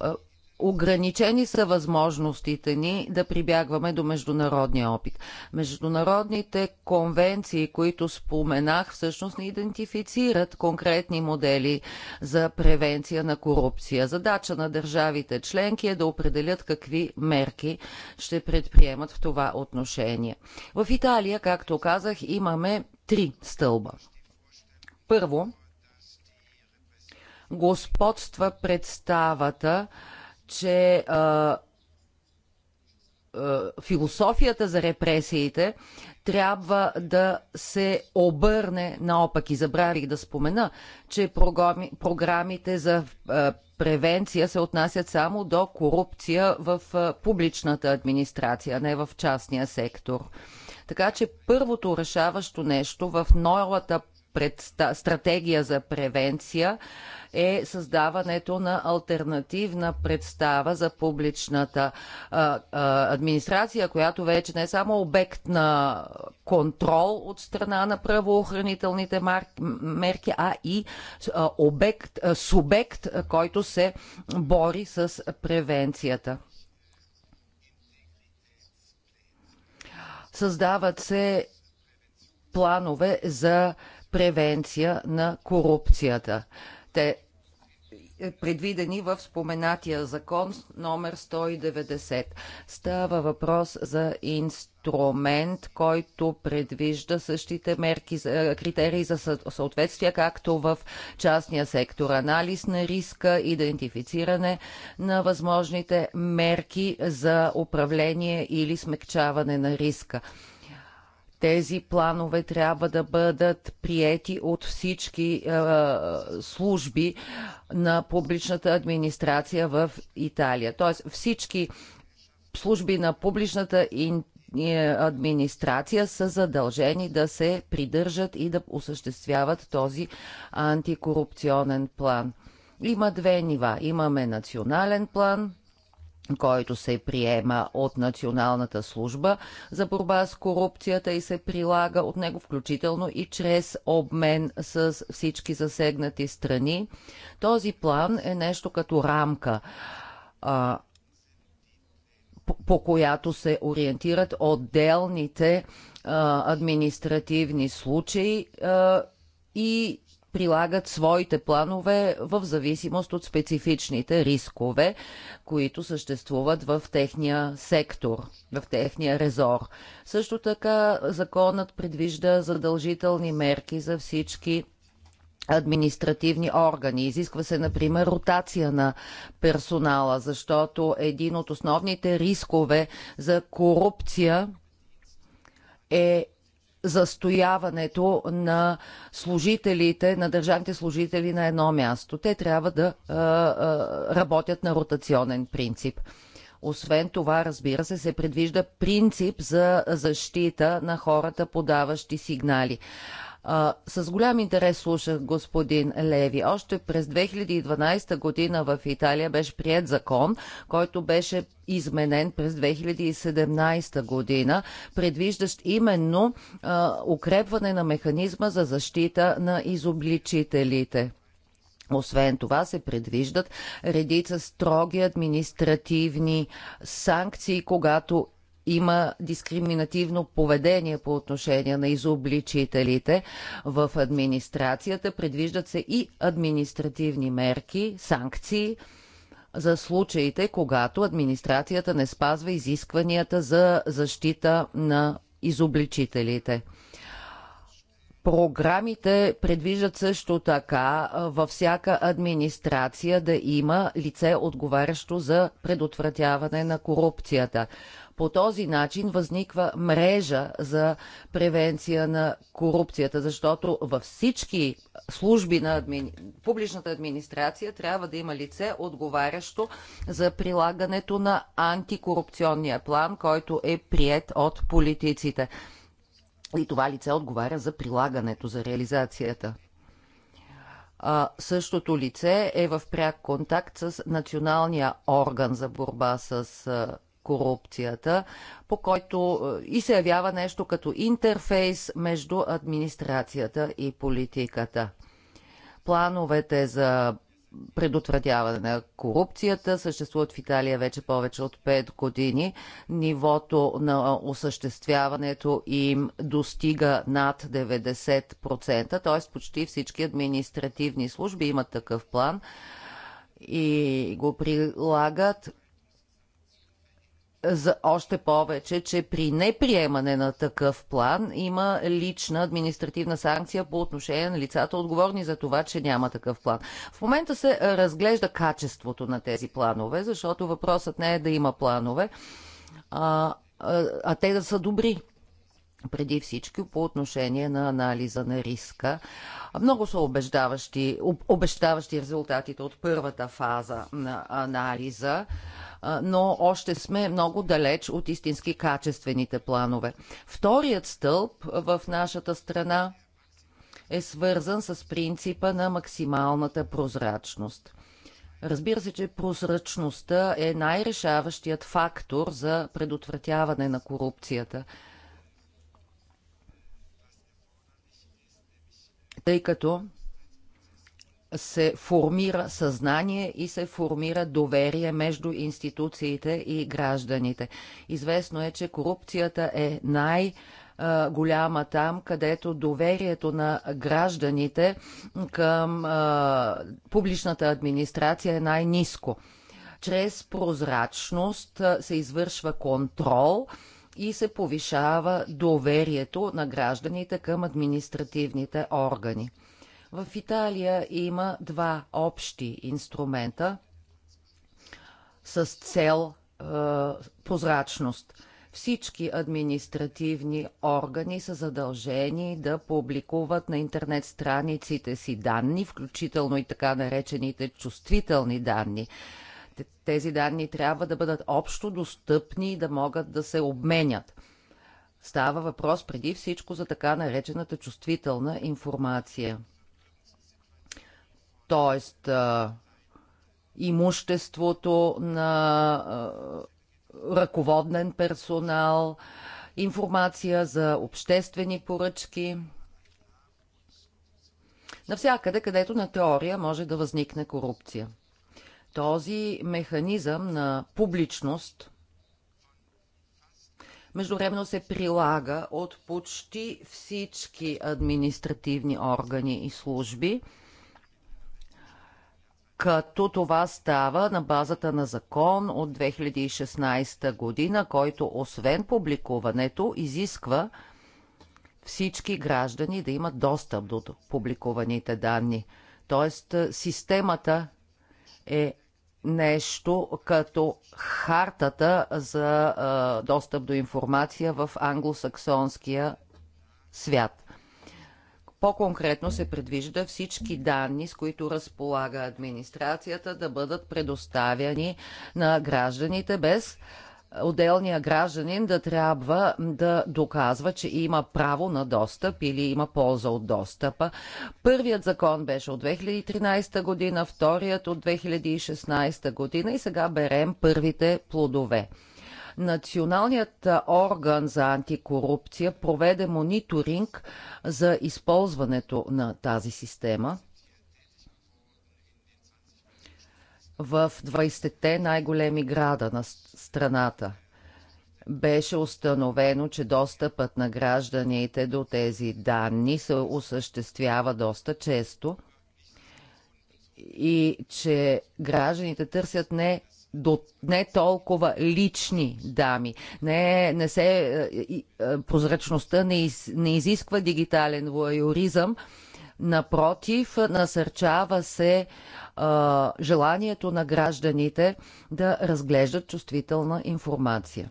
Ограничени са възможностите ни да прибягваме до международния опит. Международните конвенции, които споменах, всъщност не идентифицират конкретни модели за превенция на корупция. Задача на държавите членки е да определят какви мерки ще предприемат в това отношение. В Италия, както казах, имаме три стълба. Първо, господства представата, че а, а, философията за репресиите трябва да се обърне наопак. И забравих да спомена, че програми, програмите за а, превенция се отнасят само до корупция в а, публичната администрация, не в частния сектор. Така че първото решаващо нещо в новата стратегия за превенция е създаването на альтернативна представа за публичната а, а, администрация, която вече не е само обект на контрол от страна на правоохранителните мерки, а и а, обект, а, субект, а, който се бори с превенцията. Създават се планове за а, превенция на корупцията. Те е предвидени в споменатия закон номер 190. Става въпрос за инструмент, който предвижда същите мерки, е, критерии за съответствие, както в частния сектор. Анализ на риска, идентифициране на възможните мерки за управление или смягчаване на риска. Тези планове трябва да бъдат приети от всички е, служби на публичната администрация в Италия. Тоест всички служби на публичната е, администрация са задължени да се придържат и да осъществяват този антикорупционен план. Има две нива. Имаме национален план, който се приема от Националната служба за борба с корупцията и се прилага от него включително и чрез обмен с всички засегнати страни. Този план е нещо като рамка, а, по, по която се ориентират отделните а, административни случаи а, и прилагат своите планове в зависимост от специфичните рискове, които съществуват в техния сектор, в техния резор. Също така законът предвижда задължителни мерки за всички административни органи. Изисква се, например, ротация на персонала, защото един от основните рискове за корупция е застояването на служителите, на държавните служители на едно място. Те трябва да а, а, работят на ротационен принцип. Освен това, разбира се, се предвижда принцип за защита на хората, подаващи сигнали. А, с голям интерес слушах господин Леви. Още през 2012 година в Италия беше прият закон, който беше изменен през 2017 година, предвиждащ именно а, укрепване на механизма за защита на изобличителите. Освен това се предвиждат редица строги административни санкции, когато има дискриминативно поведение по отношение на изобличителите в администрацията. Предвиждат се и административни мерки, санкции за случаите, когато администрацията не спазва изискванията за защита на изобличителите. Програмите предвиждат също така във всяка администрация да има лице, отговарящо за предотвратяване на корупцията. По този начин възниква мрежа за превенция на корупцията, защото във всички служби на админи... публичната администрация трябва да има лице, отговарящо за прилагането на антикорупционния план, който е прият от политиците. И това лице отговаря за прилагането, за реализацията. А, същото лице е в пряк контакт с националния орган за борба с корупцията, по който е, и се явява нещо като интерфейс между администрацията и политиката. Плановете за предотвратяване на корупцията съществуват в Италия вече повече от 5 години. Нивото на осъществяването им достига над 90%, т.е. почти всички административни служби имат такъв план и го прилагат за още повече, че при неприемане на такъв план има лична административна санкция по отношение на лицата отговорни за това, че няма такъв план. В момента се разглежда качеството на тези планове, защото въпросът не е да има планове, а, а, а те да са добри преди всичко по отношение на анализа на риска. Много са обещаващи, обещаващи резултатите от първата фаза на анализа, но още сме много далеч от истински качествените планове. Вторият стълб в нашата страна е свързан с принципа на максималната прозрачност. Разбира се, че прозрачността е най-решаващият фактор за предотвратяване на корупцията – тъй като се формира съзнание и се формира доверие между институциите и гражданите. Известно е, че корупцията е най- голяма там, където доверието на гражданите към а, публичната администрация е най-низко. Чрез прозрачност се извършва контрол и се повишава доверието на гражданите към административните органи. В Италия има два общи инструмента с цел е, прозрачност. Всички административни органи са задължени да публикуват на интернет страниците си данни, включително и така наречените чувствителни данни. Тези данни трябва да бъдат общо достъпни и да могат да се обменят. Става въпрос преди всичко за така наречената чувствителна информация. Тоест, имуществото на ръководен персонал, информация за обществени поръчки. Навсякъде, където на теория може да възникне корупция. Този механизъм на публичност междувременно се прилага от почти всички административни органи и служби, като това става на базата на закон от 2016 година, който освен публикуването изисква всички граждани да имат достъп до публикуваните данни. Тоест системата е нещо като хартата за а, достъп до информация в англосаксонския свят. По-конкретно се предвижда всички данни, с които разполага администрацията, да бъдат предоставяни на гражданите без отделния гражданин да трябва да доказва, че има право на достъп или има полза от достъпа. Първият закон беше от 2013 година, вторият от 2016 година и сега берем първите плодове. Националният орган за антикорупция проведе мониторинг за използването на тази система в 20-те най-големи града на страната. Беше установено, че достъпът на гражданите до тези данни се осъществява доста често и че гражданите търсят не до не толкова лични дами. Не, не се, е, е, прозрачността не, из, не изисква дигитален воюризъм, Напротив, насърчава се а, желанието на гражданите да разглеждат чувствителна информация.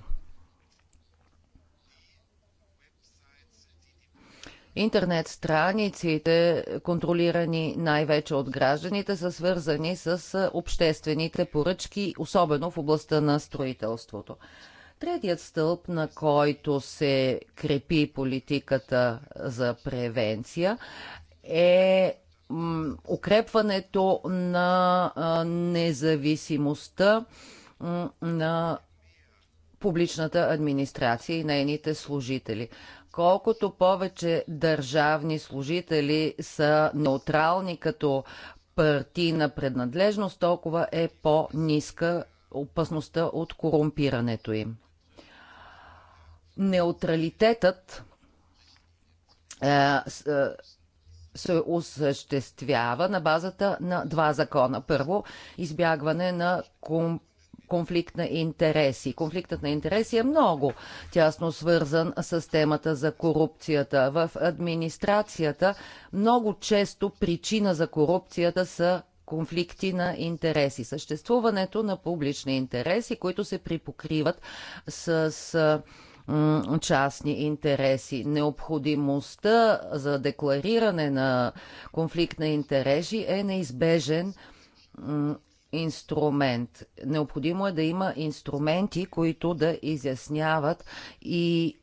Интернет страниците, контролирани най-вече от гражданите, са свързани с обществените поръчки, особено в областта на строителството. Третият стълб, на който се крепи политиката за превенция, е укрепването на независимостта на публичната администрация и нейните служители. Колкото повече държавни служители са неутрални като партийна преднадлежност, толкова е по-ниска опасността от корумпирането им. Неутралитетът е, е, се осъществява на базата на два закона. Първо, избягване на ком конфликт на интереси. Конфликтът на интереси е много тясно свързан с темата за корупцията. В администрацията много често причина за корупцията са конфликти на интереси. Съществуването на публични интереси, които се припокриват с частни интереси. Необходимостта за деклариране на конфликт на интереси е неизбежен инструмент. Необходимо е да има инструменти, които да изясняват и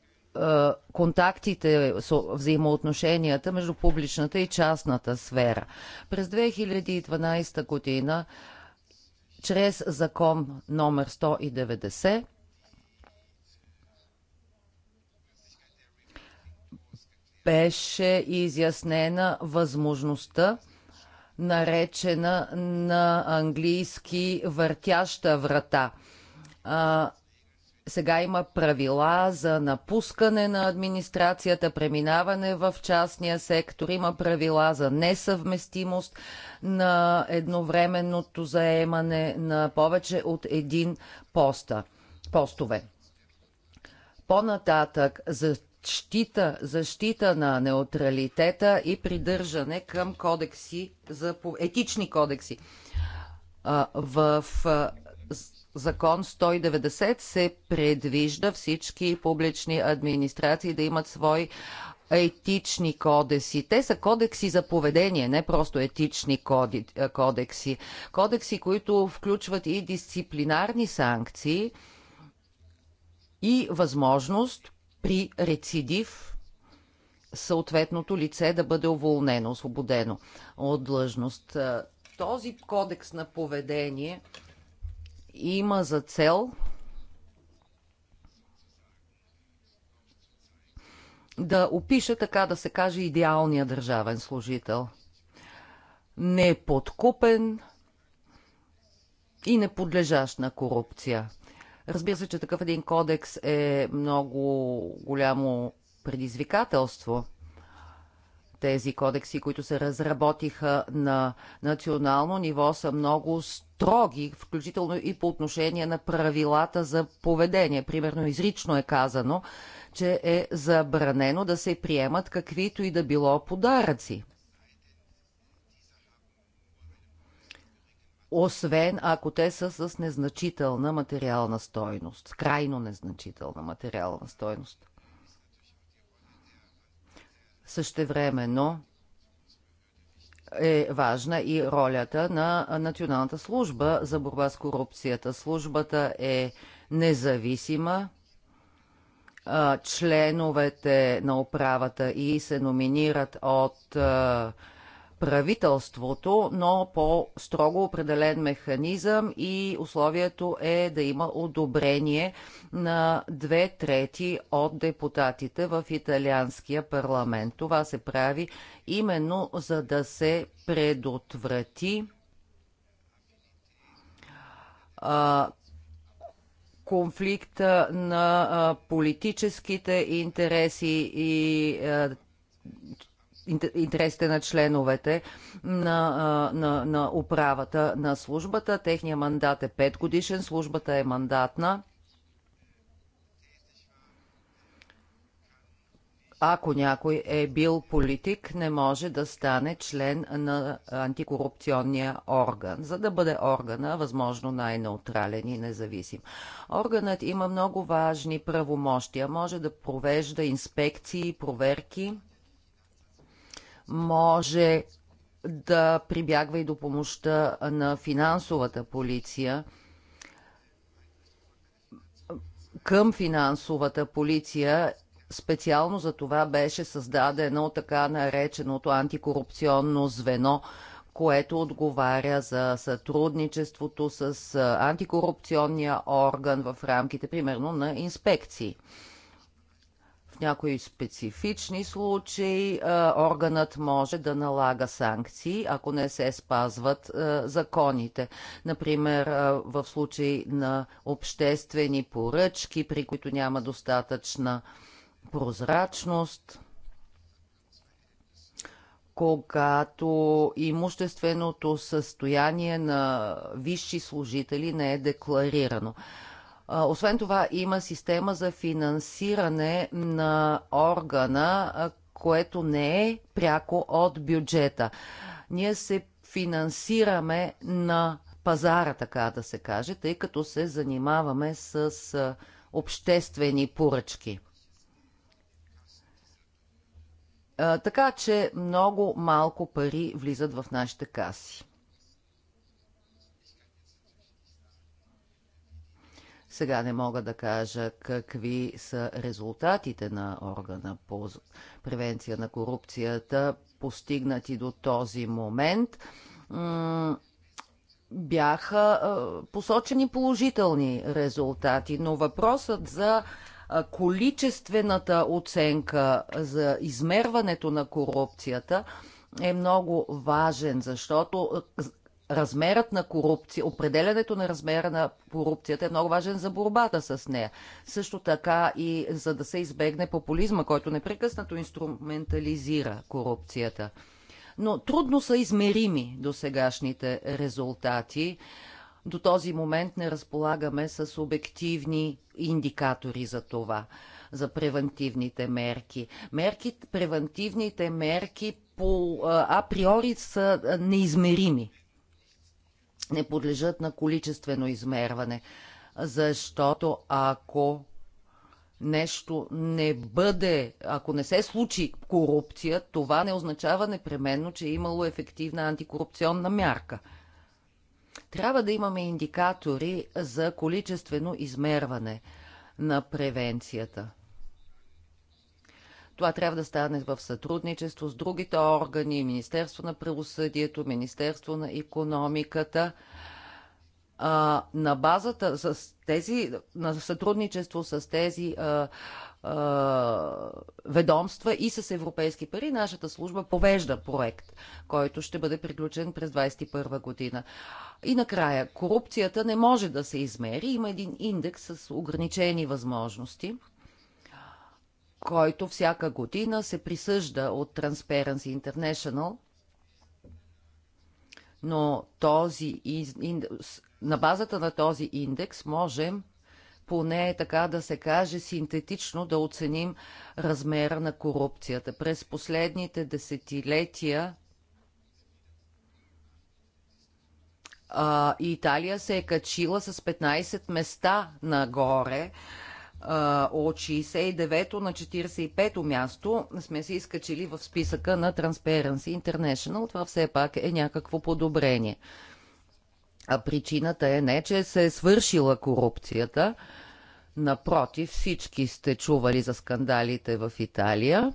контактите, взаимоотношенията между публичната и частната сфера. През 2012 година, чрез закон номер 190, беше изяснена възможността, наречена на английски въртяща врата. А, сега има правила за напускане на администрацията, преминаване в частния сектор, има правила за несъвместимост на едновременното заемане на повече от един поста, постове. По-нататък за щита, защита на неутралитета и придържане към кодекси за етични кодекси. В закон 190 се предвижда всички публични администрации да имат свои етични кодекси. Те са кодекси за поведение, не просто етични кодекси. Кодекси, които включват и дисциплинарни санкции и възможност при рецидив съответното лице да бъде уволнено, освободено от длъжност. Е, този кодекс на поведение има за цел да опише, така да се каже, идеалния държавен служител. Неподкупен и неподлежащ на корупция. Разбира се, че такъв един кодекс е много голямо предизвикателство. Тези кодекси, които се разработиха на национално ниво, са много строги, включително и по отношение на правилата за поведение. Примерно изрично е казано, че е забранено да се приемат каквито и да било подаръци. освен ако те са с незначителна материална стойност, крайно незначителна материална стойност. Същевременно е важна и ролята на Националната служба за борба с корупцията. Службата е независима, членовете на управата и се номинират от правителството, но по строго определен механизъм и условието е да има одобрение на две трети от депутатите в италианския парламент. Това се прави именно за да се предотврати а, конфликта на а, политическите интереси и а, интересите на членовете на, на, на управата на службата. Техният мандат е 5 годишен, службата е мандатна. Ако някой е бил политик, не може да стане член на антикорупционния орган, за да бъде органа възможно най-неутрален и независим. Органът има много важни правомощия. Може да провежда инспекции, проверки може да прибягва и до помощта на финансовата полиция. Към финансовата полиция специално за това беше създадено така нареченото антикорупционно звено, което отговаря за сътрудничеството с антикорупционния орган в рамките, примерно, на инспекции. В някои специфични случаи органът може да налага санкции, ако не се спазват законите. Например, в случай на обществени поръчки, при които няма достатъчна прозрачност когато имущественото състояние на висши служители не е декларирано. Освен това има система за финансиране на органа, което не е пряко от бюджета. Ние се финансираме на пазара, така да се каже, тъй като се занимаваме с обществени поръчки. Така че много малко пари влизат в нашите каси. Сега не мога да кажа какви са резултатите на органа по превенция на корупцията, постигнати до този момент. Бяха посочени положителни резултати, но въпросът за количествената оценка за измерването на корупцията е много важен, защото размерът на корупция, определенето на размера на корупцията е много важен за борбата с нея. Също така и за да се избегне популизма, който непрекъснато инструментализира корупцията. Но трудно са измерими до сегашните резултати. До този момент не разполагаме с обективни индикатори за това, за превентивните мерки. мерки превентивните мерки по априори са неизмерими не подлежат на количествено измерване, защото ако нещо не бъде, ако не се случи корупция, това не означава непременно, че е имало ефективна антикорупционна мярка. Трябва да имаме индикатори за количествено измерване на превенцията – това трябва да стане в сътрудничество с другите органи, Министерство на правосъдието, Министерство на економиката. А, на базата с тези, на сътрудничество с тези а, а, ведомства и с европейски пари, нашата служба повежда проект, който ще бъде приключен през 2021 година. И накрая, корупцията не може да се измери. Има един индекс с ограничени възможности – който всяка година се присъжда от Transparency International, но този индекс, на базата на този индекс можем поне така да се каже синтетично да оценим размера на корупцията. През последните десетилетия а, Италия се е качила с 15 места нагоре от 69-то на 45-то място сме се изкачили в списъка на Transparency International. Това все пак е някакво подобрение. А причината е не, че се е свършила корупцията. Напротив, всички сте чували за скандалите в Италия,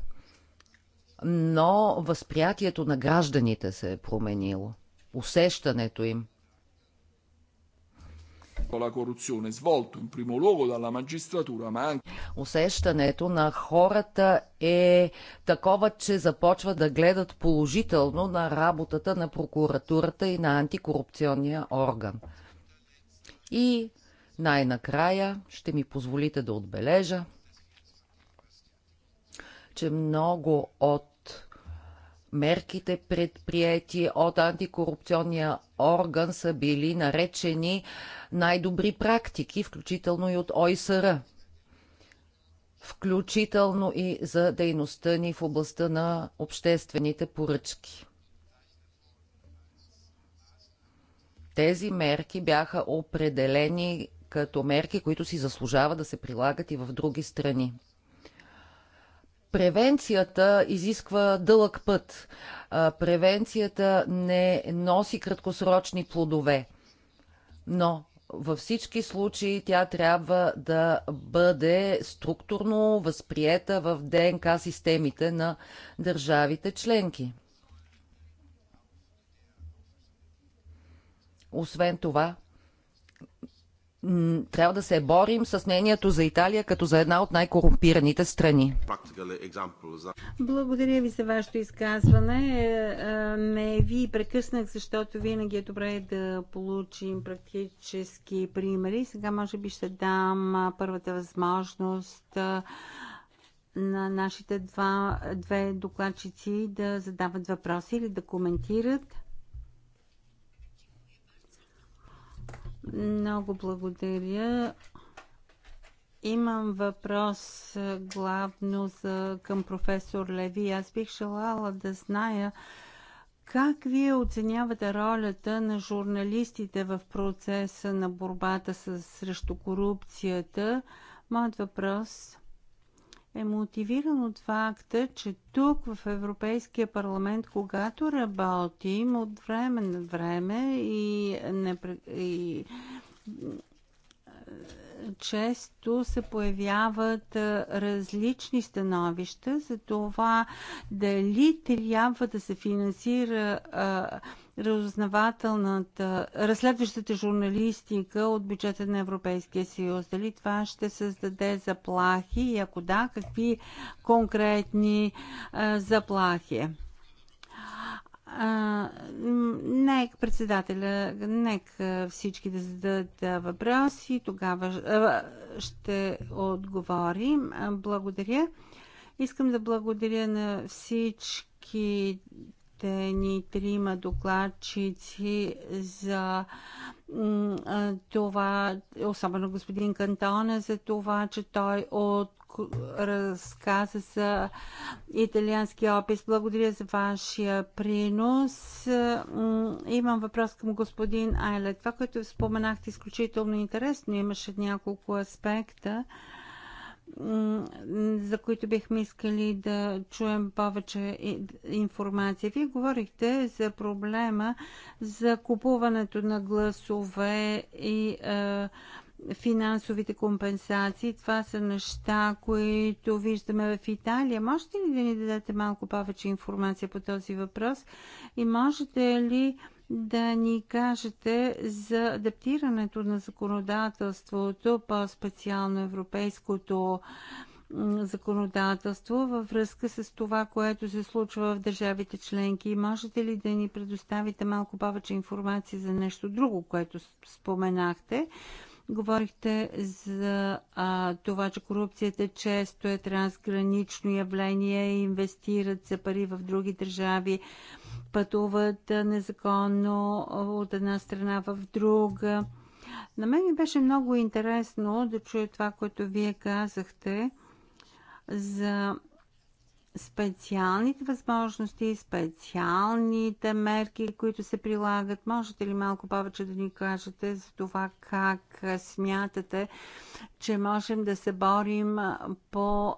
но възприятието на гражданите се е променило. Усещането им – Усещането на хората е такова, че започват да гледат положително на работата на прокуратурата и на антикорупционния орган. И най-накрая ще ми позволите да отбележа, че много от мерките предприяти от антикорупционния орган са били наречени най-добри практики, включително и от ОИСР, включително и за дейността ни в областта на обществените поръчки. Тези мерки бяха определени като мерки, които си заслужава да се прилагат и в други страни. Превенцията изисква дълъг път. Превенцията не носи краткосрочни плодове. Но във всички случаи тя трябва да бъде структурно възприета в ДНК системите на държавите членки. Освен това, трябва да се борим с мнението за Италия като за една от най-корумпираните страни. Благодаря ви за вашето изказване. Е, е, не ви прекъснах, защото винаги е добре да получим практически примери. Сега може би ще дам първата възможност на нашите два, две докладчици да задават въпроси или да коментират. Много благодаря. Имам въпрос главно за, към професор Леви. Аз бих желала да зная как вие оценявате ролята на журналистите в процеса на борбата с, срещу корупцията. Моят въпрос е мотивиран от факта, че тук в Европейския парламент, когато работим от време на време и, не, и е, често се появяват е, различни становища за това дали трябва да се финансира е, разузнавателната, разследващата журналистика от бюджета на Европейския съюз? Дали това ще създаде заплахи и ако да, какви конкретни а, заплахи? А, нека председателя, нека всички да зададат въпроси, тогава а, ще отговорим. Благодаря. Искам да благодаря на всички другите ни трима докладчици за това, особено господин Кантона, за това, че той от разказа за италиански опис. Благодаря за вашия принос. Имам въпрос към господин Айле. Това, което споменахте, е изключително интересно. Имаше няколко аспекта за които бихме искали да чуем повече информация. Вие говорихте за проблема за купуването на гласове и е, финансовите компенсации. Това са неща, които виждаме в Италия. Можете ли да ни дадете малко повече информация по този въпрос? И можете ли да ни кажете за адаптирането на законодателството, по-специално европейското законодателство във връзка с това, което се случва в държавите членки. Можете ли да ни предоставите малко повече информация за нещо друго, което споменахте? Говорихте за а, това, че корупцията често е трансгранично явление, инвестират се пари в други държави. А, пътуват незаконно от една страна в друга. На мен ми беше много интересно да чуя това, което вие казахте за специалните възможности, специалните мерки, които се прилагат. Можете ли малко повече да ни кажете за това как смятате, че можем да се борим по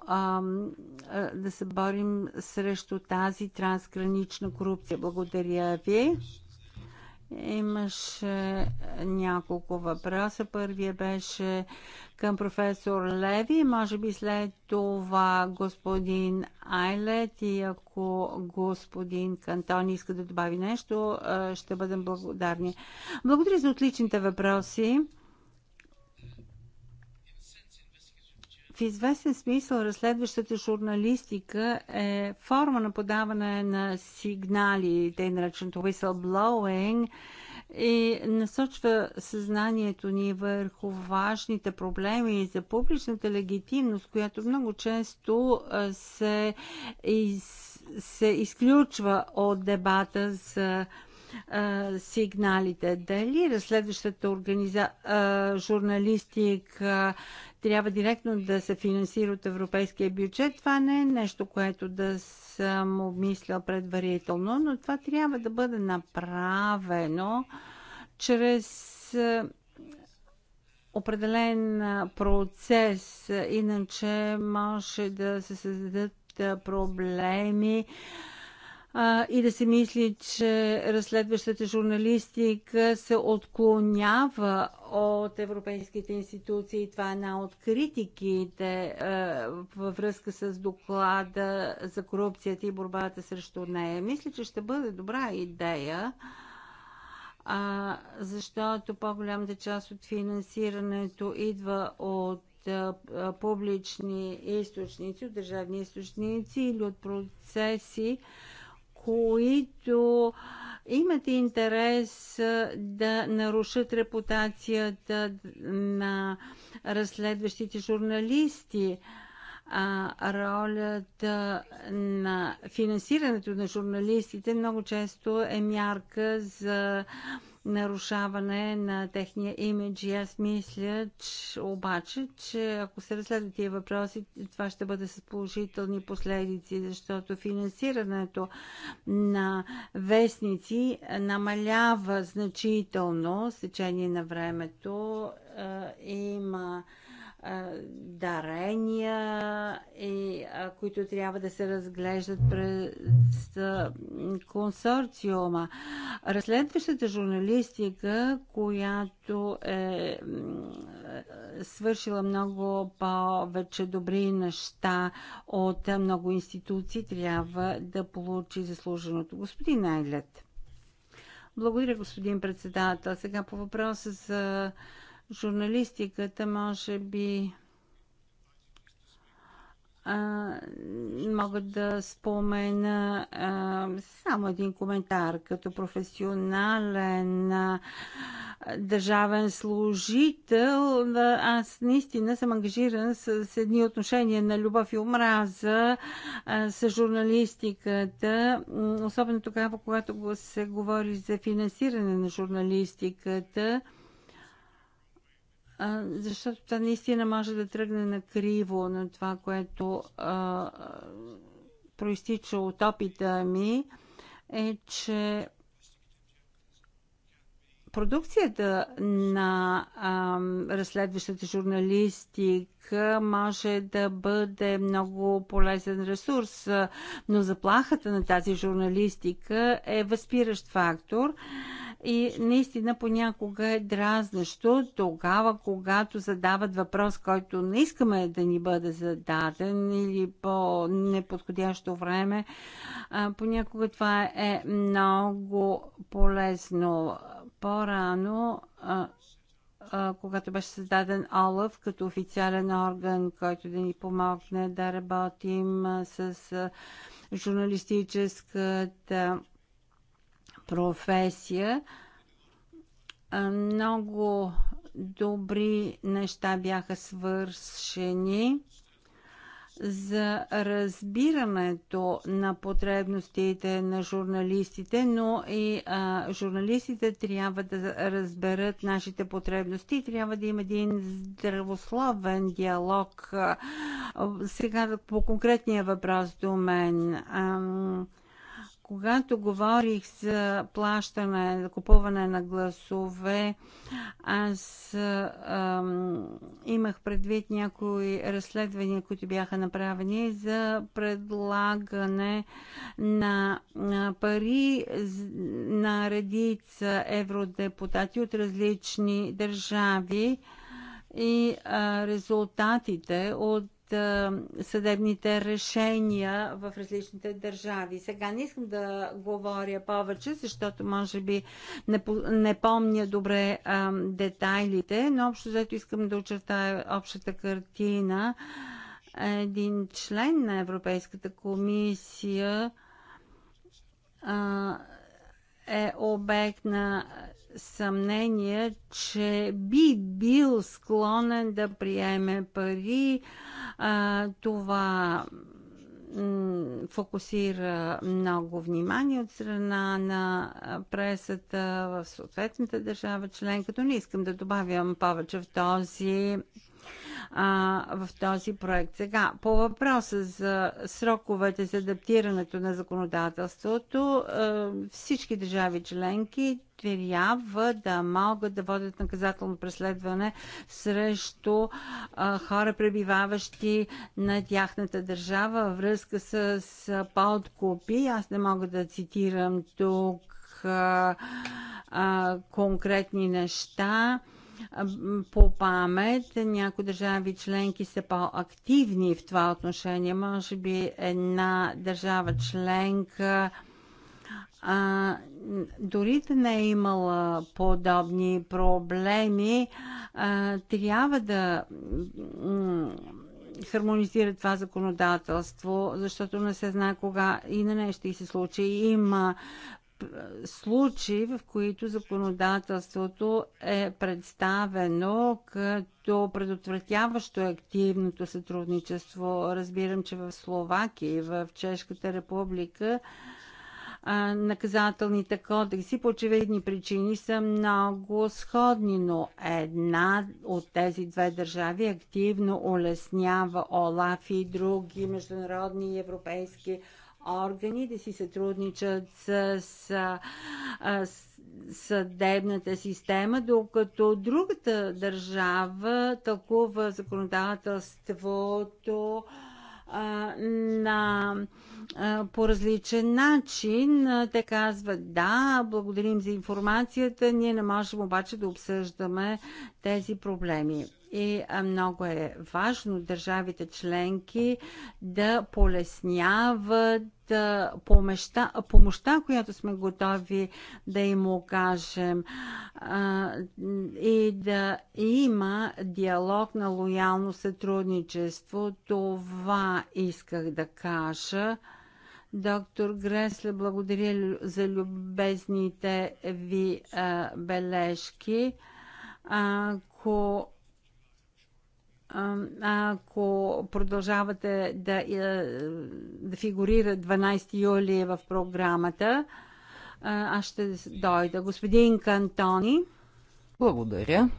да се борим срещу тази трансгранична корупция? Благодаря ви. Имаше е, няколко въпроса. Първия беше към професор Леви, може би след това господин Айлет и ако господин Кантон иска да добави нещо, е, ще бъдем благодарни. Благодаря за отличните въпроси. В известен смисъл разследващата журналистика е форма на подаване на сигнали, тъй нареченото whistleblowing, и насочва съзнанието ни върху важните проблеми за публичната легитимност, която много често се, из, се изключва от дебата за сигналите. Дали разследващата организа... журналистика трябва директно да се финансира от европейския бюджет. Това не е нещо, което да съм обмислял предварително, но това трябва да бъде направено чрез е, определен е, процес, иначе може да се създадат е, проблеми а, и да се мисли, че разследващата журналистика се отклонява от европейските институции. Това е една от критиките а, във връзка с доклада за корупцията и борбата срещу нея. Мисля, че ще бъде добра идея а, защото по-голямата част от финансирането идва от а, публични източници, от държавни източници или от процеси, които имат интерес да нарушат репутацията на разследващите журналисти. А ролята на финансирането на журналистите много често е мярка за нарушаване на техния имидж. И аз мисля, че, обаче, че ако се разследват тия въпроси, това ще бъде с положителни последици, защото финансирането на вестници намалява значително с течение на времето. Е, има дарения, и, а, които трябва да се разглеждат през а, консорциума. Разследващата журналистика, която е свършила много повече добри неща от много институции, трябва да получи заслуженото. Господин Найлет. Благодаря, господин председател. Сега по въпроса за журналистиката може би а, мога да спомена а, само един коментар. Като професионален а, държавен служител, аз наистина съм ангажиран с, с едни отношения на любов и омраза а, с журналистиката, особено тогава, когато се говори за финансиране на журналистиката. А, защото това наистина може да тръгне на криво на това, което а, проистича от опита ми, е, че продукцията на а, разследващата журналистика може да бъде много полезен ресурс, но заплахата на тази журналистика е възпиращ фактор и наистина понякога е дразнещо тогава, когато задават въпрос, който не искаме да ни бъде зададен или по неподходящо време. А, понякога това е много полезно по-рано, когато беше създаден ОЛАФ като официален орган, който да ни помогне да работим с журналистическата професия, много добри неща бяха свършени за разбирането на потребностите на журналистите, но и а, журналистите трябва да разберат нашите потребности. Трябва да има един здравословен диалог. А, сега по конкретния въпрос до мен. А, когато говорих за плащане, за купуване на гласове, аз ам, имах предвид някои разследвания, които бяха направени за предлагане на, на пари на редица евродепутати от различни държави и а, резултатите от съдебните решения в различните държави. Сега не искам да говоря повече, защото може би не, не помня добре а, детайлите, но общо зато искам да очертая общата картина. Един член на Европейската комисия а, е обект на съмнение, че би бил склонен да приеме пари. А, това фокусира много внимание от страна на пресата в съответната държава членка, но не искам да добавям повече в този а, в този проект. Сега, по въпроса за сроковете за адаптирането на законодателството, а, е, всички държави членки трябва да могат да водят наказателно преследване срещу а, хора, пребиваващи на тяхната държава във връзка с, с подкупи. Аз не мога да цитирам тук а, а, конкретни неща. А, по памет. Някои държави членки са по-активни в това отношение. Може би една държава членка а, дори да не е имала подобни проблеми, а, трябва да хармонизира това законодателство, защото не се знае кога и на нещо и се случи. Има случаи, в които законодателството е представено като предотвратяващо активното сътрудничество. Разбирам, че в Словакия и в Чешката република наказателните кодекси по очевидни причини са много сходни, но една от тези две държави активно улеснява ОЛАФ и други международни и европейски органи да си сътрудничат с, с, с съдебната система, докато другата държава тълкува законодателството а, на, а, по различен начин. Те казват да, благодарим за информацията, ние не можем обаче да обсъждаме тези проблеми и много е важно държавите членки да полесняват помощта, помощта, която сме готови да им окажем и да има диалог на лоялно сътрудничество. Това исках да кажа. Доктор Гресле, благодаря за любезните ви бележки. Ако ако продължавате да, е, да фигурира 12 юли в програмата, аз ще дойда. Господин Кантони. Благодаря.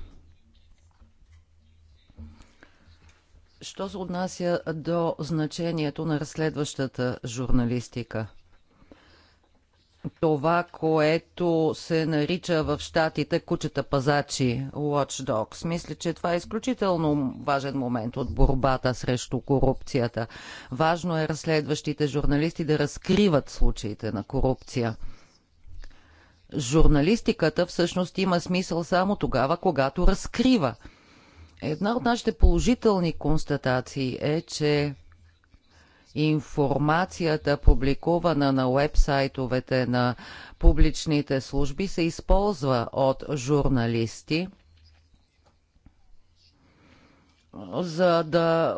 Що се отнася до значението на разследващата журналистика – това, което се нарича в щатите кучета пазачи, Watch Dogs. Мисля, че това е изключително важен момент от борбата срещу корупцията. Важно е разследващите журналисти да разкриват случаите на корупция. Журналистиката всъщност има смисъл само тогава, когато разкрива. Една от нашите положителни констатации е, че информацията, публикувана на уебсайтовете на публичните служби, се използва от журналисти, за да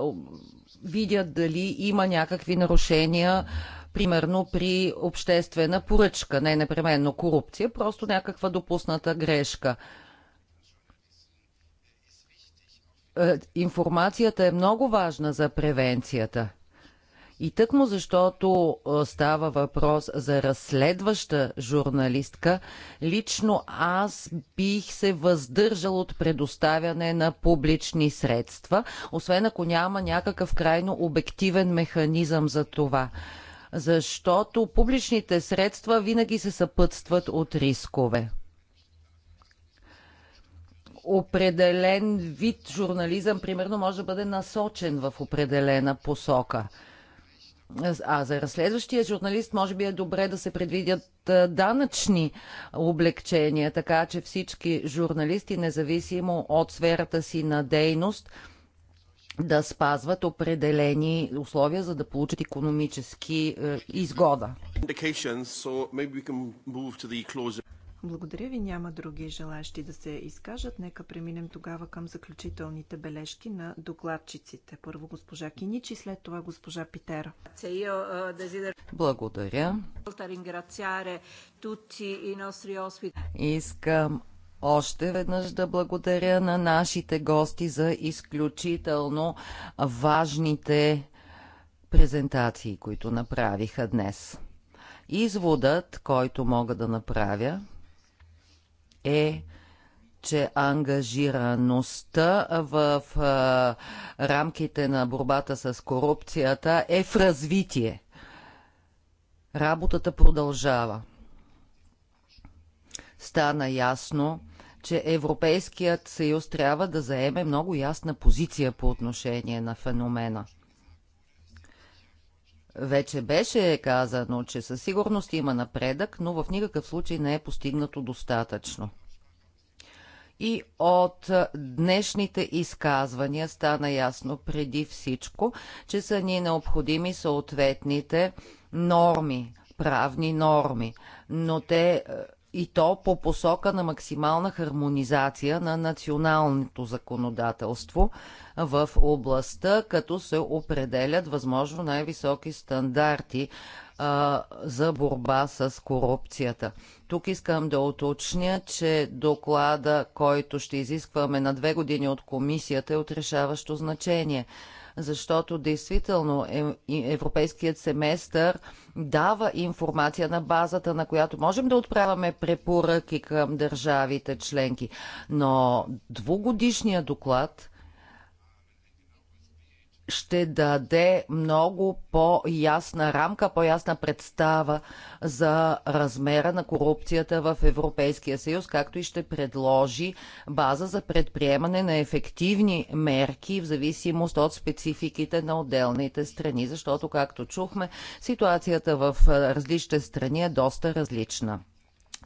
видят дали има някакви нарушения, примерно при обществена поръчка, не непременно корупция, просто някаква допусната грешка е, информацията е много важна за превенцията. И тъкмо защото става въпрос за разследваща журналистка, лично аз бих се въздържал от предоставяне на публични средства, освен ако няма някакъв крайно обективен механизъм за това. Защото публичните средства винаги се съпътстват от рискове определен вид журнализъм, примерно, може да бъде насочен в определена посока. А за разследващия журналист може би е добре да се предвидят данъчни облегчения, така че всички журналисти, независимо от сферата си на дейност, да спазват определени условия, за да получат економически изгода. Благодаря ви. Няма други желащи да се изкажат. Нека преминем тогава към заключителните бележки на докладчиците. Първо госпожа Киничи, след това госпожа Питера. Благодаря. Искам още веднъж да благодаря на нашите гости за изключително важните презентации, които направиха днес. Изводът, който мога да направя, е че ангажираността в а, рамките на борбата с корупцията е в развитие. Работата продължава. Стана ясно, че Европейският съюз трябва да заеме много ясна позиция по отношение на феномена – вече беше казано, че със сигурност има напредък, но в никакъв случай не е постигнато достатъчно. И от днешните изказвания стана ясно преди всичко, че са ни необходими съответните норми, правни норми, но те и то по посока на максимална хармонизация на националното законодателство в областта, като се определят възможно най-високи стандарти а, за борба с корупцията. Тук искам да уточня, че доклада, който ще изискваме на две години от комисията е от решаващо значение – защото действително е, европейският семестър дава информация на базата, на която можем да отправяме препоръки към държавите членки. Но двугодишният доклад ще даде много по-ясна рамка, по-ясна представа за размера на корупцията в Европейския съюз, както и ще предложи база за предприемане на ефективни мерки в зависимост от спецификите на отделните страни, защото, както чухме, ситуацията в различните страни е доста различна.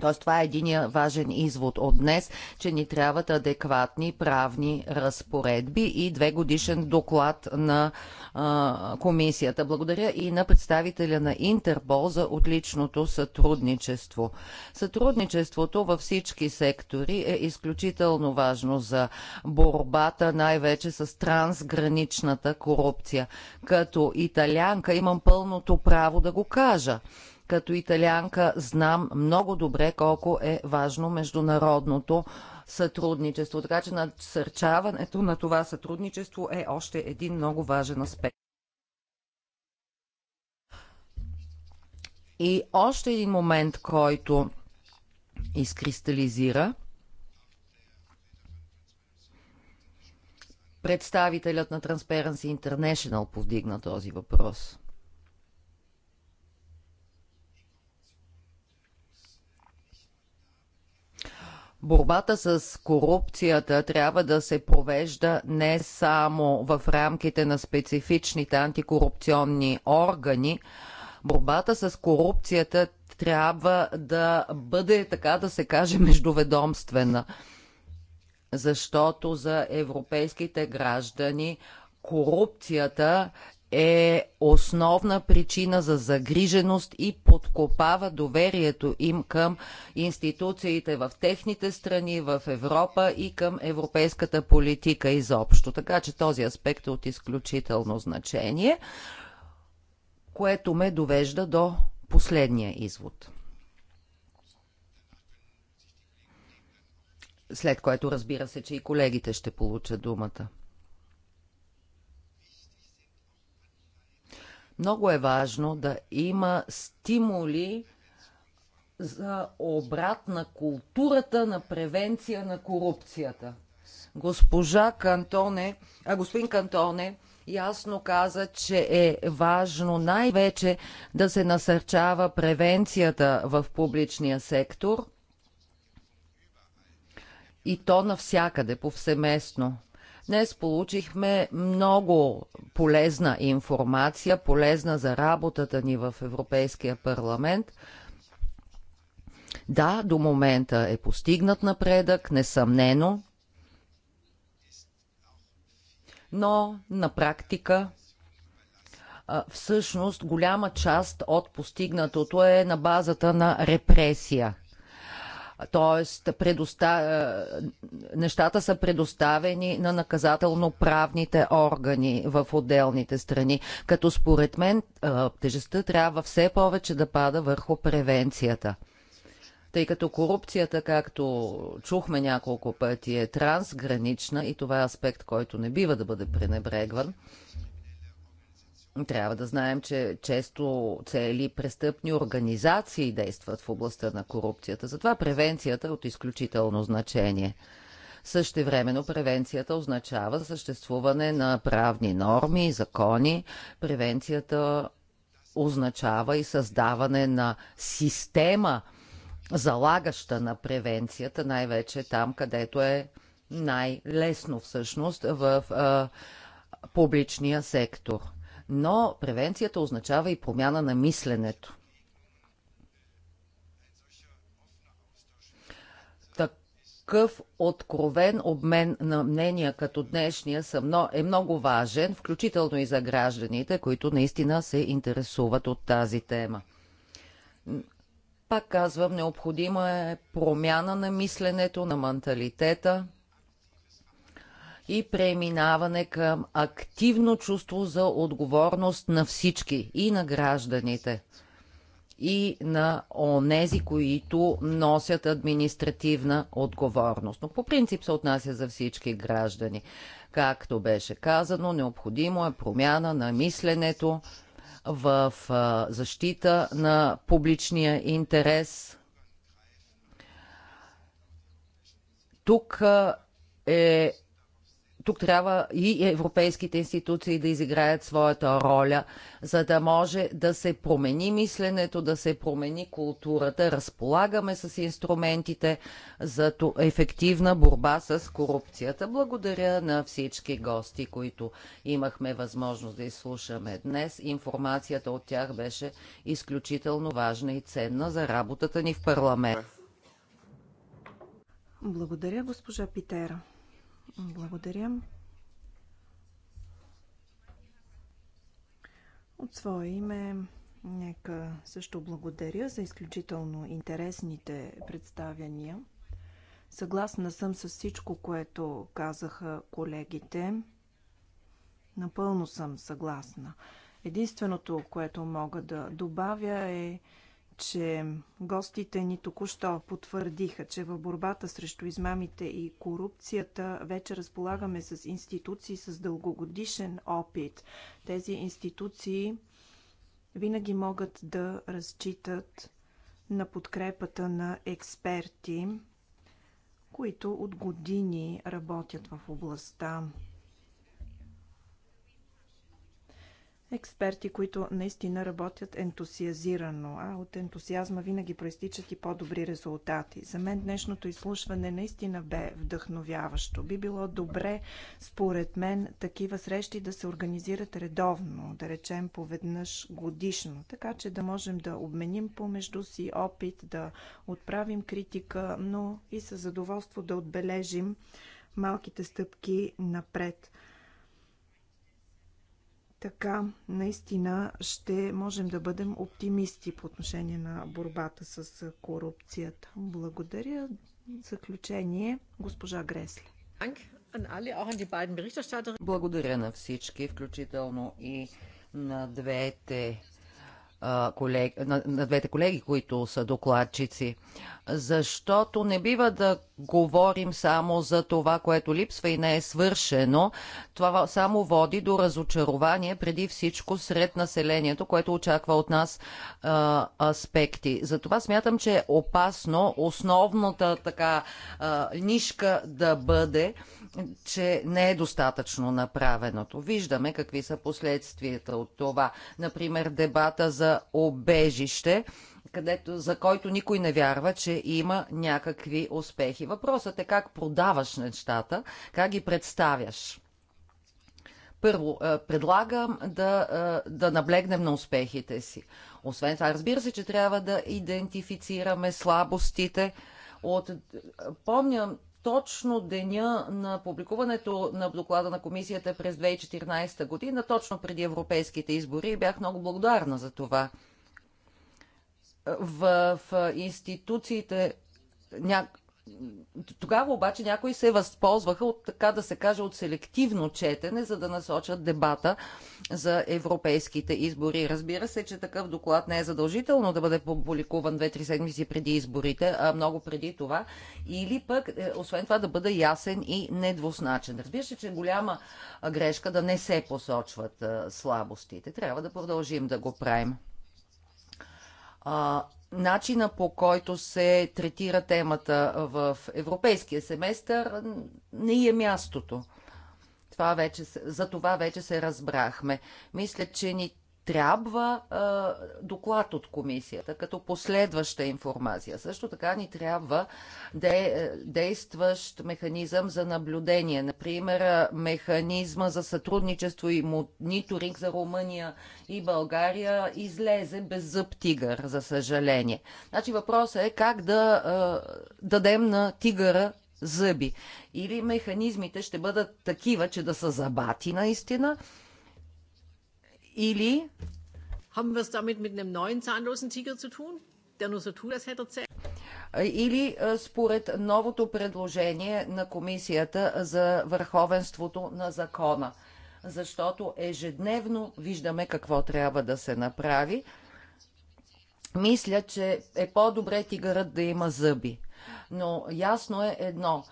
Тоест, това е един важен извод от днес, че ни трябват адекватни правни разпоредби и две годишен доклад на а, комисията. Благодаря и на представителя на Интербол за отличното сътрудничество. Сътрудничеството във всички сектори е изключително важно за борбата най-вече с трансграничната корупция. Като италянка имам пълното право да го кажа. Като италианка знам много добре колко е важно международното сътрудничество. Така че насърчаването на това сътрудничество е още един много важен аспект. И още един момент, който изкристализира. Представителят на Transparency International повдигна този въпрос. Борбата с корупцията трябва да се провежда не само в рамките на специфичните антикорупционни органи. Борбата с корупцията трябва да бъде, така да се каже, междуведомствена. Защото за европейските граждани корупцията е основна причина за загриженост и подкопава доверието им към институциите в техните страни, в Европа и към европейската политика изобщо. Така че този аспект е от изключително значение, което ме довежда до последния извод. След което разбира се, че и колегите ще получат думата. Много е важно да има стимули за обрат на културата на превенция на корупцията. Госпожа Кантоне, а господин Кантоне, ясно каза, че е важно най-вече да се насърчава превенцията в публичния сектор и то навсякъде повсеместно. Днес получихме много полезна информация, полезна за работата ни в Европейския парламент. Да, до момента е постигнат напредък, несъмнено, но на практика всъщност голяма част от постигнатото е на базата на репресия – Тоест, предоста... Е, нещата са предоставени на наказателно-правните органи в отделните страни. Като според мен е, тежестта трябва все повече да пада върху превенцията тъй като корупцията, както чухме няколко пъти, е трансгранична и това е аспект, който не бива да бъде пренебрегван. Трябва да знаем, че често цели престъпни организации действат в областта на корупцията. Затова превенцията е от изключително значение. Същевременно превенцията означава съществуване на правни норми и закони. Превенцията означава и създаване на система, залагаща на превенцията, най-вече там, където е най-лесно всъщност в а, публичния сектор но превенцията означава и промяна на мисленето. такъв откровен обмен на мнения като днешния е много важен, включително и за гражданите, които наистина се интересуват от тази тема. Пак казвам, необходима е промяна на мисленето, на менталитета и преминаване към активно чувство за отговорност на всички и на гражданите и на онези, които носят административна отговорност. Но по принцип се отнася за всички граждани. Както беше казано, необходимо е промяна на мисленето в защита на публичния интерес. Тук е тук трябва и европейските институции да изиграят своята роля, за да може да се промени мисленето, да се промени културата. Разполагаме с инструментите за ефективна борба с корупцията. Благодаря на всички гости, които имахме възможност да изслушаме днес. Информацията от тях беше изключително важна и ценна за работата ни в парламент. Благодаря, госпожа Питера. Благодаря. От свое име нека също благодаря за изключително интересните представяния. Съгласна съм с всичко, което казаха колегите. Напълно съм съгласна. Единственото, което мога да добавя е, че гостите ни току-що потвърдиха, че в борбата срещу измамите и корупцията вече разполагаме с институции с дългогодишен опит. Тези институции винаги могат да разчитат на подкрепата на експерти, които от години работят в областта. експерти, които наистина работят ентусиазирано, а от ентусиазма винаги проистичат и по-добри резултати. За мен днешното изслушване наистина бе вдъхновяващо. Би било добре, според мен, такива срещи да се организират редовно, да речем поведнъж годишно, така че да можем да обменим помежду си опит, да отправим критика, но и със задоволство да отбележим малките стъпки напред – така, наистина ще можем да бъдем оптимисти по отношение на борбата с корупцията. Благодаря. Заключение, госпожа Гресле. Благодаря на всички, включително и на двете, колег... на, на двете колеги, които са докладчици защото не бива да говорим само за това, което липсва и не е свършено. Това само води до разочарование преди всичко сред населението, което очаква от нас а, аспекти. Затова смятам, че е опасно основната така а, нишка да бъде, че не е достатъчно направеното. Виждаме какви са последствията от това. Например, дебата за обежище където, за който никой не вярва, че има някакви успехи. Въпросът е как продаваш нещата, как ги представяш. Първо, е, предлагам да, е, да наблегнем на успехите си. Освен това, разбира се, че трябва да идентифицираме слабостите. От, е, помня точно деня на публикуването на доклада на комисията през 2014 година, точно преди европейските избори, бях много благодарна за това в, в институциите. Ня... Тогава обаче някои се възползваха от, така да се каже, от селективно четене, за да насочат дебата за европейските избори. Разбира се, че такъв доклад не е задължително да бъде публикуван 2-3 седмици преди изборите, а много преди това. Или пък, е, освен това, да бъде ясен и недвусначен. Разбира се, че е голяма грешка да не се посочват е, слабостите. Трябва да продължим да го правим а, начина по който се третира темата в европейския семестър не е мястото. Това вече, за това вече се разбрахме. Мисля, че ни трябва а, доклад от комисията като последваща информация. Също така ни трябва де, е, действащ механизъм за наблюдение. Например, механизма за сътрудничество и мониторинг за Румъния и България излезе без зъб тигър, за съжаление. Значи въпросът е как да а, дадем на тигъра зъби. Или механизмите ще бъдат такива, че да са забати наистина, или... Haben wir es damit mit einem neuen zahnlosen Tiger zu tun, der nur so tut, als hätte er или според новото предложение на Комисията за върховенството на закона. Защото ежедневно виждаме какво трябва да се направи. Мисля, че е по-добре тигърът да има зъби. Но ясно е едно.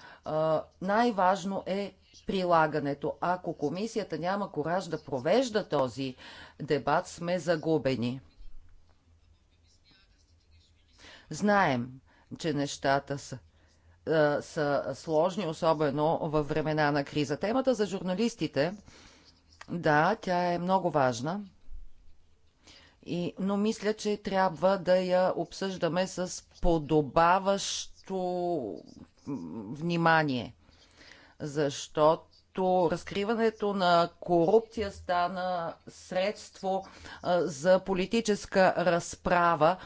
най-важно е прилагането. Ако комисията няма кораж да провежда този дебат, сме загубени. Знаем, че нещата са е, са сложни, особено във времена на криза. Темата за журналистите, да, тя е много важна, и, но мисля, че трябва да я обсъждаме с подобаващо внимание защото разкриването на корупция стана средство за политическа разправа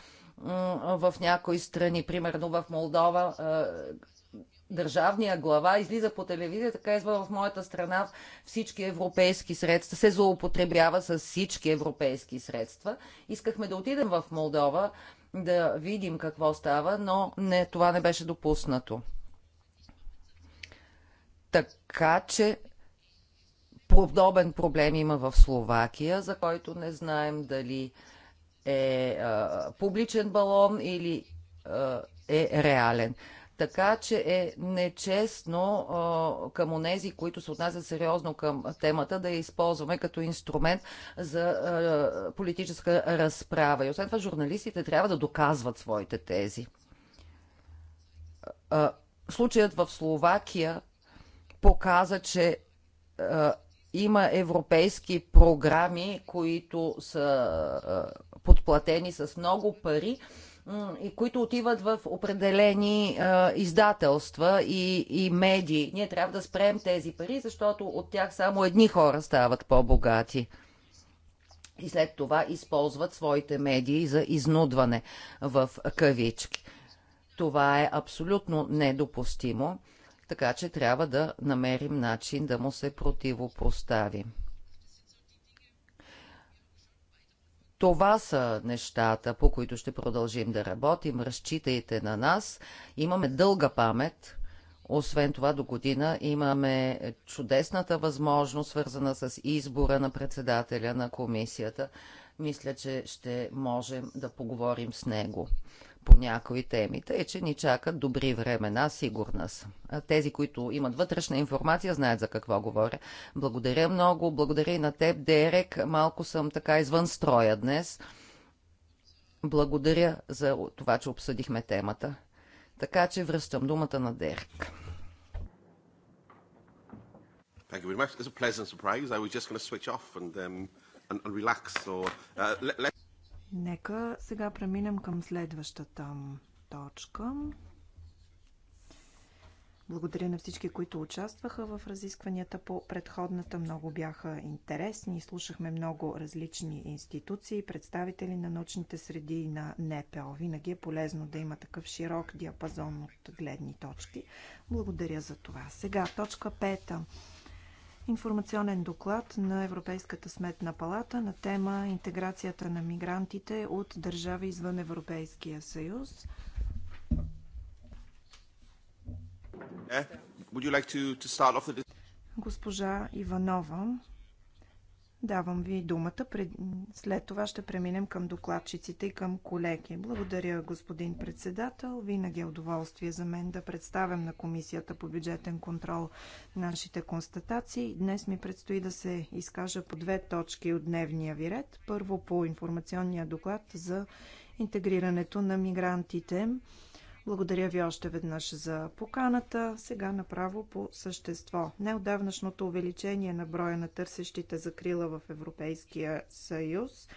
в някои страни. Примерно в Молдова държавния глава излиза по телевизията, казва в моята страна всички европейски средства, се злоупотребява с всички европейски средства. Искахме да отидем в Молдова, да видим какво става, но не, това не беше допуснато. Така че подобен проблем има в Словакия, за който не знаем дали е а, е, публичен балон или а, е, е реален. Така че е нечестно а, е, към онези, които се отнасят сериозно към темата, да я използваме като инструмент за а, политическа разправа. И освен това, журналистите трябва да доказват своите тези. А, случаят в Словакия показа, че е, има европейски програми, които са е, подплатени с много пари и които отиват в определени а, е, издателства и, и медии. Ние трябва да спрем тези пари, защото от тях само едни хора стават по-богати. И след това използват своите медии за изнудване в кавички. Това е абсолютно недопустимо така че трябва да намерим начин да му се противопоставим. Това са нещата, по които ще продължим да работим. Разчитайте на нас. Имаме дълга памет. Освен това, до година имаме чудесната възможност, свързана с избора на председателя на комисията. Мисля, че ще можем да поговорим с него по някои теми. Тъй, че ни чакат добри времена, сигурна съм. Тези, които имат вътрешна информация, знаят за какво говоря. Благодаря много, благодаря и на теб, Дерек. Малко съм така извън строя днес. Благодаря за това, че обсъдихме темата. Така че връщам думата на Дерек. Thank you very much. It's a pleasant surprise. I was just going to switch off and, um, and, and relax. So uh, let, let... Нека сега преминем към следващата точка. Благодаря на всички, които участваха в разискванията по предходната. Много бяха интересни. Слушахме много различни институции, представители на научните среди и на НПО. Винаги е полезно да има такъв широк диапазон от гледни точки. Благодаря за това. Сега точка пета информационен доклад на Европейската сметна палата на тема Интеграцията на мигрантите от държави извън Европейския съюз. Госпожа Иванова, Давам ви думата. След това ще преминем към докладчиците и към колеги. Благодаря, господин председател. Винаги е удоволствие за мен да представям на Комисията по бюджетен контрол нашите констатации. Днес ми предстои да се изкажа по две точки от дневния ви ред. Първо по информационния доклад за интегрирането на мигрантите благодаря ви още веднъж за поканата. Сега направо по същество. Неодавнашното увеличение на броя на търсещите закрила в Европейския съюз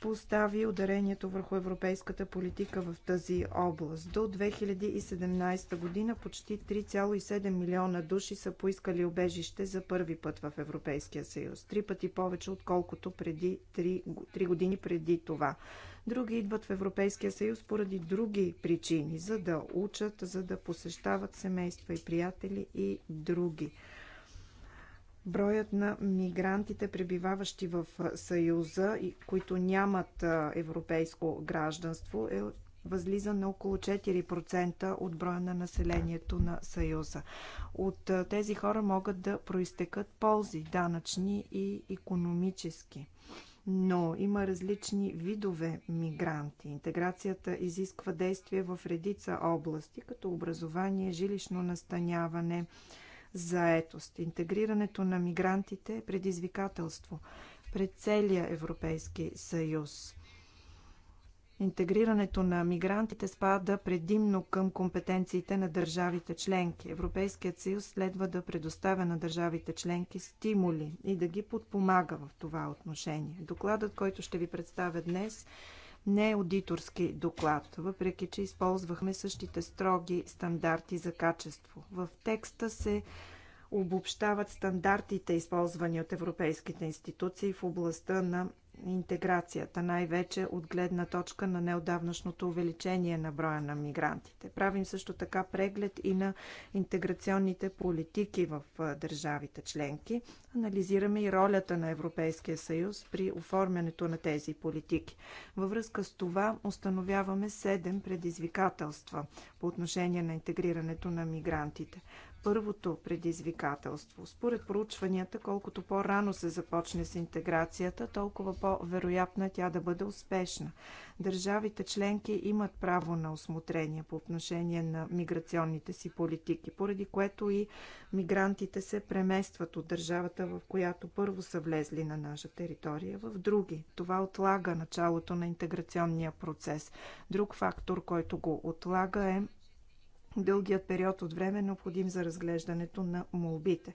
постави ударението върху европейската политика в тази област. До 2017 година почти 3,7 милиона души са поискали обежище за първи път в Европейския съюз. Три пъти повече, отколкото преди 3, 3 години преди това. Други идват в Европейския съюз поради други причини, за да учат, за да посещават семейства и приятели и други. Броят на мигрантите, пребиваващи в Съюза, които нямат европейско гражданство, е възлиза на около 4% от броя на населението на Съюза. От тези хора могат да проистекат ползи, данъчни и економически но има различни видове мигранти. Интеграцията изисква действие в редица области, като образование, жилищно настаняване, заетост. Интегрирането на мигрантите е предизвикателство пред целия Европейски съюз. Интегрирането на мигрантите спада предимно към компетенциите на държавите членки. Европейският съюз следва да предоставя на държавите членки стимули и да ги подпомага в това отношение. Докладът, който ще ви представя днес, не е аудиторски доклад, въпреки че използвахме същите строги стандарти за качество. В текста се обобщават стандартите, използвани от европейските институции в областта на интеграцията, най-вече от гледна точка на неодавнашното увеличение на броя на мигрантите. Правим също така преглед и на интеграционните политики в държавите членки. Анализираме и ролята на Европейския съюз при оформянето на тези политики. Във връзка с това установяваме 7 предизвикателства по отношение на интегрирането на мигрантите първото предизвикателство. Според проучванията, колкото по-рано се започне с интеграцията, толкова по-вероятна е тя да бъде успешна. Държавите членки имат право на осмотрение по отношение на миграционните си политики, поради което и мигрантите се преместват от държавата, в която първо са влезли на наша територия, в други. Това отлага началото на интеграционния процес. Друг фактор, който го отлага е дългият период от време, необходим за разглеждането на молбите.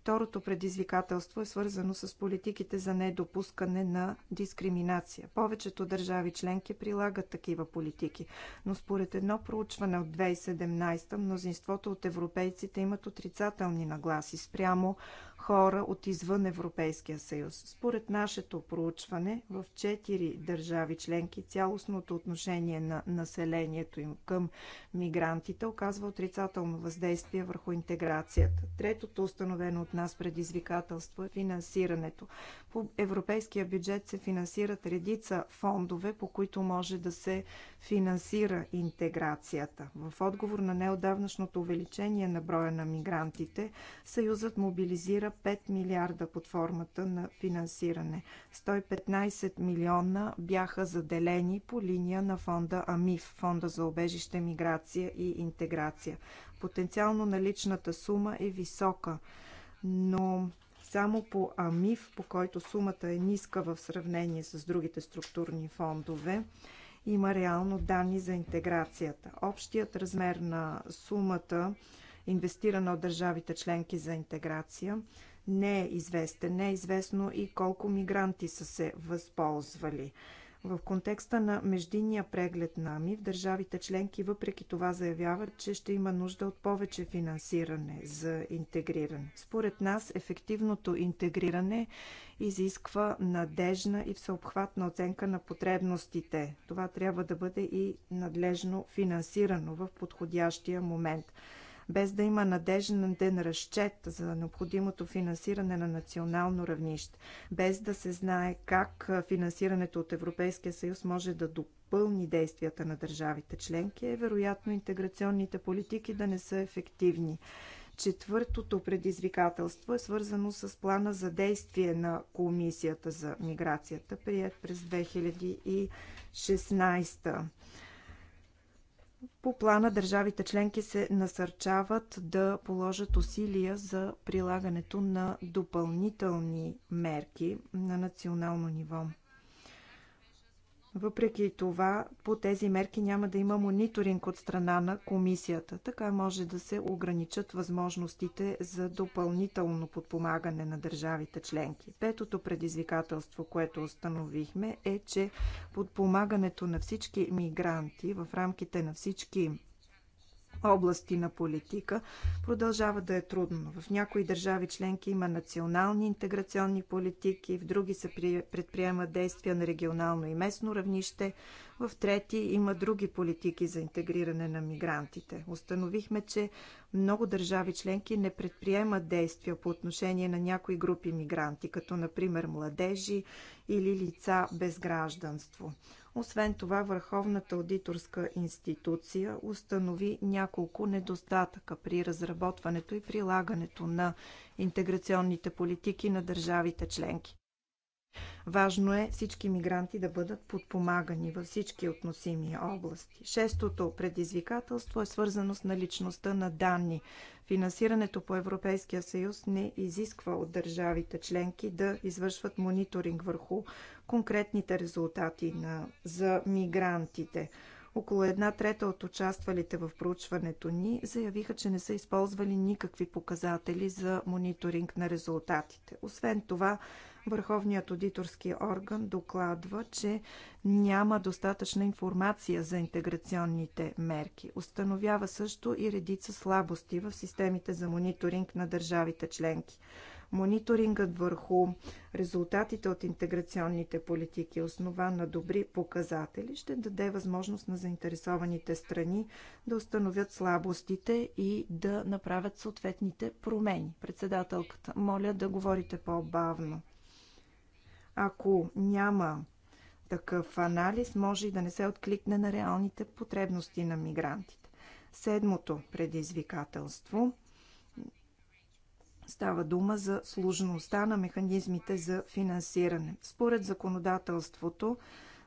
Второто предизвикателство е свързано с политиките за недопускане на дискриминация. Повечето държави членки прилагат такива политики, но според едно проучване от 2017 мнозинството от европейците имат отрицателни нагласи спрямо хора от извън Европейския съюз. Според нашето проучване, в четири държави членки цялостното отношение на населението им към мигрантите оказва отрицателно въздействие върху интеграцията. Третото установено от нас предизвикателство е финансирането. По европейския бюджет се финансират редица фондове, по които може да се финансира интеграцията. В отговор на неодавнашното увеличение на броя на мигрантите, Съюзът мобилизира 5 милиарда под формата на финансиране. 115 милиона бяха заделени по линия на фонда АМИФ, фонда за обежище, миграция и интеграция. Потенциално наличната сума е висока, но само по АМИФ, по който сумата е ниска в сравнение с другите структурни фондове, има реално данни за интеграцията. Общият размер на сумата инвестирана от държавите членки за интеграция, не е известен. Не е известно и колко мигранти са се възползвали. В контекста на междинния преглед на АМИ, в държавите членки въпреки това заявяват, че ще има нужда от повече финансиране за интегриране. Според нас, ефективното интегриране изисква надежна и всеобхватна оценка на потребностите. Това трябва да бъде и надлежно финансирано в подходящия момент без да има надежден ден разчет за необходимото финансиране на национално равнище, без да се знае как финансирането от Европейския съюз може да допълни действията на държавите членки, е вероятно интеграционните политики да не са ефективни. Четвъртото предизвикателство е свързано с плана за действие на Комисията за миграцията, прият през 2016. По плана държавите членки се насърчават да положат усилия за прилагането на допълнителни мерки на национално ниво. Въпреки това, по тези мерки няма да има мониторинг от страна на комисията. Така може да се ограничат възможностите за допълнително подпомагане на държавите членки. Петото предизвикателство, което установихме е, че подпомагането на всички мигранти в рамките на всички области на политика, продължава да е трудно. В някои държави членки има национални интеграционни политики, в други се предприемат действия на регионално и местно равнище, в трети има други политики за интегриране на мигрантите. Установихме, че много държави членки не предприемат действия по отношение на някои групи мигранти, като например младежи или лица без гражданство. Освен това, Върховната аудиторска институция установи няколко недостатъка при разработването и прилагането на интеграционните политики на държавите членки. Важно е всички мигранти да бъдат подпомагани във всички относими области. Шестото предизвикателство е свързано с наличността на данни. Финансирането по Европейския съюз не изисква от държавите членки да извършват мониторинг върху конкретните резултати на, за мигрантите. Около една трета от участвалите в проучването ни заявиха, че не са използвали никакви показатели за мониторинг на резултатите. Освен това, Върховният аудиторски орган докладва, че няма достатъчна информация за интеграционните мерки. Установява също и редица слабости в системите за мониторинг на държавите членки. Мониторингът върху резултатите от интеграционните политики, основан на добри показатели, ще даде възможност на заинтересованите страни да установят слабостите и да направят съответните промени. Председателката, моля да говорите по-бавно. Ако няма такъв анализ, може и да не се откликне на реалните потребности на мигрантите. Седмото предизвикателство става дума за сложността на механизмите за финансиране. Според законодателството,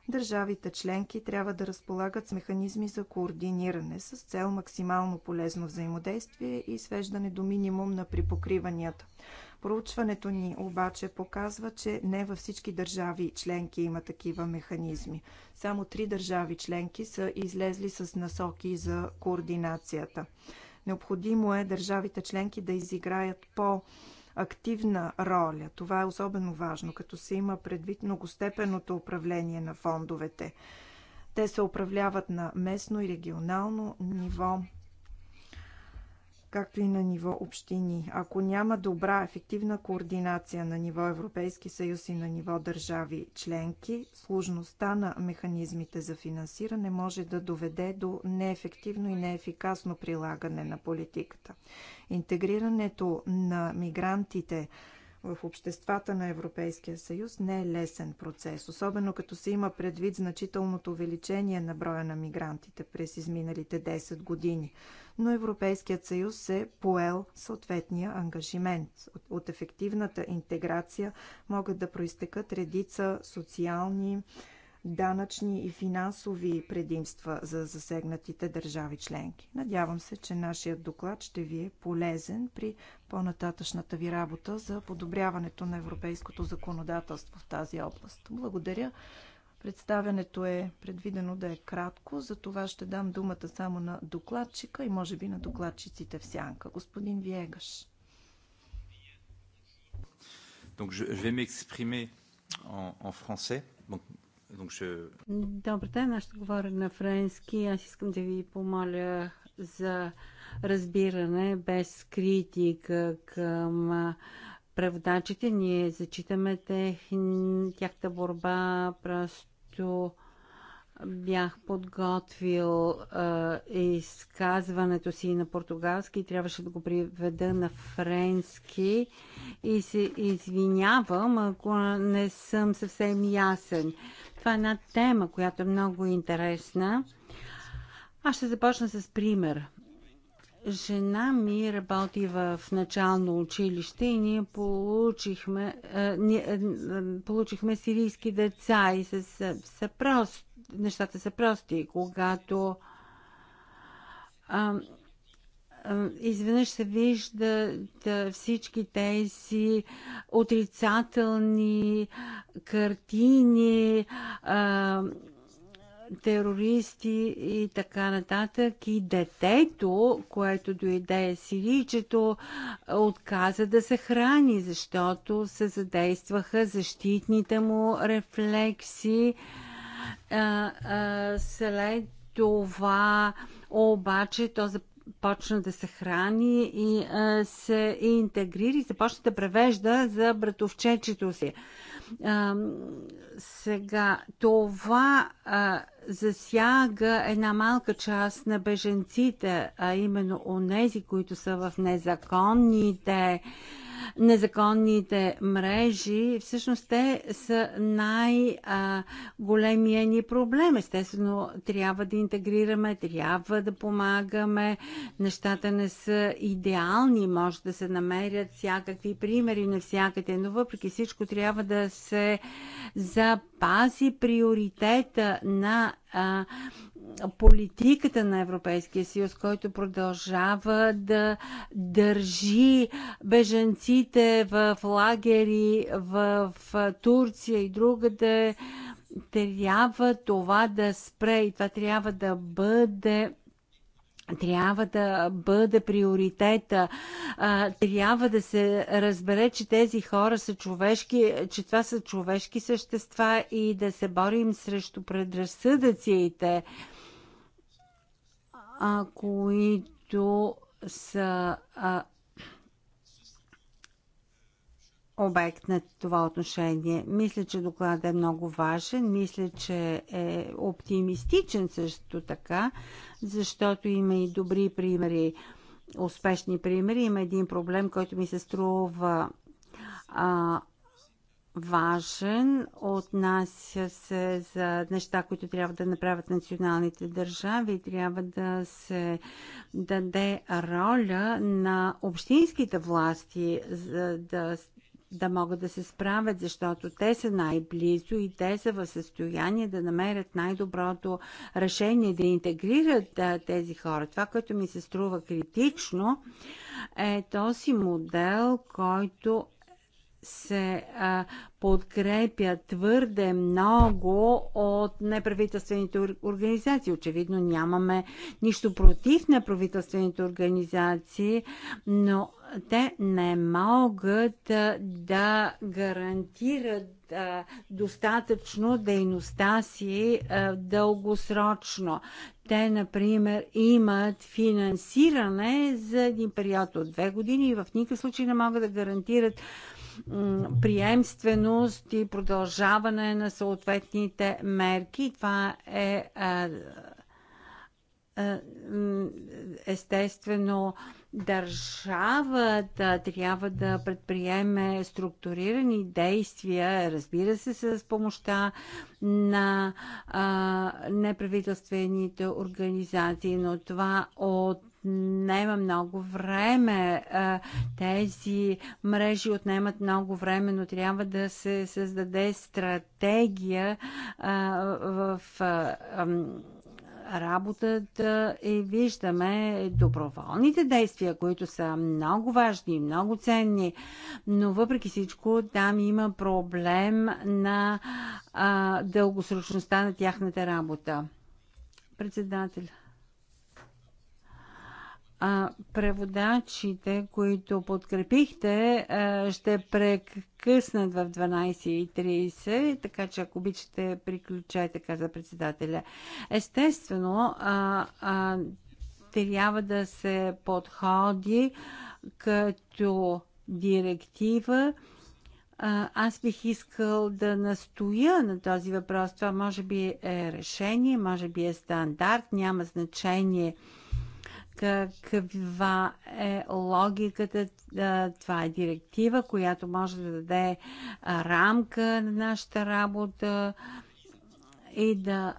държавите членки трябва да разполагат с механизми за координиране с цел максимално полезно взаимодействие и свеждане до минимум на припокриванията. Проучването ни обаче показва, че не във всички държави членки има такива механизми. Само три държави членки са излезли с насоки за координацията. Необходимо е държавите членки да изиграят по- активна роля. Това е особено важно, като се има предвид многостепенното управление на фондовете. Те се управляват на местно и регионално ниво както и на ниво общини. Ако няма добра, ефективна координация на ниво Европейски съюз и на ниво държави членки, сложността на механизмите за финансиране може да доведе до неефективно и неефикасно прилагане на политиката. Интегрирането на мигрантите в обществата на Европейския съюз не е лесен процес, особено като се има предвид значителното увеличение на броя на мигрантите през изминалите 10 години. Но Европейският съюз се поел съответния ангажимент. От, от ефективната интеграция могат да проистекат редица социални, данъчни и финансови предимства за засегнатите държави членки. Надявам се, че нашият доклад ще ви е полезен при по-нататъчната ви работа за подобряването на европейското законодателство в тази област. Благодаря. Представянето е предвидено да е кратко, за това ще дам думата само на докладчика и може би на докладчиците в сянка. Господин Виегаш. Donc je, je vais m'exprimer en, en français. Donc ще... Добър ден, аз ще говоря на френски. Аз искам да ви помоля за разбиране без критика към преводачите. Ние зачитаме техни, тяхта борба, просто бях подготвил а, изказването си на португалски, трябваше да го приведа на френски и се извинявам, ако не съм съвсем ясен. Това е една тема, която е много интересна. Аз ще започна с пример жена ми работи в начално училище и ние получихме, а, е, ние, а, е, получихме сирийски деца и са, са, са прост, нещата са прости. Когато а, изведнъж се виждат всички тези отрицателни картини, а, терористи и така нататък. И детето, което дойде сиричето, отказа да се храни, защото се задействаха защитните му рефлекси. А, а, след това обаче то започна да се храни и а, се интегрира и започна да превежда за братовчечето си. А, сега, това а, засяга една малка част на беженците, а именно онези, които са в незаконните незаконните мрежи, всъщност те са най-големия ни проблем. Естествено, трябва да интегрираме, трябва да помагаме. Нещата не са идеални, може да се намерят всякакви примери на всякъде, но въпреки всичко трябва да се запази приоритета на политиката на Европейския съюз, който продължава да държи беженците в лагери в Турция и другаде, трябва това да спре и това трябва да бъде трябва да бъде приоритета. Трябва да се разбере, че тези хора са човешки, че това са човешки същества и да се борим срещу предразсъдъците а, които са а, обект на това отношение. Мисля, че докладът е много важен, мисля, че е оптимистичен също така, защото има и добри примери, успешни примери. Има един проблем, който ми се струва а, важен, отнася се за неща, които трябва да направят националните държави. Трябва да се даде роля на общинските власти, за да да могат да се справят, защото те са най-близо и те са в състояние да намерят най-доброто решение, да интегрират тези хора. Това, което ми се струва критично, е този модел, който се а, подкрепя твърде много от неправителствените организации. Очевидно нямаме нищо против неправителствените организации, но те не могат а, да гарантират а, достатъчно дейността си а, дългосрочно. Те, например, имат финансиране за един период от две години и в никакъв случай не могат да гарантират приемственост и продължаване на съответните мерки. Това е естествено държавата трябва да предприеме структурирани действия, разбира се, с помощта на а, неправителствените организации, но това от отнема много време. Тези мрежи отнемат много време, но трябва да се създаде стратегия в работата и виждаме доброволните действия, които са много важни и много ценни, но въпреки всичко там има проблем на а, дългосрочността на тяхната работа. Председателя а, преводачите, които подкрепихте, ще прекъснат в 12.30, така че ако обичате, приключайте, каза председателя. Естествено, а, а, трябва да се подходи като директива. А, аз бих искал да настоя на този въпрос. Това може би е решение, може би е стандарт, няма значение. А, каква е логиката. Това е директива, която може да даде рамка на нашата работа и да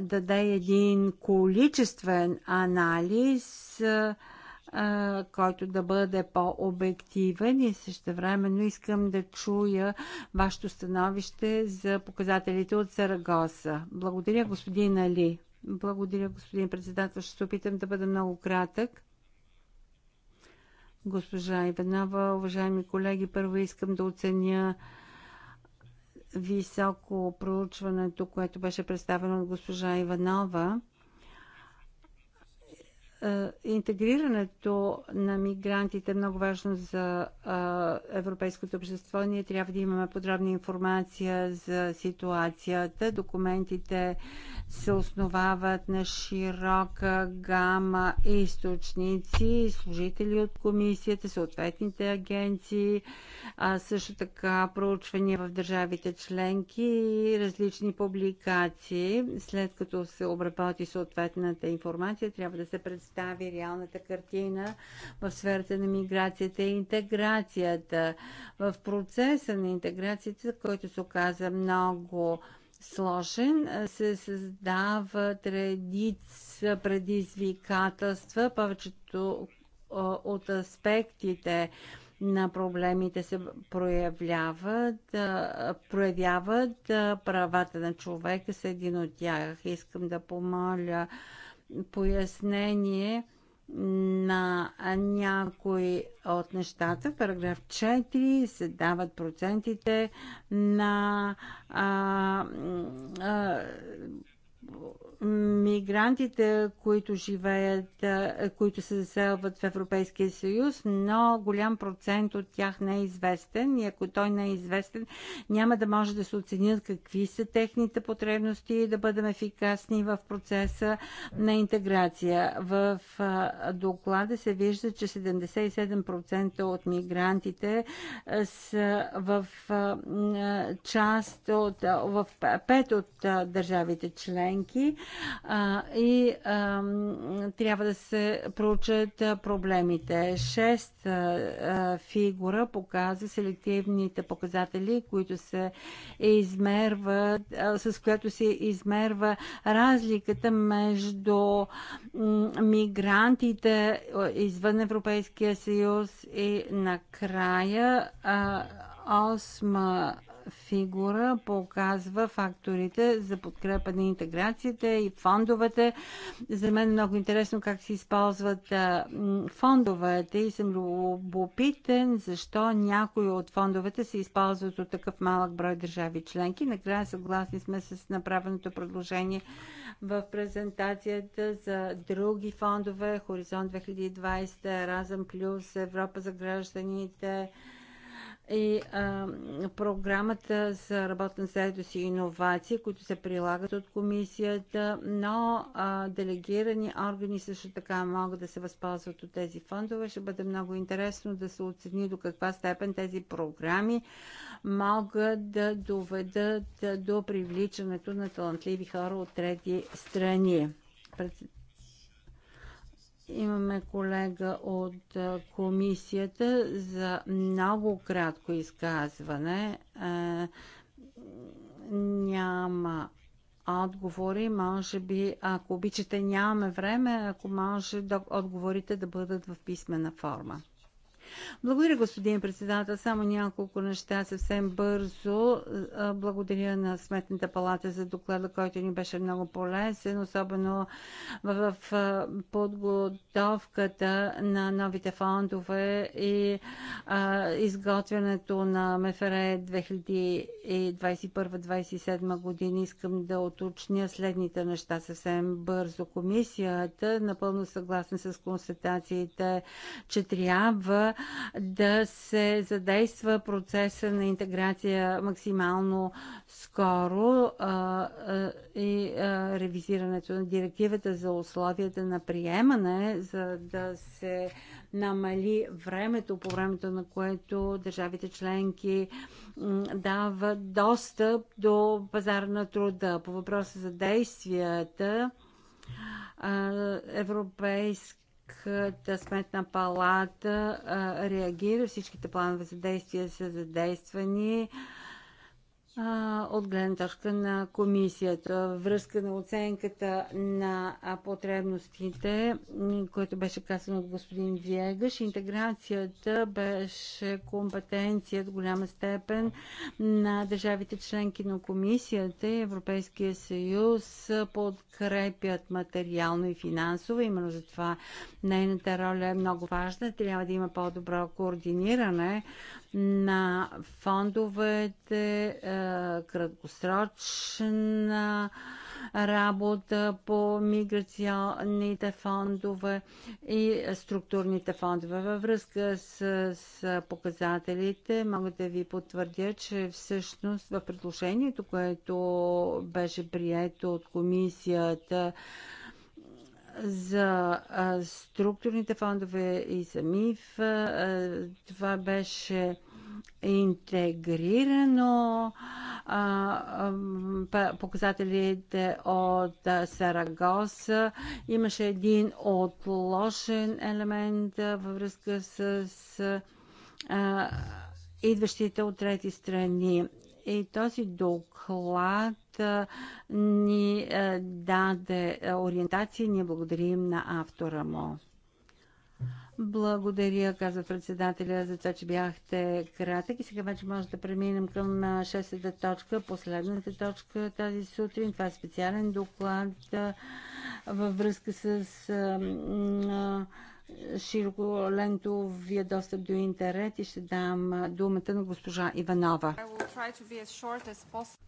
даде един количествен анализ, който да бъде по-обективен и същевременно искам да чуя вашето становище за показателите от Сарагоса. Благодаря, господин Али. Благодаря, господин председател. Ще се опитам да бъда много кратък. Госпожа Иванова, уважаеми колеги, първо искам да оценя високо проучването, което беше представено от госпожа Иванова. Е, интегрирането на мигрантите е много важно за е, европейското общество. Ние трябва да имаме подробна информация за ситуацията. Документите се основават на широка гама източници, служители от комисията, съответните агенции, а също така проучвания в държавите членки и различни публикации. След като се обработи съответната информация, трябва да се представи представи реалната картина в сферата на миграцията и интеграцията. В процеса на интеграцията, който се оказа много сложен, се създават редица предизвикателства, повечето от аспектите на проблемите се проявяват, проявяват правата на човека са един от тях. Искам да помоля пояснение на някои от нещата. В параграф 4 се дават процентите на а, а, мигрантите, които живеят, които се заселват в Европейския съюз, но голям процент от тях не е известен и ако той не е известен, няма да може да се оценят какви са техните потребности и да бъдем ефикасни в процеса на интеграция. В доклада се вижда, че 77% от мигрантите са в част от, в пет от държавите членки членки а, и а, трябва да се проучат проблемите. Шест а, фигура показва селективните показатели, които се измерват, а, с която се измерва разликата между мигрантите извън Европейския съюз и накрая а, осма фигура показва факторите за подкрепа на интеграцията и фондовете. За мен е много интересно как се използват фондовете и съм любопитен защо някои от фондовете се използват от такъв малък брой държави членки. Накрая съгласни сме с направеното предложение в презентацията за други фондове Хоризонт 2020, Разъм Плюс, Европа за гражданите, и а, програмата за работна заедост и иновации, които се прилагат от комисията, но а, делегирани органи също така могат да се възползват от тези фондове. Ще бъде много интересно да се оцени до каква степен тези програми могат да доведат до привличането на талантливи хора от трети страни. Имаме колега от комисията за много кратко изказване. Няма отговори. Може би, ако обичате, нямаме време, ако може отговорите да бъдат в писмена форма. Благодаря, господин председател. Само няколко неща съвсем бързо. Благодаря на Сметната палата за доклада, който ни беше много полезен, особено в подготовката на новите фондове и изготвянето на МФР 2021-2027 години. Искам да уточня следните неща съвсем бързо. Комисията напълно съгласна с констатациите, че трябва да се задейства процеса на интеграция максимално скоро и ревизирането на директивата за условията на приемане, за да се намали времето, по времето на което държавите членки дават достъп до пазара на труда. По въпроса за действията, Европейски Европейската сметна палата реагира, всичките планове за действие са задействани а, от гледна точка на комисията, връзка на оценката на потребностите, което беше казано от господин Виегаш. Интеграцията беше компетенция до голяма степен на държавите членки на комисията и Европейския съюз подкрепят материално и финансово. Именно за това нейната роля е много важна. Трябва да има по-добро координиране на фондовете, е, краткосрочна работа по миграционните фондове и структурните фондове. Във връзка с, с показателите мога да ви потвърдя, че всъщност в предложението, което беше прието от комисията, за структурните фондове и за МИФ. Това беше интегрирано показателите от Сарагоса. Имаше един отложен елемент във връзка с идващите от трети страни. И този доклад ни даде ориентация. Ние благодарим на автора му. Благодаря, каза председателя, за това, че бяхте кратък. И сега вече може да преминем към шестата точка, последната точка тази сутрин. Това е специален доклад във връзка с вие достъп до интернет и ще дам думата на госпожа Иванова.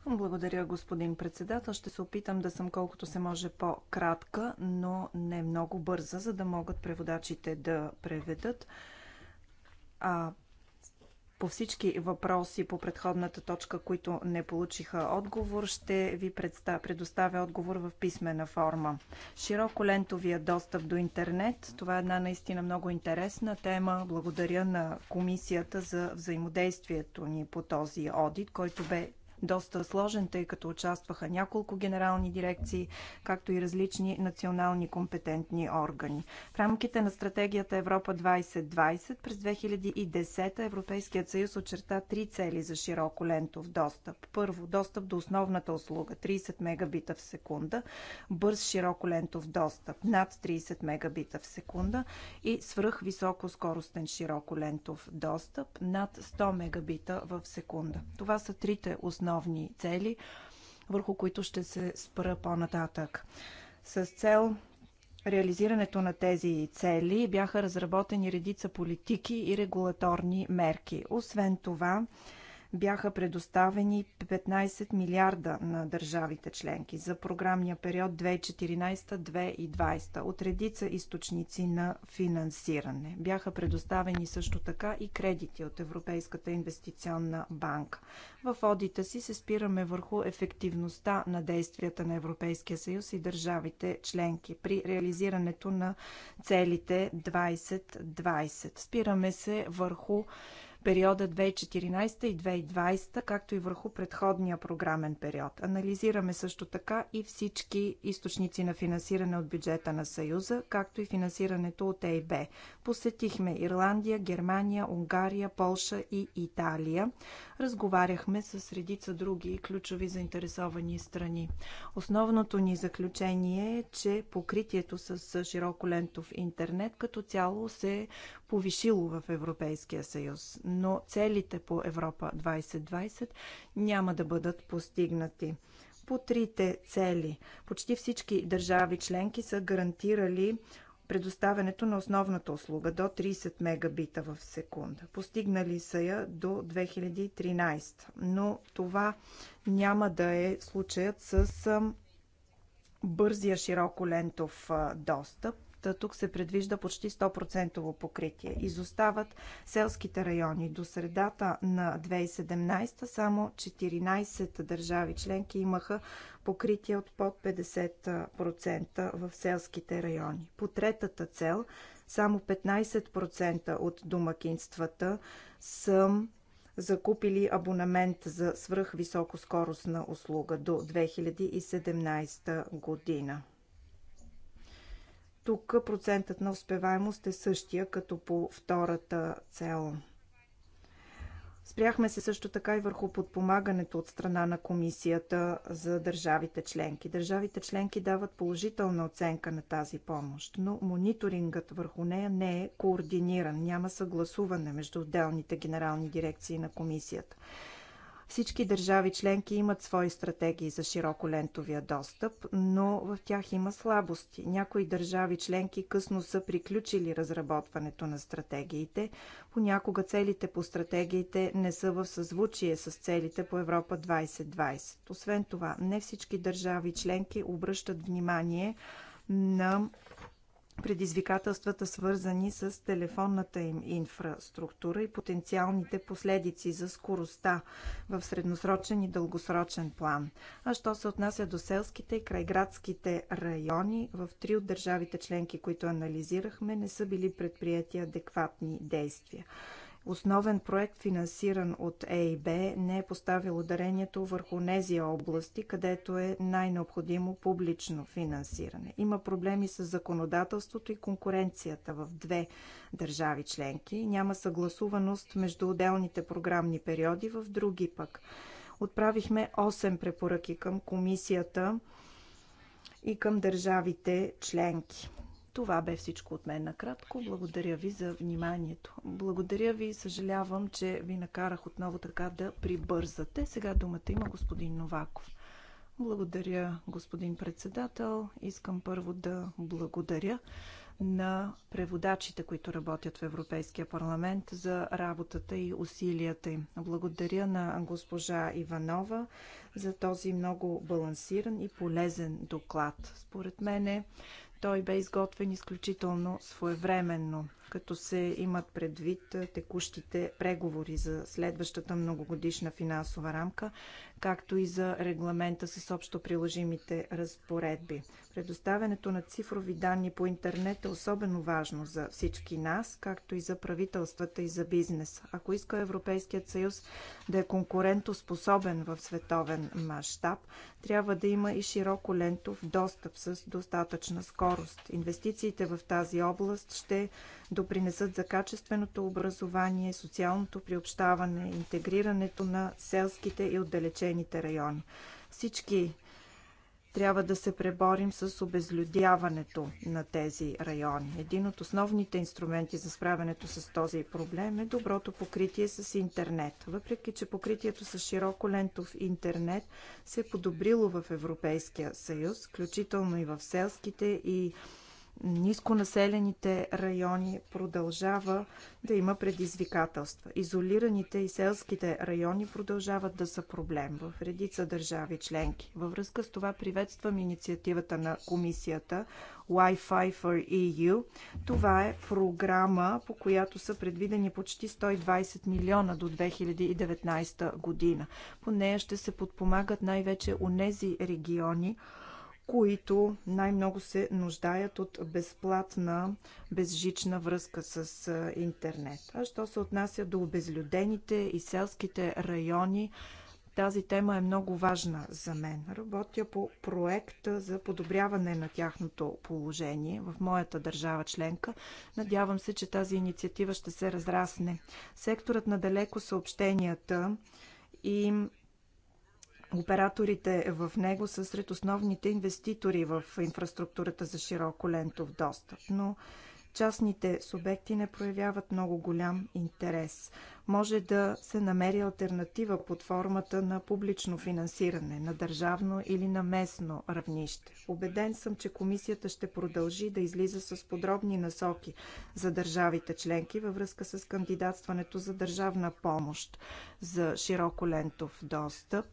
Благодаря, господин председател. Ще се опитам да съм колкото се може по-кратка, но не много бърза, за да могат преводачите да преведат. А по всички въпроси по предходната точка, които не получиха отговор, ще ви предоставя отговор в писмена форма. Широко лентовия достъп до интернет. Това е една наистина много интересна тема. Благодаря на комисията за взаимодействието ни по този одит, който бе доста сложен, тъй като участваха няколко генерални дирекции, както и различни национални компетентни органи. В рамките на стратегията Европа 2020 през 2010 Европейският съюз очерта три цели за широко лентов достъп. Първо, достъп до основната услуга 30 мегабита в секунда, бърз широко лентов достъп над 30 мегабита в секунда и свръх високоскоростен широко лентов достъп над 100 мегабита в секунда. Това са трите основни основни цели, върху които ще се спра по-нататък. С цел реализирането на тези цели бяха разработени редица политики и регулаторни мерки. Освен това, бяха предоставени 15 милиарда на държавите членки за програмния период 2014-2020 от редица източници на финансиране. Бяха предоставени също така и кредити от Европейската инвестиционна банка. В одита си се спираме върху ефективността на действията на Европейския съюз и държавите членки при реализирането на целите 2020. Спираме се върху периода 2014 и 2020, както и върху предходния програмен период. Анализираме също така и всички източници на финансиране от бюджета на Съюза, както и финансирането от ЕИБ. Посетихме Ирландия, Германия, Унгария, Полша и Италия разговаряхме с редица други ключови заинтересовани страни. Основното ни заключение е, че покритието с широколентов интернет като цяло се е повишило в Европейския съюз, но целите по Европа 2020 няма да бъдат постигнати по трите цели. Почти всички държави членки са гарантирали предоставянето на основната услуга до 30 мегабита в секунда. Постигнали са я до 2013, но това няма да е случаят с бързия широколентов достъп тук се предвижда почти 100% покритие. Изостават селските райони. До средата на 2017 само 14 държави членки имаха покритие от под 50% в селските райони. По третата цел само 15% от домакинствата са закупили абонамент за свръхвисокоскоростна услуга до 2017 година. Тук процентът на успеваемост е същия като по втората цел. Спряхме се също така и върху подпомагането от страна на комисията за държавите членки. Държавите членки дават положителна оценка на тази помощ, но мониторингът върху нея не е координиран, няма съгласуване между отделните генерални дирекции на комисията. Всички държави членки имат свои стратегии за широколентовия достъп, но в тях има слабости. Някои държави членки късно са приключили разработването на стратегиите. Понякога целите по стратегиите не са в съзвучие с целите по Европа 2020. Освен това, не всички държави членки обръщат внимание на предизвикателствата, свързани с телефонната им инфраструктура и потенциалните последици за скоростта в средносрочен и дългосрочен план. А що се отнася до селските и крайградските райони, в три от държавите членки, които анализирахме, не са били предприяти адекватни действия основен проект, финансиран от ЕИБ, не е поставил ударението върху нези области, където е най-необходимо публично финансиране. Има проблеми с законодателството и конкуренцията в две държави членки. Няма съгласуваност между отделните програмни периоди в други пък. Отправихме 8 препоръки към комисията и към държавите членки. Това бе всичко от мен накратко. Благодаря ви за вниманието. Благодаря ви и съжалявам, че ви накарах отново така да прибързате. Сега думата има господин Новаков. Благодаря, господин председател. Искам първо да благодаря на преводачите, които работят в Европейския парламент за работата и усилията им. Благодаря на госпожа Иванова за този много балансиран и полезен доклад. Според мен той бе изготвен изключително своевременно като се имат предвид текущите преговори за следващата многогодишна финансова рамка, както и за регламента с общо приложимите разпоредби. Предоставянето на цифрови данни по интернет е особено важно за всички нас, както и за правителствата и за бизнес. Ако иска Европейският съюз да е конкурентоспособен в световен мащаб, трябва да има и широко лентов достъп с достатъчна скорост. Инвестициите в тази област ще допринесат допринесат за качественото образование, социалното приобщаване, интегрирането на селските и отдалечените райони. Всички трябва да се преборим с обезлюдяването на тези райони. Един от основните инструменти за справянето с този проблем е доброто покритие с интернет. Въпреки, че покритието с широколентов интернет се е подобрило в Европейския съюз, включително и в селските и нисконаселените райони продължава да има предизвикателства. Изолираните и селските райони продължават да са проблем в редица държави членки. Във връзка с това приветствам инициативата на комисията Wi-Fi for EU. Това е програма, по която са предвидени почти 120 милиона до 2019 година. По нея ще се подпомагат най-вече у нези региони, които най-много се нуждаят от безплатна безжична връзка с интернет. А що се отнася до обезлюдените и селските райони, тази тема е много важна за мен. Работя по проекта за подобряване на тяхното положение в моята държава членка. Надявам се, че тази инициатива ще се разрасне. Секторът на далеко съобщенията и Операторите в него са сред основните инвеститори в инфраструктурата за широко лентов достъп, но частните субекти не проявяват много голям интерес. Може да се намери альтернатива под формата на публично финансиране на държавно или на местно равнище. Обеден съм, че комисията ще продължи да излиза с подробни насоки за държавите членки във връзка с кандидатстването за държавна помощ за широко лентов достъп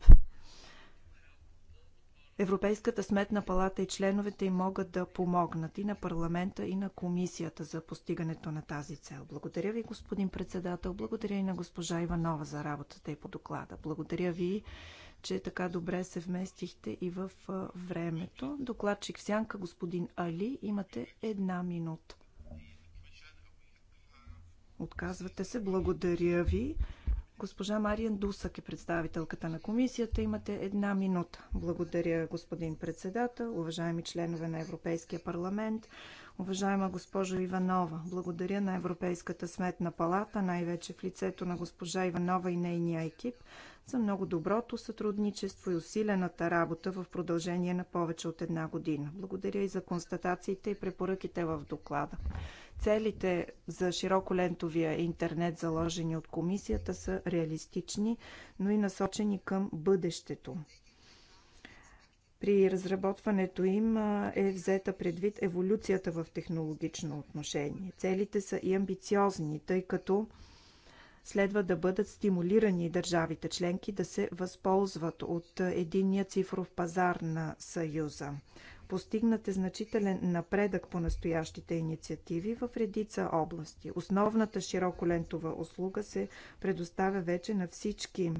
Европейската сметна палата и членовете им могат да помогнат и на парламента, и на комисията за постигането на тази цел. Благодаря ви, господин председател. Благодаря и на госпожа Иванова за работата и по доклада. Благодаря ви, че така добре се вместихте и в времето. Докладчик в сянка, господин Али, имате една минута. Отказвате се. Благодаря ви. Госпожа Мариан Дусък е представителката на комисията. Имате една минута. Благодаря, господин председател, уважаеми членове на Европейския парламент, уважаема госпожо Иванова. Благодаря на Европейската сметна палата, най-вече в лицето на госпожа Иванова и нейния екип, за много доброто сътрудничество и усилената работа в продължение на повече от една година. Благодаря и за констатациите и препоръките в доклада. Целите за широколентовия интернет, заложени от комисията, са реалистични, но и насочени към бъдещето. При разработването им е взета предвид еволюцията в технологично отношение. Целите са и амбициозни, тъй като следва да бъдат стимулирани държавите членки да се възползват от единния цифров пазар на Съюза. Постигнат е значителен напредък по настоящите инициативи в редица области. Основната широколентова услуга се предоставя вече на всички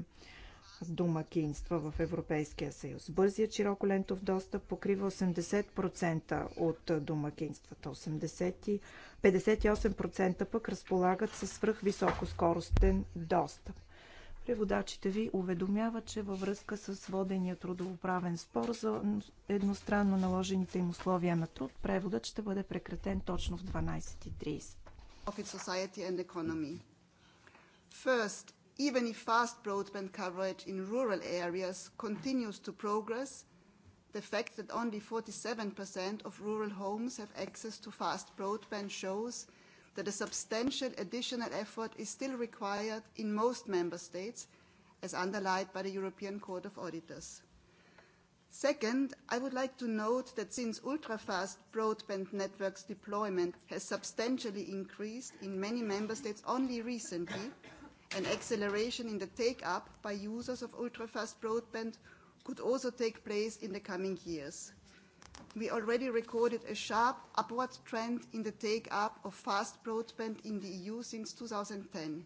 домакинства в Европейския съюз. Бързият широколентов достъп покрива 80% от домакинствата. 80 58% пък разполагат с свръхвисокоскоростен достъп. Преводачите ви уведомяват, че във връзка с водения трудовоправен спор за едностранно наложените им условия на труд, преводът ще бъде прекратен точно в 12.30. Of its society and economy. First, even if fast broadband coverage in rural areas continues to progress, the fact that only 47% of rural homes have access to fast broadband shows that that a substantial additional effort is still required in most member states, as underlined by the European Court of Auditors. Second, I would like to note that since ultra-fast broadband networks deployment has substantially increased in many member states only recently, an acceleration in the take-up by users of ultra-fast broadband could also take place in the coming years we already recorded a sharp upward trend in the take-up of fast broadband in the EU since 2010,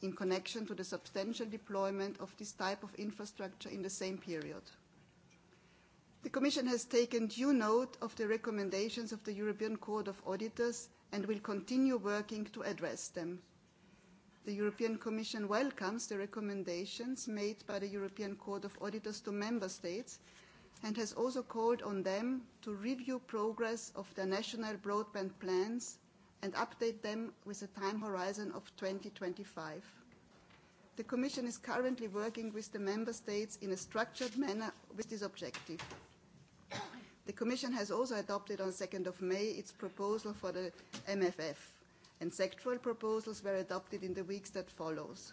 in connection to the substantial deployment of this type of infrastructure in the same period. The Commission has taken due note of the recommendations of the European Court of Auditors and will continue working to address them. The European Commission welcomes the recommendations made by the European Court of Auditors to Member States and has also called on them to review progress of their national broadband plans and update them with a time horizon of 2025. The Commission is currently working with the Member States in a structured manner with this objective. The Commission has also adopted on 2nd of May its proposal for the MFF, and sectoral proposals were adopted in the weeks that follows.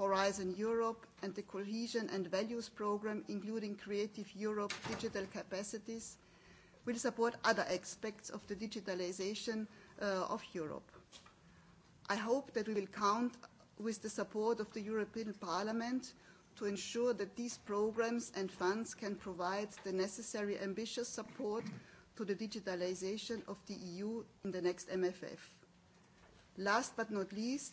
Horizon Europe, and the Cohesion and Values Programme, including Creative Europe digital capacities, will support other aspects of the digitalisation of Europe. I hope that we will count with the support of the European Parliament to ensure that these programmes and funds can provide the necessary ambitious support to the digitalisation of the EU in the next MFF. Last but not least,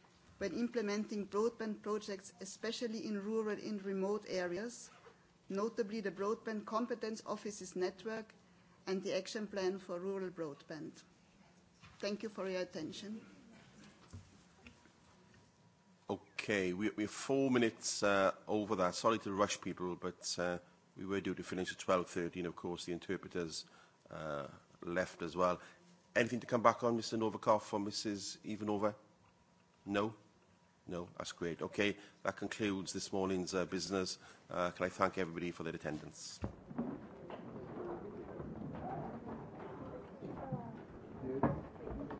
when implementing broadband projects, especially in rural and remote areas, notably the Broadband Competence Offices Network and the Action Plan for Rural Broadband. Thank you for your attention. Okay, we, we're four minutes uh, over that. Sorry to rush people, but uh, we were due to finish at 12.30, and of course the interpreters uh, left as well. Anything to come back on, Mr. Novikov or Mrs. Ivanova? No? No? That's great. Okay. That concludes this morning's uh, business. Uh, can I thank everybody for their attendance?